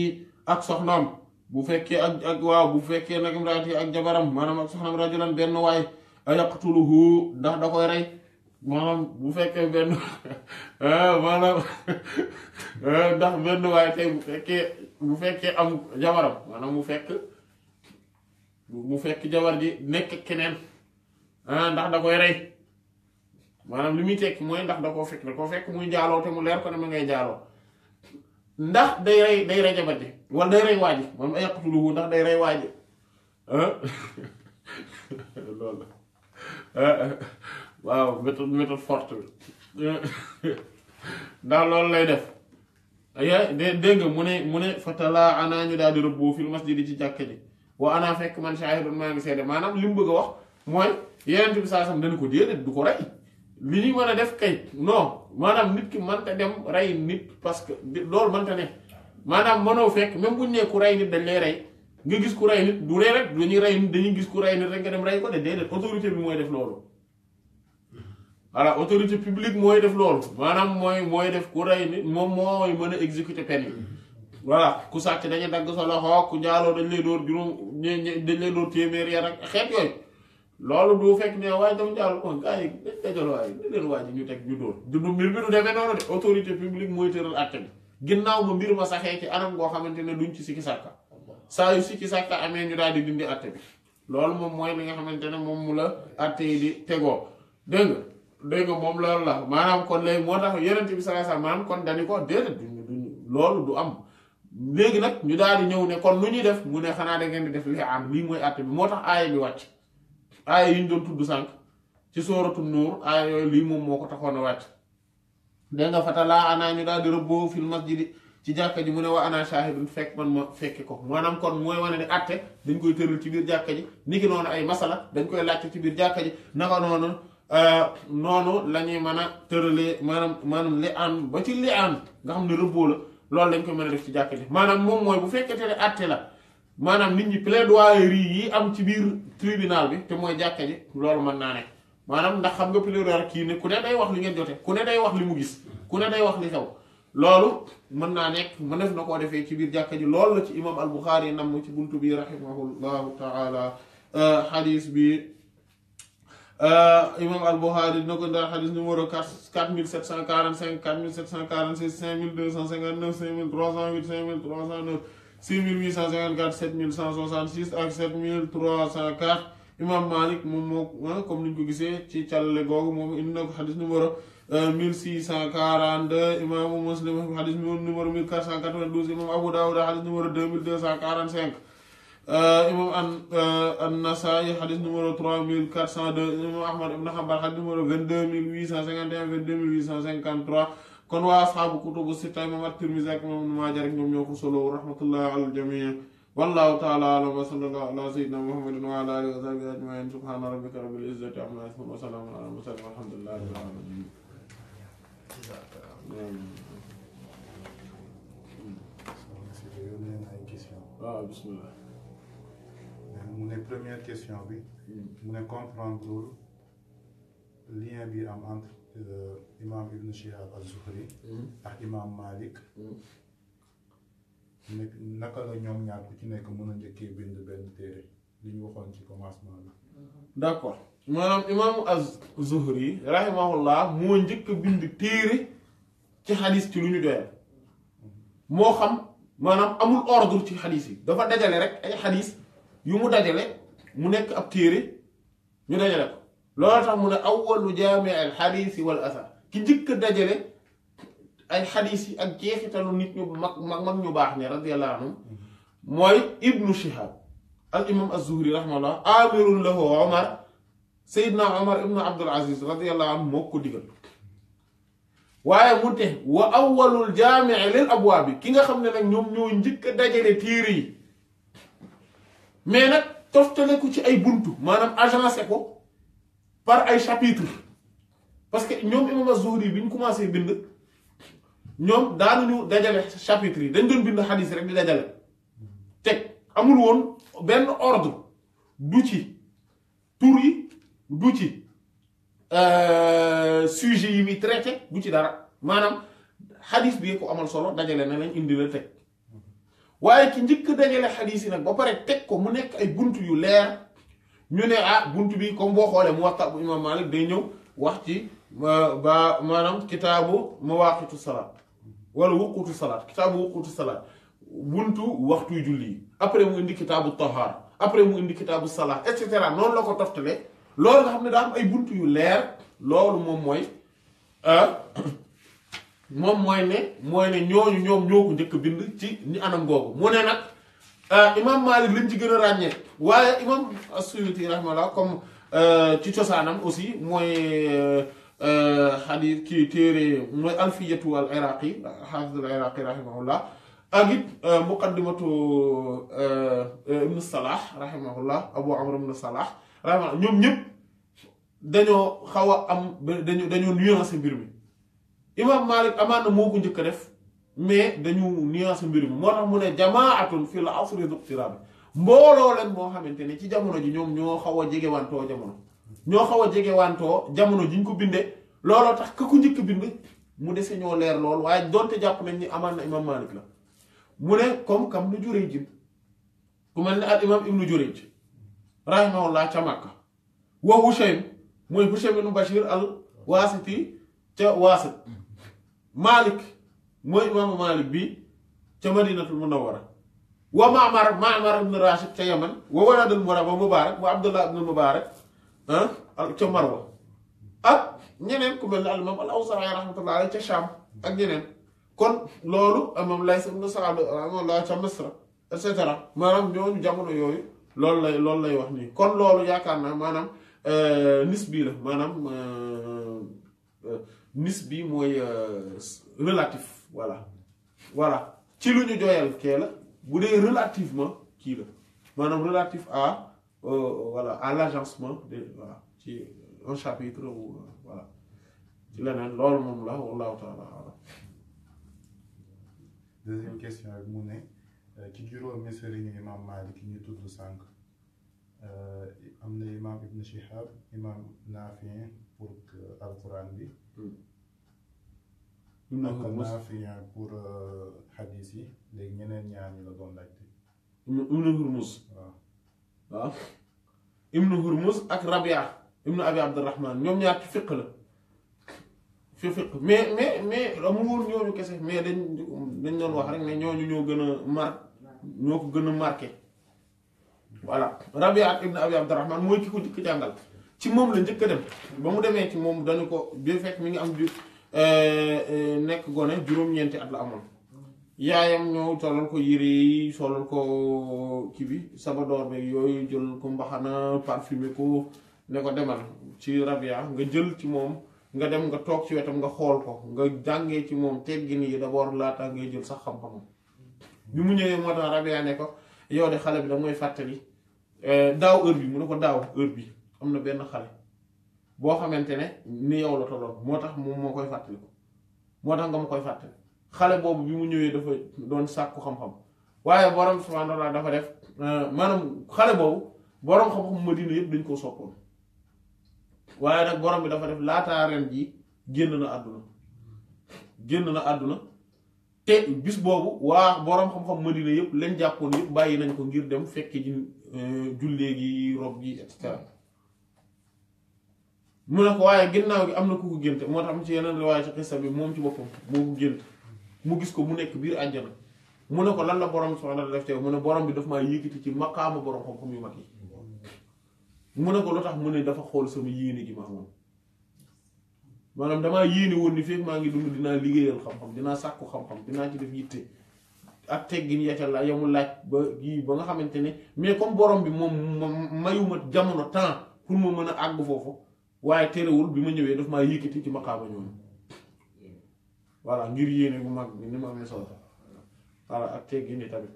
ak soxnaam bu fekkee ak ak waaw bu fekkee nag imraati ak jabaram maanaam ak soxnaam rajulan benn waay ayaqtuluhu ndax da koy rey bu fekkee benn ah, maanaam ah, ndax benn waay bu fekkee bu fekkee am jabaram maanaam mu fekk mu fekk jabar ji nekk keneen ah, ndax da koy rey maanaam li muy tekki mooy ndax da koo fekk da koo fekk muy jaaloo te mu leer ko ne ngay jaaloo ndax day rey day rey jabar ji wala day rey waa ji man yaqtuluhu ndax day rey waa ji loolu waaw méthode méthode forte loolu lay def ya dégg nga mu ne mu ne fatalaa ana ñu daal di rëbboo fil masjid di ci jàkka ji wa ana fekk man shaahidun maa ngi seede maanaam li bëgg a wax mooy yeneen bi saa sam dana ko déedéet du ko rey li ñuy mën a def kay no maanaam nit ki mënta dem rey nit parce que loolu mënta ne maanaam mënoo fekk même bu ñu nee ku rey nit dañ lay rey nga gis ku rey nit du rey rek dañuy rey nit dañuy gis ku rey nit rek nga dem rey ko de déedéet autorité bi mooy def loolu. voilà autorité publique mooy def loolu maanaam mooy mooy def ku rey nit moom mooy mën a exécuter peine yi. waa ku sàcc dañuy dagg sa loxo ku njaaloo dañ lay dóor juróom dañ lay dóor téeméer yar ak xeet yooy loolu du fekk ne waaye dam jàll ko gars yi dajal waaye di leen waa ji ñu teg ñu dóor du mbir bi du demee noonu de autorité publique mooy tëral àtte bi ginnaaw ba mbir ma saxee ci anam goo xamante ne duñ ci sikki sàkka saa yu sikki amee ñu daal di dindi àtte moom mooy li nga xamante ne moom mu la àtte yi tegoo dégg nga moom loolu la maanaam kon léegi moo tax yeneen bi sallallahu alayhi wasallam kon dañu ko déedéet duñ loolu du am léegi nag ñu daal di ñëw ne kon lu ñuy def mu ne xanaa da ngeen di def am lii mooy àtte bi moo tax aaya bi wàcc aaya yi doon tudd sànq ci sooratu nuur aaya yooyu lii moom moo ko taxoon a wàcc dégg nga fatalaa anaa ñu daal di rëbboo fil masjidi ci jàkka ji mu ne wa ana shahidun fekk man ma fekke ko maanaam kon mooy wane ne atte dañ koy tëral ci biir jàkka ji niki noonu ay masala dañ koy laajte ci biir jàkka ji naka noonu euh, noonu la ñuy mën a tëralee maanaam maanaam li aan ba ci li aan nga xam ne rëbboo la lool dañ koy mën a def ci jàkka ji maanaam moom mooy bu fekkee ne atte la maanaam nit ñi plaidoirie yi am ci biir tribunal bi te mooy jàkka ji loolu mën naa nekk maanaam ndax xam nga plaidoirie kii ne ku ne day wax li ngeen jote ku ne day wax li mu gis ku ne day wax li xew loolu mën naa nekk mëneef na koo defee ci biir jàkka ji loolu la ci imam al-Bukhari nam ci buntu bi rahimahullahu taala xadis euh, bi euh, imam al-Bukhari dina ko daal xadis numéro quatre mille sept cent cent quarante cinq mille deux cent cent huit 6854 7166 ak 7304 imam malik moom moo comme niñ ko gisee ci càllale googu moom indi na ko numéro 1642 imaamu muslim xadis numéro 1492 imam abu Daud xadis numéro 2245 imam an an nasaayi xadis numéro 3402 imam ahmad ibn hanbal hadis numéro 22851 22853 kon waa asxaabu kutubu sitta imaam at-Tirmisi ak imaam Ibnu Maaja rek ñoom ñoo ko solo rahmatullahi ala al-jamii wallahu taala alam wa sallallahu ala sayyidina muhammadin wa ala alihi wa sahbihi ajmain subhana rabbika rabbil izzati amma yasifun wa salamun ala al-mursalin walhamdulillahi rabbil alamin waaw ah, bismillah mu ne première question bi hmm. mu ne comprendre loolu lien bi am entre imaam Ibn Shihab al-Zuhri hmm. ak imaam Malik hmm. nekk naka ñoom ñaar ku ci nekk mën a njëkkee bind benn téere li ñu waxoon ci commencement bi hmm. d'accord maanaam imaamu az-Zuhri moo njëkk a bind téere ci xadis ci lu ñu doyal moo xam maanaam amul ordre ci xadis yi dafa dajale rek ay xadis yu mu dajale mu nekk ab téere ñu dajale ko loolu tax mu ne awwalu jaami al xadiis wal asar ki njëkk a dajale ay xadiis yi ak jeexitalu nit ñu mag mag ñu baax ne radiyallahu anhum mooy ibnu Shihab al imam az-Zuhri rahimahullah amirun lahu Omar Seydina Omar ibnu Abdul Aziz radiyallahu anhu moo ko digal waaye mu te wa awwalul jaami lil abwaab bi ki nga xam ne nag ñoom ñoo njëkk a dajale tiir yi mais nag toftale ko ci ay buntu maanaam agencé ko. par ay chapitre parce que ñoom imam az-Zuhri bi ñu commencé bind ñoom daanuñu dajale chapitre yi dañ doon bind xadis rek di dajale teg amul woon benn ordre du ci tur yi du ci euh, sujet yi muy traité du ci dara maanaam xadis bi ko amal solo dajale na lañ indi la teg waaye ki njëkk dajale xadis yi nag ba pare teg ko mu nekk ay bunt yu leer ñu ne ah buntu bi comme boo xoolee Muwatta bu imam Malik day ñëw wax ci ba maanaam kitaabu mawaaqitu salaat wala wuqutu salaat kitaabu wuqutu salaat buntu waxtu julli yi après mu indi kitaabu tahaar après mu indi kitaabu salaat et cetera noonu la ko toftale loolu nga xam ne daa ay buntu yu leer loolu moom mooy ah, moom mooy ne mooy ne ñooñu ñoom ñoo ko njëkk bind ci ñu anam googu mu ne nag Euh, imam Malik lañ ci gën a ràññee waaye imam As-Suyuti comme euh, ci cosaanam aussi mooy xadis euh, kii téere mooy alfiyatu al iraqi xaafis al muqaddimatu ibnu salah rahimahullah abu amr ibnu salah rahimahullah ñoom ñëpp dañoo xaw a am dañu dañoo nuancé mbir mi imam Malik amaan na moo ko njëkk def mais dañu nuance mbir mi moo tax mu ne jamaa jamaatun fil asri zuqtiraab mbooloo leen moo xamante ni ci jamono ji ñoom ñoo xaw a jegewantoo jamono ñoo xaw a jegewantoo jamono ji ñu ko bindee looloo tax ka ku njëkk bind mu dese ñoo leer lool waaye donte jàpp nañ ni amaan na imam Malik la mu ne comme kam nu juree ku mel ni al imam ibnu Jurayj rahimahullah ca Makka wa Hushaym mooy Hushaym ibnu al Wasiti ca Wasit Malik mooy imaamu Maalik bi ca Madinatul Munawwara wa a Maamar ibn Rashid ca Yaman wa waladul Mubaarak wa Abdullah na Mubaarak ah, ca Marwa ak ñeneen ku mel ne al imaam al Awzaa'i rahmatullahi alayhi ca Sham ak ñeneen kon loolu moom Lays ibn Sa'd rahimahullah ca Misra et cetera maanaam ñooñu jamono yooyu loolu lay loolu lay wax nii kon loolu yaakaar naa maanaam euh, nis bii la maanaam euh, euh, nis bi mooy relatif voilà voilà ci luñu doyal kee la bu relativement ki la maanaam relatif à euh, voilà à l'agencement de voilà ci un chapitre ou euh, voilà ci leneen lool mom la wallahu taala deuxième question rek mu ne euh, ci juróomi sëriñu imam Malik ñu tudd sànq euh amna imam Ibn Shihab imam Nafi pour coran bi hmm. nekkoon naa fi pour xadis euh, yi léegi ñeneen ñaar ñu la doon laajte. Ibnu Hurmus. ak Rabia Ibnu Abi Abdurahman ñoom ñaar ci fiq la. ci fiq mais mais mais amul woon kese mais dañ dañ doon wax rek ne ñooñu ñoo gën a mar ñoo ko gën a marqué. voilà Rabia ak Ibnu Abi Abdurahman mooy ki ko jëkk jàngal ci moom la njëkk a dem ba mu demee ci moom dañu ko bi fekk mi ngi am biir. Euh, euh, nekk gone juróom-ñeenti at la amul yaayam ñoo solal ko yére yi solal ko kii bi door beeg yooyu jël ko mbaxana parfumé ko ne ko demal ci rabia nga jël ci moom nga dem nga toog ci wetam nga xool ko nga jàngee ci moom teggin yi d'abord laata ngay jël sax xam-xamam bi mu ñëwee moo tax rabia ne ko yow de xale bi da mooy fàttali euh, daaw heure bi mu ne ko daaw heure bi am na benn xale boo xamante ne ni yow la moo tax moom moo koy fàttali ko moo tax nga ma koy fàttali xale boobu bi mu ñëwee dafa doon sàkku xam-xam waaye borom subhaanahu wa dafa def euh, maanaam xale boobu borom xam-xam Madina yëpp dañ koo soppoon waaye nag borom bi dafa def laataa ren jii génn na àdduna génn na àdduna te bis boobu waa borom xam-xam yëpp lañ jàppoon yëpp bàyyi nañ ko ngir dem fekke ji euh, jullee gi rob gi et cetera. mu ne ko waaye ginnaaw gi am na ku ko gént moo tax am ci yeneen riwaaya ci moom ci boppam moo ko gént mu gis ko mu nekk biir àjjana mu ne ko lan la borom subhaanahu wa ta'aala ne borom bi daf maa yëkkati ci maqaama borom xam-xam yu mag yi mu ne ko lu tax mu ne dafa xool sama yéene ji ma amoon maanaam damaa yéene woon ni fekk maa ngi dund dinaa liggéeyal xam-xam dinaa sàkku xam-xam dinaa ci def yitte ak teggin yacca la yamul laaj ba yii ba nga xamante ne mais comme boroom bi moom mayuma jamono temps pour ma mën a àgg foofu waaye terewul bi ma ñëwee daf maa yëkkati ci maqaama ñoom voilà ngir yéene bu mag ni mu amee solo voilà ak teggin yi tamit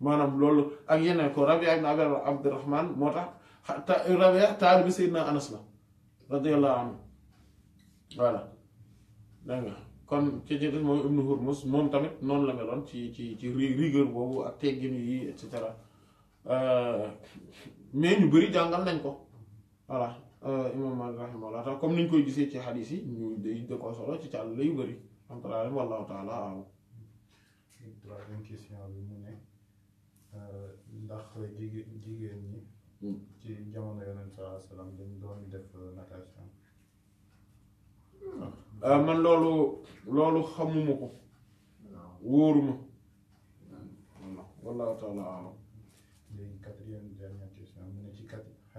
maanaam loolu ak yeneen ko Rabia ibn Abdurrahman moo tax Rabia taalibu Seydina Anas la radiyallahu anhu voilà kon ci ci moom Ibnu Hurmus moom tamit noonu la meloon ci ci ci rigueur boobu ak teggin yi et cetera euh, mais ñu bëri jàngal nañ ko voilà. Euh, imam Maalik rahimahullah taala comme ni koy gisee ci xadis yi ñu day da ko solo ci càll layu bëri alhamdulilah wallaahu taala alam. troisième question bi mu ne euh, ndax jigéen jigéen ñi. Hmm. ci jamono yonent saa salaam dañ doon def natation. Euh, man loolu loolu xamuma ko. wóoruma. wallaahu taala alam.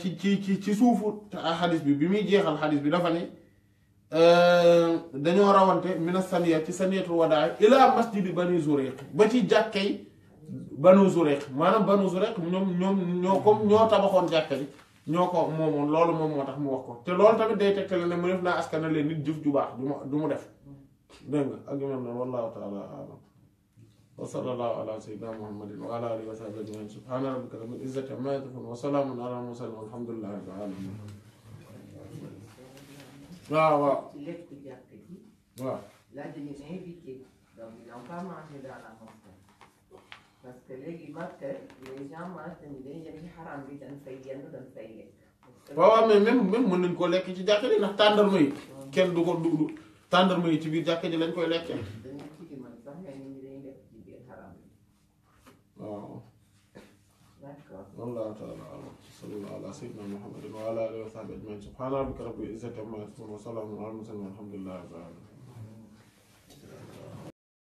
ci ci ci ci suufu xadis bi bi muy jeexal xadis bi dafa ne dañoo rawante mina saniya ci saniyatul wadaa ila masjidi bani zureeq ba ci jàkkey banu zureeq maanaam banu zureeq ñoom ñoom ñoo comme ñoo tabaxoon jàkka ji ñoo ko moomoon loolu moom moo tax mu wax ko te loolu tamit day tegtale ne mu def naa askan na leen nit jëf ju baax du mu def dégg nga ak yu mel noonu wallahu taala alam wa sallallahu ala sayyidina muhammadin wa ala alihi wa sahbihi ajmain subhana rabbika rabbil izzati amma yasifun wa salaamun ala mursalin walhamdulillahi rabbil alamin waaw waaw waaw parce que léegi Makka les gens marché ni dañuy dem ci xaram bi dañ fay yenn dañ fay lekk. waaw mais même même mën nañ koo lekk ci jàkka ji ndax tàndarma yi. kenn du ko du tàndarma yi ci biir jàkka ji lañ koy lekkee. والله تعالى أعلم صلى الله على سيدنا محمد وعلى آله وصحبه أجمعين سبحان ربك رب العزة عما يصفون وسلام على المرسلين والحمد لله رب العالمين